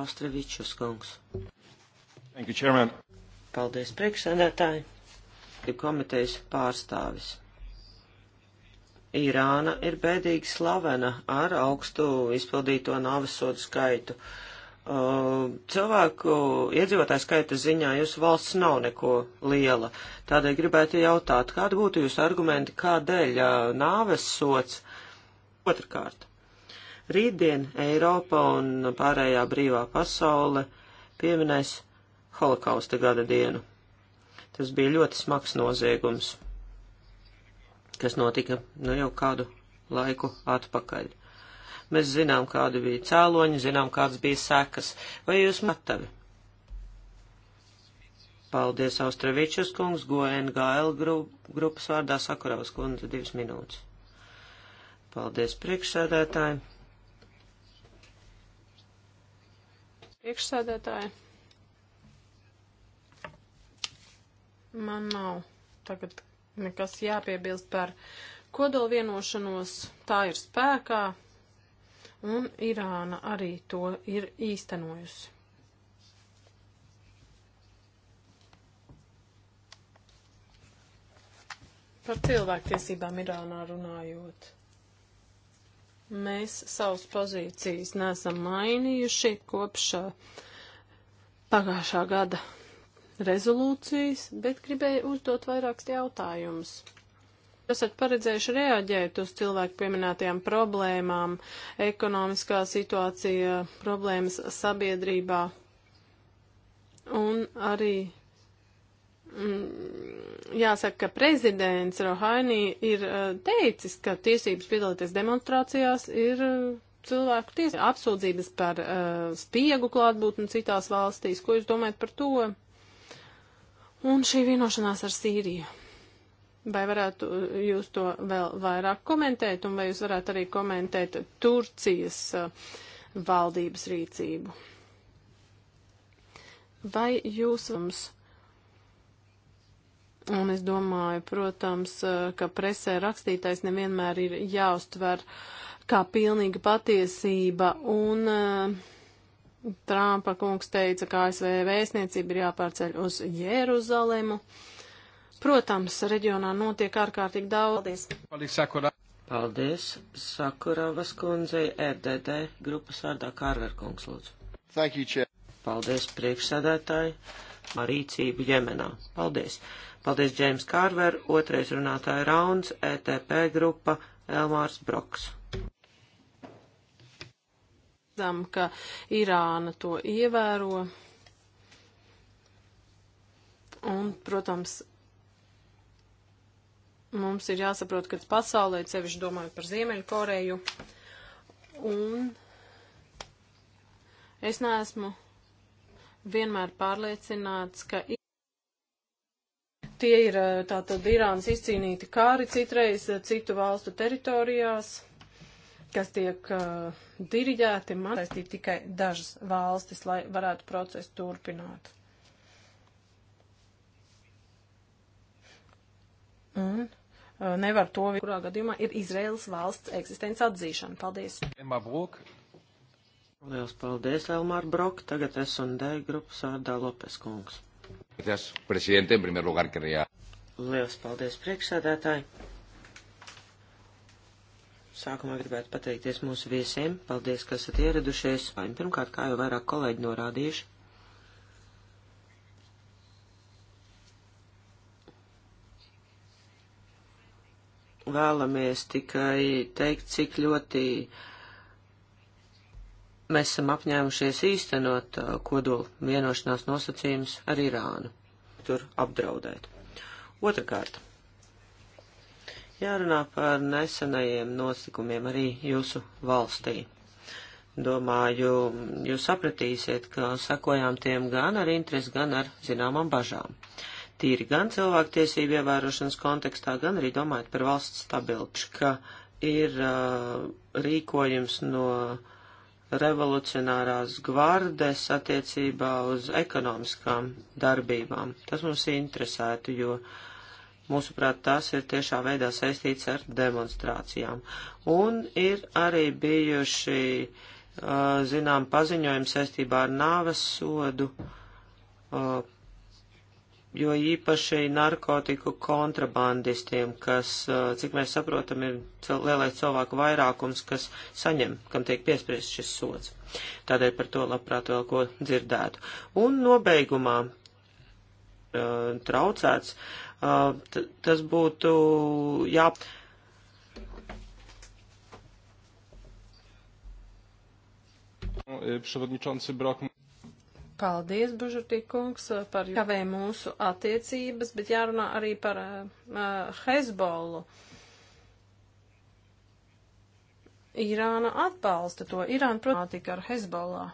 Astrevičus kungs. Thank you, Chairman. Paldies, priekšsēdētāji. Komitejas pārstāvis. Irāna ir bēdīgi slavena ar augstu izpildīto nāvesodu skaitu. Uh, cilvēku iedzīvotāju skaita ziņā jūsu valsts nav neko liela. Tādēļ gribētu jautāt, kādi būtu jūsu argumenti, kādēļ uh, nāvesots otrkārt. Rītdien Eiropa un pārējā brīvā pasaule pieminēs holokausta gada dienu. Tas bija ļoti smags noziegums kas notika nu jau kādu laiku atpakaļ. Mēs zinām, kādi bija cēloņi, zinām, kādas bija sekas. Vai jūs matavi? Paldies, Austravičus kungs, GNGL grupas vārdā Sakaravas kundze, divas minūtes. Paldies, priekšsēdētāji. Priekšsēdētāji. Man nav tagad nekas jāpiebilst par kodolu vienošanos. Tā ir spēkā, un Irāna arī to ir īstenojusi. Par cilvēktiesībām Irānā runājot. Mēs savas pozīcijas nesam mainījuši kopš pagājušā gada rezolūcijas, bet gribēju uzdot vairākus jautājumus. Esat paredzējuši reaģēt uz cilvēku pieminētajām problēmām, ekonomiskā situācija, problēmas sabiedrībā un arī mm, jāsaka, ka prezidents Rohainī ir eh, teicis, ka tiesības piedalīties demonstrācijās ir eh, cilvēku tiesa apsūdzības par uh, spiegu klātbūtni citās valstīs. Ko jūs domājat par to? Un šī vienošanās ar Sīriju. Vai varētu jūs to vēl vairāk komentēt, un vai jūs varētu arī komentēt Turcijas uh, valdības rīcību? Vai jūs mums, un es domāju, protams, uh, ka presē rakstītais nevienmēr ir jāuztver kā pilnīga patiesība, un uh, Trumpa kungs teica, ka ASV vēstniecība ir jāpārceļ uz Jeruzalemu. Protams, reģionā notiek ārkārtīgi daudz. Paldies, Paldies Sakuravas kundzei, RDD grupas vārdā Kārver kungs, lūdzu. Thank you, chair. Paldies, priekšsēdētāji, marīcību Jemenā. Paldies. Paldies, Džeims Kārver, otrais runātāja rauns, ETP grupa, Elmārs Broks redzam, ka Irāna to ievēro. Un, protams, mums ir jāsaprot, ka pasaulē, sevišķi domājot par Ziemeļkoreju, un es neesmu vienmēr pārliecināts, ka tie ir eh, tātad Irānas izcīnīti kāri citreiz eh, citu valstu teritorijās kas tiek uh, diriģēti, man saistīt tikai dažas valstis, lai varētu procesu turpināt. Un uh, nevar to, kurā gadījumā ir Izraels valsts eksistence atzīšana. Paldies! Elmar Brok. Lielas paldies, Elmar Brok. Tagad S&D grupas vārdā Lopes kungs. Paldies, prezidente, en primer lugar, quería. Lielas paldies, priekšsēdētāji. Sākumā gribētu pateikties mūsu viesiem. Paldies, ka esat ieradušies. Vai nu pirmkārt, kā jau vairāk kolēģi norādījuši, vēlamies tikai teikt, cik ļoti mēs esam apņēmušies īstenot uh, kodolu vienošanās nosacījumus ar Irānu, tur apdraudēt. Otrakārt, Jārunā par nesenajiem notikumiem arī jūsu valstī. Domāju, jūs sapratīsiet, ka sakojām tiem gan ar interesi, gan ar zināmām bažām. Tīri gan cilvēktiesību ievērošanas kontekstā, gan arī domājot par valsts stabilitāti, ka ir uh, rīkojums no revolucionārās gvardes attiecībā uz ekonomiskām darbībām. Tas mums interesētu, jo Mūsuprāt, tas ir tiešā veidā saistīts ar demonstrācijām. Un ir arī bijuši, zinām, paziņojumi saistībā ar nāves sodu, jo īpaši narkotiku kontrabandistiem, kas, cik mēs saprotam, ir lielais cilvēku vairākums, kas saņem, kam tiek piespriezt šis sods. Tādēļ par to labprāt vēl ko dzirdētu. Un nobeigumā traucēts tas būtu jā. E, Przewodniczący brak Paldies, Bužutīkungs, par kavē mūsu attiecības, bet jārunā arī par uh, Hezbollu. Irāna atbalsta to. Irāna, protams, tika ar Hezbollā.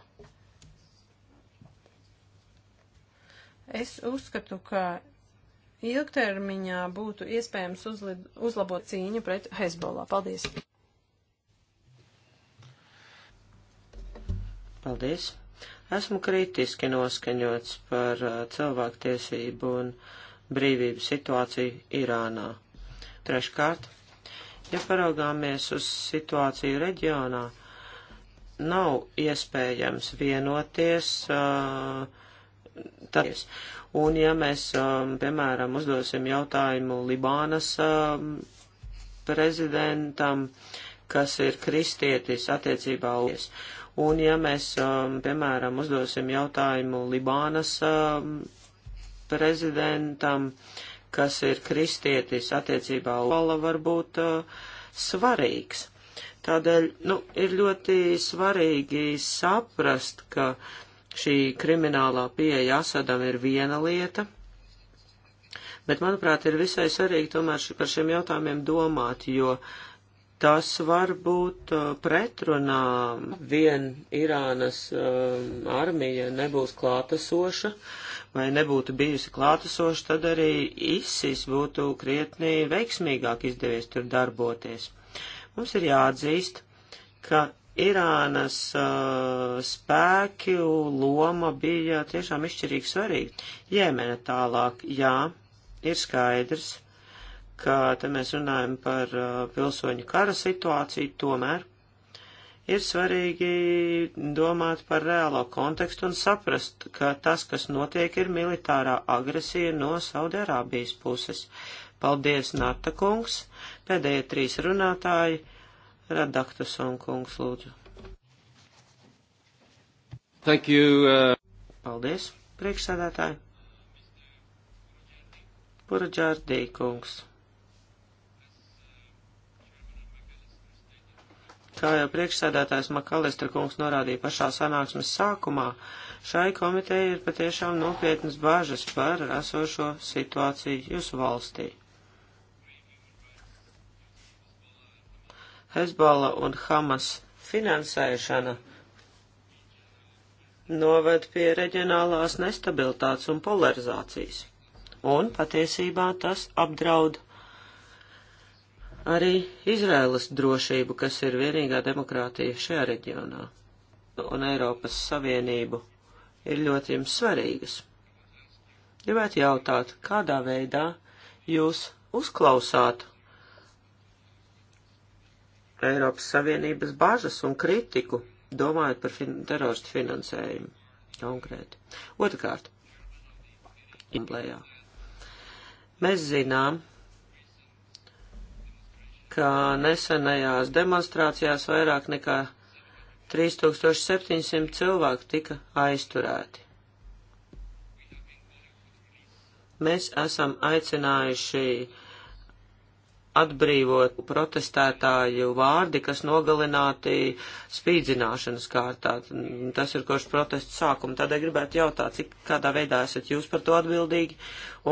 Es uzskatu, ka ilgtermiņā būtu iespējams uzlid, uzlabot cīņu pret Hezbollah. Paldies! Paldies! Esmu kritiski noskaņots par uh, cilvēktiesību un brīvību situāciju Irānā. Treškārt, ja paraugāmies uz situāciju reģionā, nav iespējams vienoties. Uh, tad, Un ja mēs, um, piemēram, uzdosim jautājumu Libānas um, prezidentam, kas ir kristietis attiecībā uz. Un ja mēs, um, piemēram, uzdosim jautājumu Libānas um, prezidentam, kas ir kristietis attiecībā uz Pala varbūt uh, svarīgs. Tādēļ, nu, ir ļoti svarīgi saprast, ka Šī kriminālā pieeja Asadam ir viena lieta, bet, manuprāt, ir visai svarīgi tomēr ši, par šiem jautājumiem domāt, jo tas var būt uh, pretrunā vien Irānas uh, armija nebūs klātesoša vai nebūtu bijusi klātesoša, tad arī ISIS būtu krietni veiksmīgāk izdevies tur darboties. Mums ir jāatzīst, ka Irānas uh, spēku loma bija tiešām izšķirīgi svarīga. Jēmene tālāk, jā, ir skaidrs, ka te mēs runājam par uh, pilsoņu kara situāciju, tomēr ir svarīgi domāt par reālo kontekstu un saprast, ka tas, kas notiek, ir militārā agresija no Saudārābijas puses. Paldies, Nata kungs! Pēdējie trīs runātāji Radaktus un kungs lūdzu. Thank you. Uh... Paldies, priekšsēdētāji. Puraģārdī kungs. Kā jau priekšsēdētājs Makalistra kungs norādīja pašā sanāksmes sākumā, šai komitejai ir patiešām nopietnas bāžas par esošo situāciju jūsu valstī. Hezbola un Hamas finansēšana noved pie reģionālās nestabilitātes un polarizācijas. Un patiesībā tas apdraud arī Izraēlas drošību, kas ir vienīgā demokrātija šajā reģionā, un Eiropas Savienību ir ļoti jums svarīgas. Gribētu jautāt, kādā veidā jūs uzklausāt Eiropas Savienības bažas un kritiku, domājot par fin teroristu finansējumu konkrēti. Otrakārt, implējā. Mēs zinām, ka nesenajās demonstrācijās vairāk nekā 3700 cilvēku tika aizturēti. Mēs esam aicinājuši uh, atbrīvot protestētāju vārdi, kas nogalināti spīdzināšanas kārtā. Tas ir koši protestu sākuma. Tādēļ gribētu jautāt, cik kādā veidā esat jūs par to atbildīgi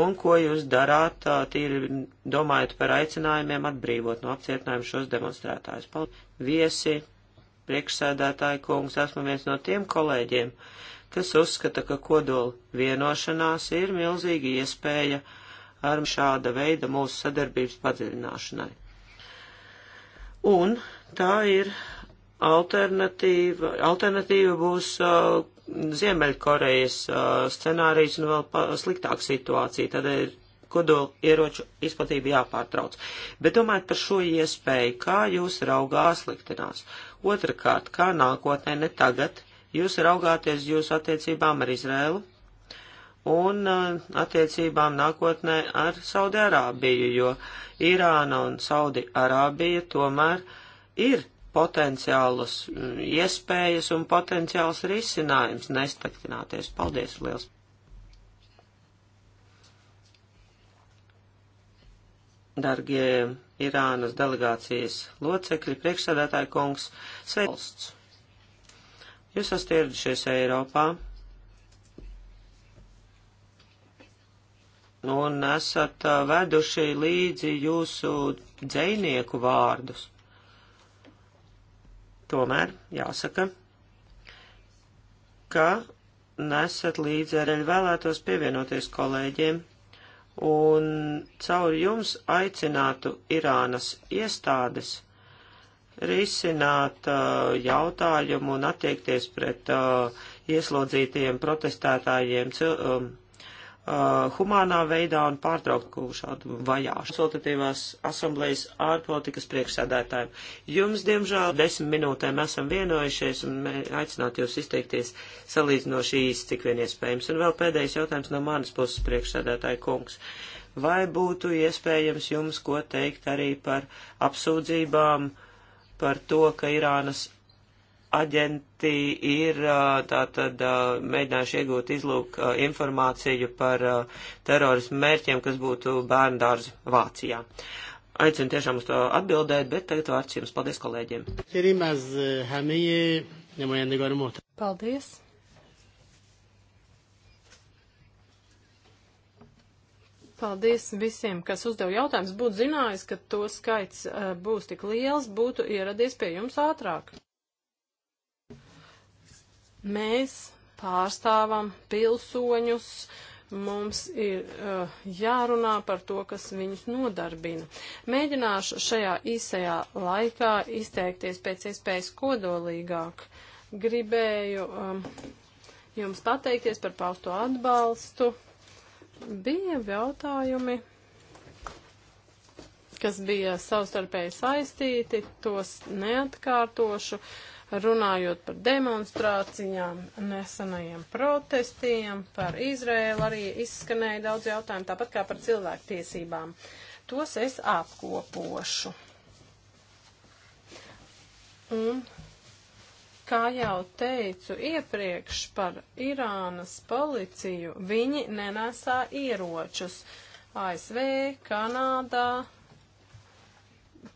un ko jūs darāt, tīri domājot par aicinājumiem atbrīvot no apcietinājuma šos demonstrētājus. Paldies. Viesi, priekšsēdētāji kungs, esmu viens no tiem kolēģiem, kas uzskata, ka kodola vienošanās ir milzīga iespēja. Ja ar šāda veida mūsu sadarbības padziļināšanai. Un tā ir alternatīva, alternatīva būs uh, Ziemeļkorejas uh, scenārijs un vēl pa, sliktāka situācija. Tādēļ ir kodola ieroču izplatība jāpārtrauc. Bet domājot par šo iespēju, kā jūs raugā sliktinās. Otrakārt, kā nākotnē, ne tagad, jūs raugāties jūsu attiecībām ar Izrēlu, un uh, attiecībām nākotnē ar Saudi Arābiju, jo Irāna un Saudi Arābija tomēr ir potenciālas mm, iespējas un potenciāls risinājums nestaktināties. Paldies liels! Dargie Irānas delegācijas locekļi, priekšsēdētāji kungs, sveiks! Jūs esat ieradušies Eiropā, un esat veduši līdzi jūsu dzēnieku vārdus. Tomēr jāsaka, ka nesat līdzi arī vēlētos pievienoties kolēģiem un caur jums aicinātu Irānas iestādes risināt uh, jautājumu un attiekties pret uh, ieslodzītajiem protestētājiem, cil, um, uh, humānā veidā un pārtrauktu šādu vajāšanu. Konsultatīvās asamblejas ārpolitikas priekšsēdētājiem. Jums, diemžēl, desmit minūtēm esam vienojušies un aicinātu jūs izteikties salīdzinoši īsti, cik vien iespējams. Un vēl pēdējais jautājums no manas puses priekšsēdētāja kungs. Vai būtu iespējams jums ko teikt arī par apsūdzībām par to, ka Irānas aģenti ir tātad mēģinājuši iegūt izlūk informāciju par terorismu mērķiem, kas būtu bērndārs Vācijā. Aicinu tiešām uz to atbildēt, bet tagad vārds jums. Paldies kolēģiem. Paldies. Paldies visiem, kas uzdev jautājumus. Būtu zinājis, ka to skaits būs tik liels, būtu ieradies pie jums ātrāk. Mēs pārstāvam pilsoņus, mums ir uh, jārunā par to, kas viņus nodarbina. Mēģināšu šajā īsajā laikā izteikties pēc iespējas kodolīgāk. Gribēju um, jums pateikties par pausto atbalstu. Bija jautājumi, kas bija savstarpēji saistīti, tos neatkārtošu. Uh, runājot par demonstrācijām, nesenajiem protestiem, par Izrēlu arī izskanēja daudz jautājumu, tāpat kā par cilvēktiesībām. Tos es apkopošu. Un, kā jau teicu iepriekš par Irānas policiju, viņi nenesā ieročus ASV, Kanādā,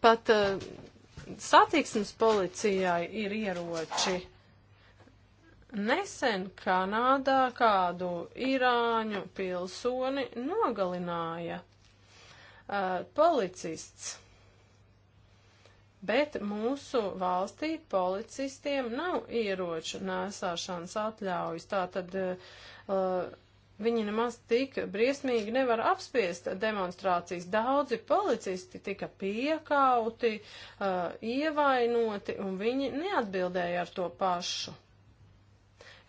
pat uh, satiksmes policijai ir ieroči. Nesen Kanādā kādu irāņu pilsoni nogalināja uh, policists. Bet mūsu valstī policistiem nav ieroču nēsāšanas atļaujas. Tātad uh, Viņi nemaz tik briesmīgi nevar apspiest demonstrācijas. Daudzi policisti tika piekauti, uh, ievainoti, un viņi neatbildēja ar to pašu.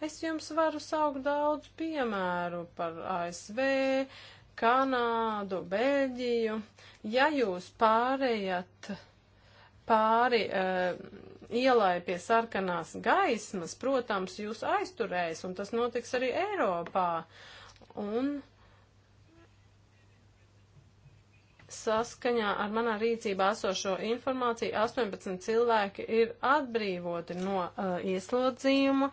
Es jums varu saukt daudz piemēru par ASV, Kanādu, Beļģiju. Ja jūs pārējat pāri. Uh, ielai pie sarkanās gaismas, protams, jūs aizturēs, un tas notiks arī Eiropā un saskaņā ar manā rīcībā esošo informāciju 18 cilvēki ir atbrīvoti no uh, ieslodzījuma.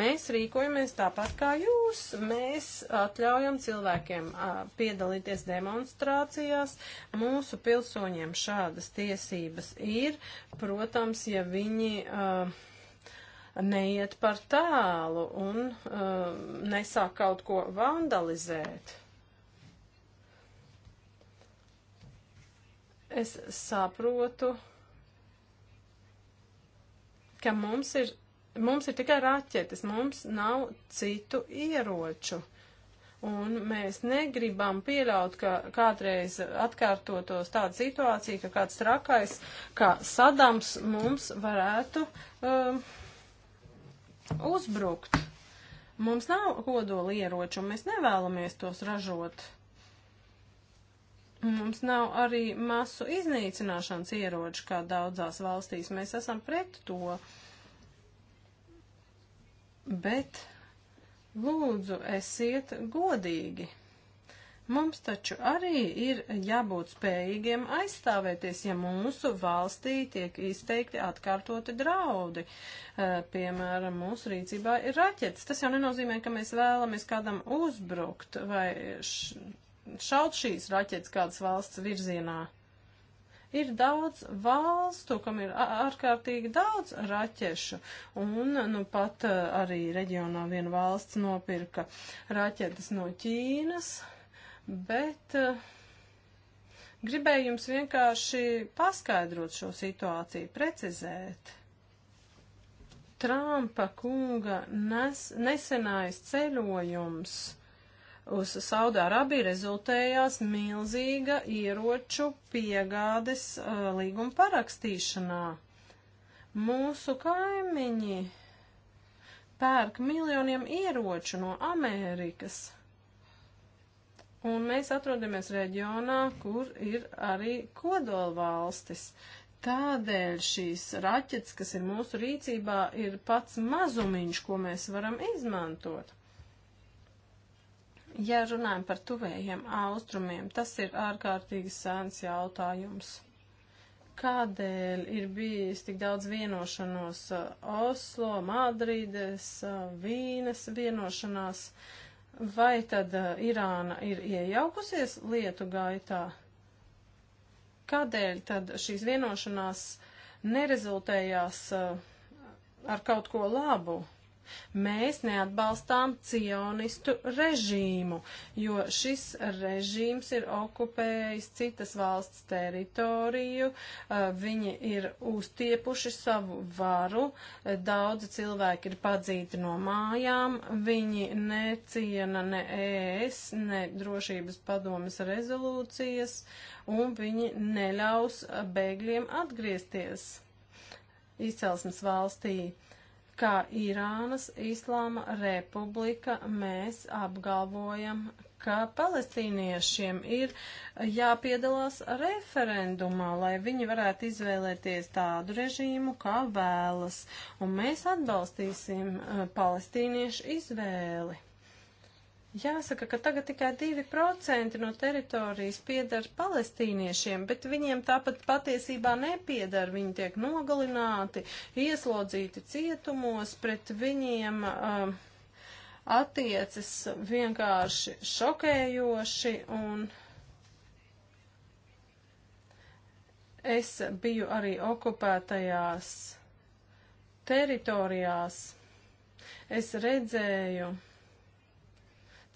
Mēs rīkojamies tāpat kā jūs. Mēs atļaujam cilvēkiem uh, piedalīties demonstrācijās. Mūsu pilsoņiem šādas tiesības ir, protams, ja viņi. Uh, neiet par tālu un uh, nesāk kaut ko vandalizēt. Es saprotu, ka mums ir, mums ir tikai raķetes, mums nav citu ieroču. Un mēs negribam pieļaut, ka kādreiz atkārtotos tāda situācija, ka kāds trakais, kā sadams, mums varētu. Uh, um, uzbrukt. Mums nav kodoli ieroču, un mēs nevēlamies tos ražot. Mums nav arī masu iznīcināšanas ieroču, kā daudzās valstīs. Mēs esam pret to. Bet, lūdzu, esiet godīgi. Mums taču arī ir jābūt spējīgiem aizstāvēties, ja mūsu valstī tiek izteikti atkārtoti draudi. Eh, piemēram, mūsu rīcībā ir raķetes. Tas jau nenozīmē, ka mēs vēlamies kādam uzbrukt vai šaut šīs raķetes kādas valsts virzienā. Ir daudz valstu, kam ir ārkārtīgi daudz raķešu, un nu, pat eh, arī reģionā viena valsts nopirka raķetes no Ķīnas, bet uh, gribēju jums vienkārši paskaidrot šo situāciju, precizēt. Trumpa kunga nes, nesenais ceļojums uz Saudārābiju rezultējās milzīga ieroču piegādes uh, līguma parakstīšanā. Mūsu kaimiņi pērk miljoniem ieroču no Amerikas. Un mēs atrodamies reģionā, kur ir arī kodolvalstis. Tādēļ šīs raķetes, kas ir mūsu rīcībā, ir pats mazumiņš, ko mēs varam izmantot. Ja runājam par tuvējiem austrumiem, tas ir ārkārtīgi sēns jautājums. Kādēļ ir bijis tik daudz vienošanos uh, Oslo, Madrides, uh, Vīnes vienošanās? Uh, Vai tad uh, Irāna ir iejaukusies lietu gaitā? Kādēļ tad šīs vienošanās nerezultējās uh, ar kaut ko labu? Mēs neatbalstām cionistu režīmu, jo šis režīms ir okupējis citas valsts teritoriju, viņi ir uztiepuši savu varu, daudzi cilvēki ir padzīti no mājām, viņi neciena ne ES, ne drošības padomas rezolūcijas, un viņi neļaus bēgļiem atgriezties izcelsmes valstī. Uh, kā Irānas Islāma Republika, mēs apgalvojam, ka palestīniešiem ir jāpiedalās referendumā, lai viņi varētu izvēlēties tādu režīmu, kā vēlas, un mēs atbalstīsim eh, palestīniešu izvēli. Jāsaka, ka tagad tikai 2% no teritorijas piedara palestīniešiem, bet viņiem tāpat patiesībā nepiedara. Viņi tiek nogalināti, ieslodzīti cietumos, pret viņiem uh, um, attiecas vienkārši šokējoši un. Es biju arī okupētajās teritorijās. Es redzēju,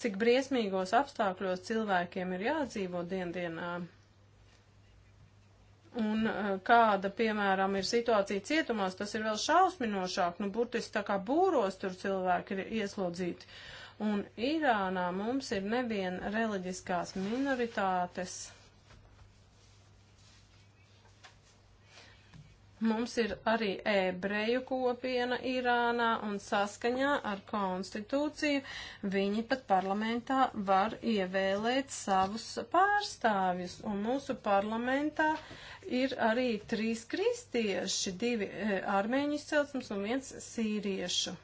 cik briesmīgos apstākļos cilvēkiem ir jādzīvo diendienā. Un eh, kāda, piemēram, ir situācija cietumos, tas ir vēl šausminošāk, nu, burtiski tā kā būros tur cilvēki ir ieslodzīti. Un Irānā mums ir nevien reliģiskās minoritātes, Mums ir arī ebreju kopiena Irānā un saskaņā ar konstitūciju viņi pat parlamentā var ievēlēt savus pārstāvjus. Un mūsu parlamentā ir arī trīs kristieši, divi eh, armēņu izcelsmes un viens sīriešu.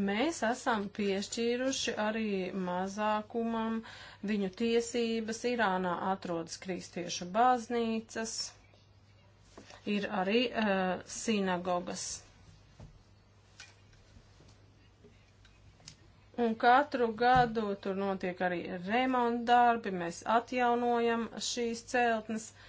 Mēs esam piešķīruši arī mazākumam viņu tiesības. Irānā atrodas kristiešu baznīcas, ir arī uh, sinagogas. Un katru gadu tur notiek arī remontdarbi, mēs atjaunojam šīs celtnes. Uh,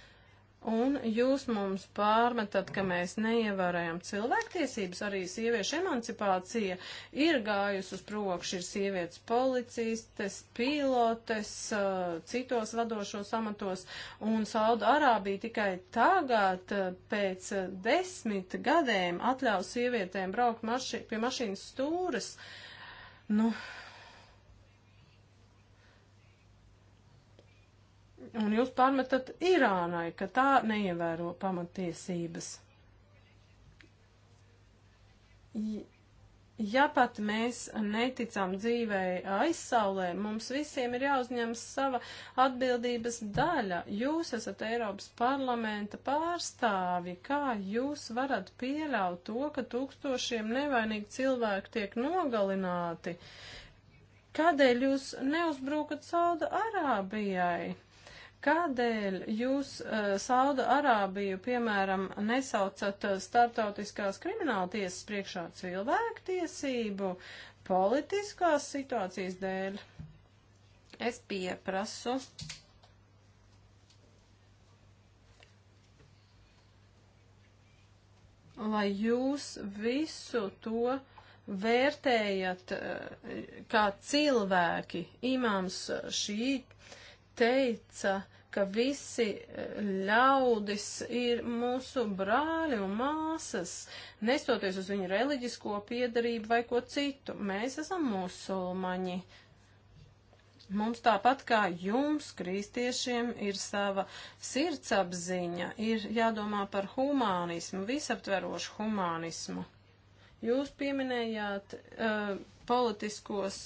Un jūs mums pārmetat, ka mēs neievērējam cilvēktiesības, arī sieviešu emancipācija ir gājusi uz prokšu, ir sievietes policistes, pilotes, uh, citos vadošos amatos, un Sauda Arābija tikai tagad uh, pēc uh, desmit gadiem atļaus sievietēm braukt maši, pie mašīnas stūras. Nu, Un jūs pārmetat Irānai, ka tā neievēro pamatiesības. Ja pat mēs neticam dzīvēi aizsaulē, mums visiem ir jāuzņemas sava atbildības daļa. Jūs esat Eiropas parlamenta pārstāvi, kā jūs varat pieļaut to, ka tūkstošiem nevainīgi cilvēki tiek nogalināti? Kādēļ jūs neuzbrukat Sauda Arābijai? Kādēļ jūs uh, eh, Sauda Arābiju, piemēram, nesaucat eh, starptautiskās krimināla tiesas priekšā cilvēku tiesību politiskās situācijas dēļ? Es pieprasu. lai jūs visu to vērtējat eh, kā cilvēki. Imāms šī teica, ka visi eh, ļaudis ir mūsu brāļi un māsas, nestoties uz viņu reliģisko piedarību vai ko citu. Mēs esam musulmaņi. Mums tāpat kā jums, kristiešiem, ir sava sirdsapziņa, ir jādomā par humānismu, visaptverošu humānismu. Jūs pieminējāt uh, politiskos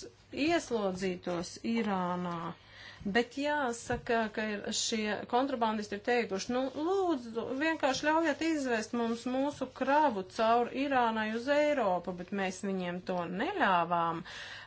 ieslodzītos Irānā. Uh, Bet jāsaka, ka ir šie kontrabandisti ir teikuši, nu, lūdzu, vienkārši ļaujiet izvest mums mūsu kravu cauri Irānai uz Eiropu, bet mēs viņiem to neļāvām.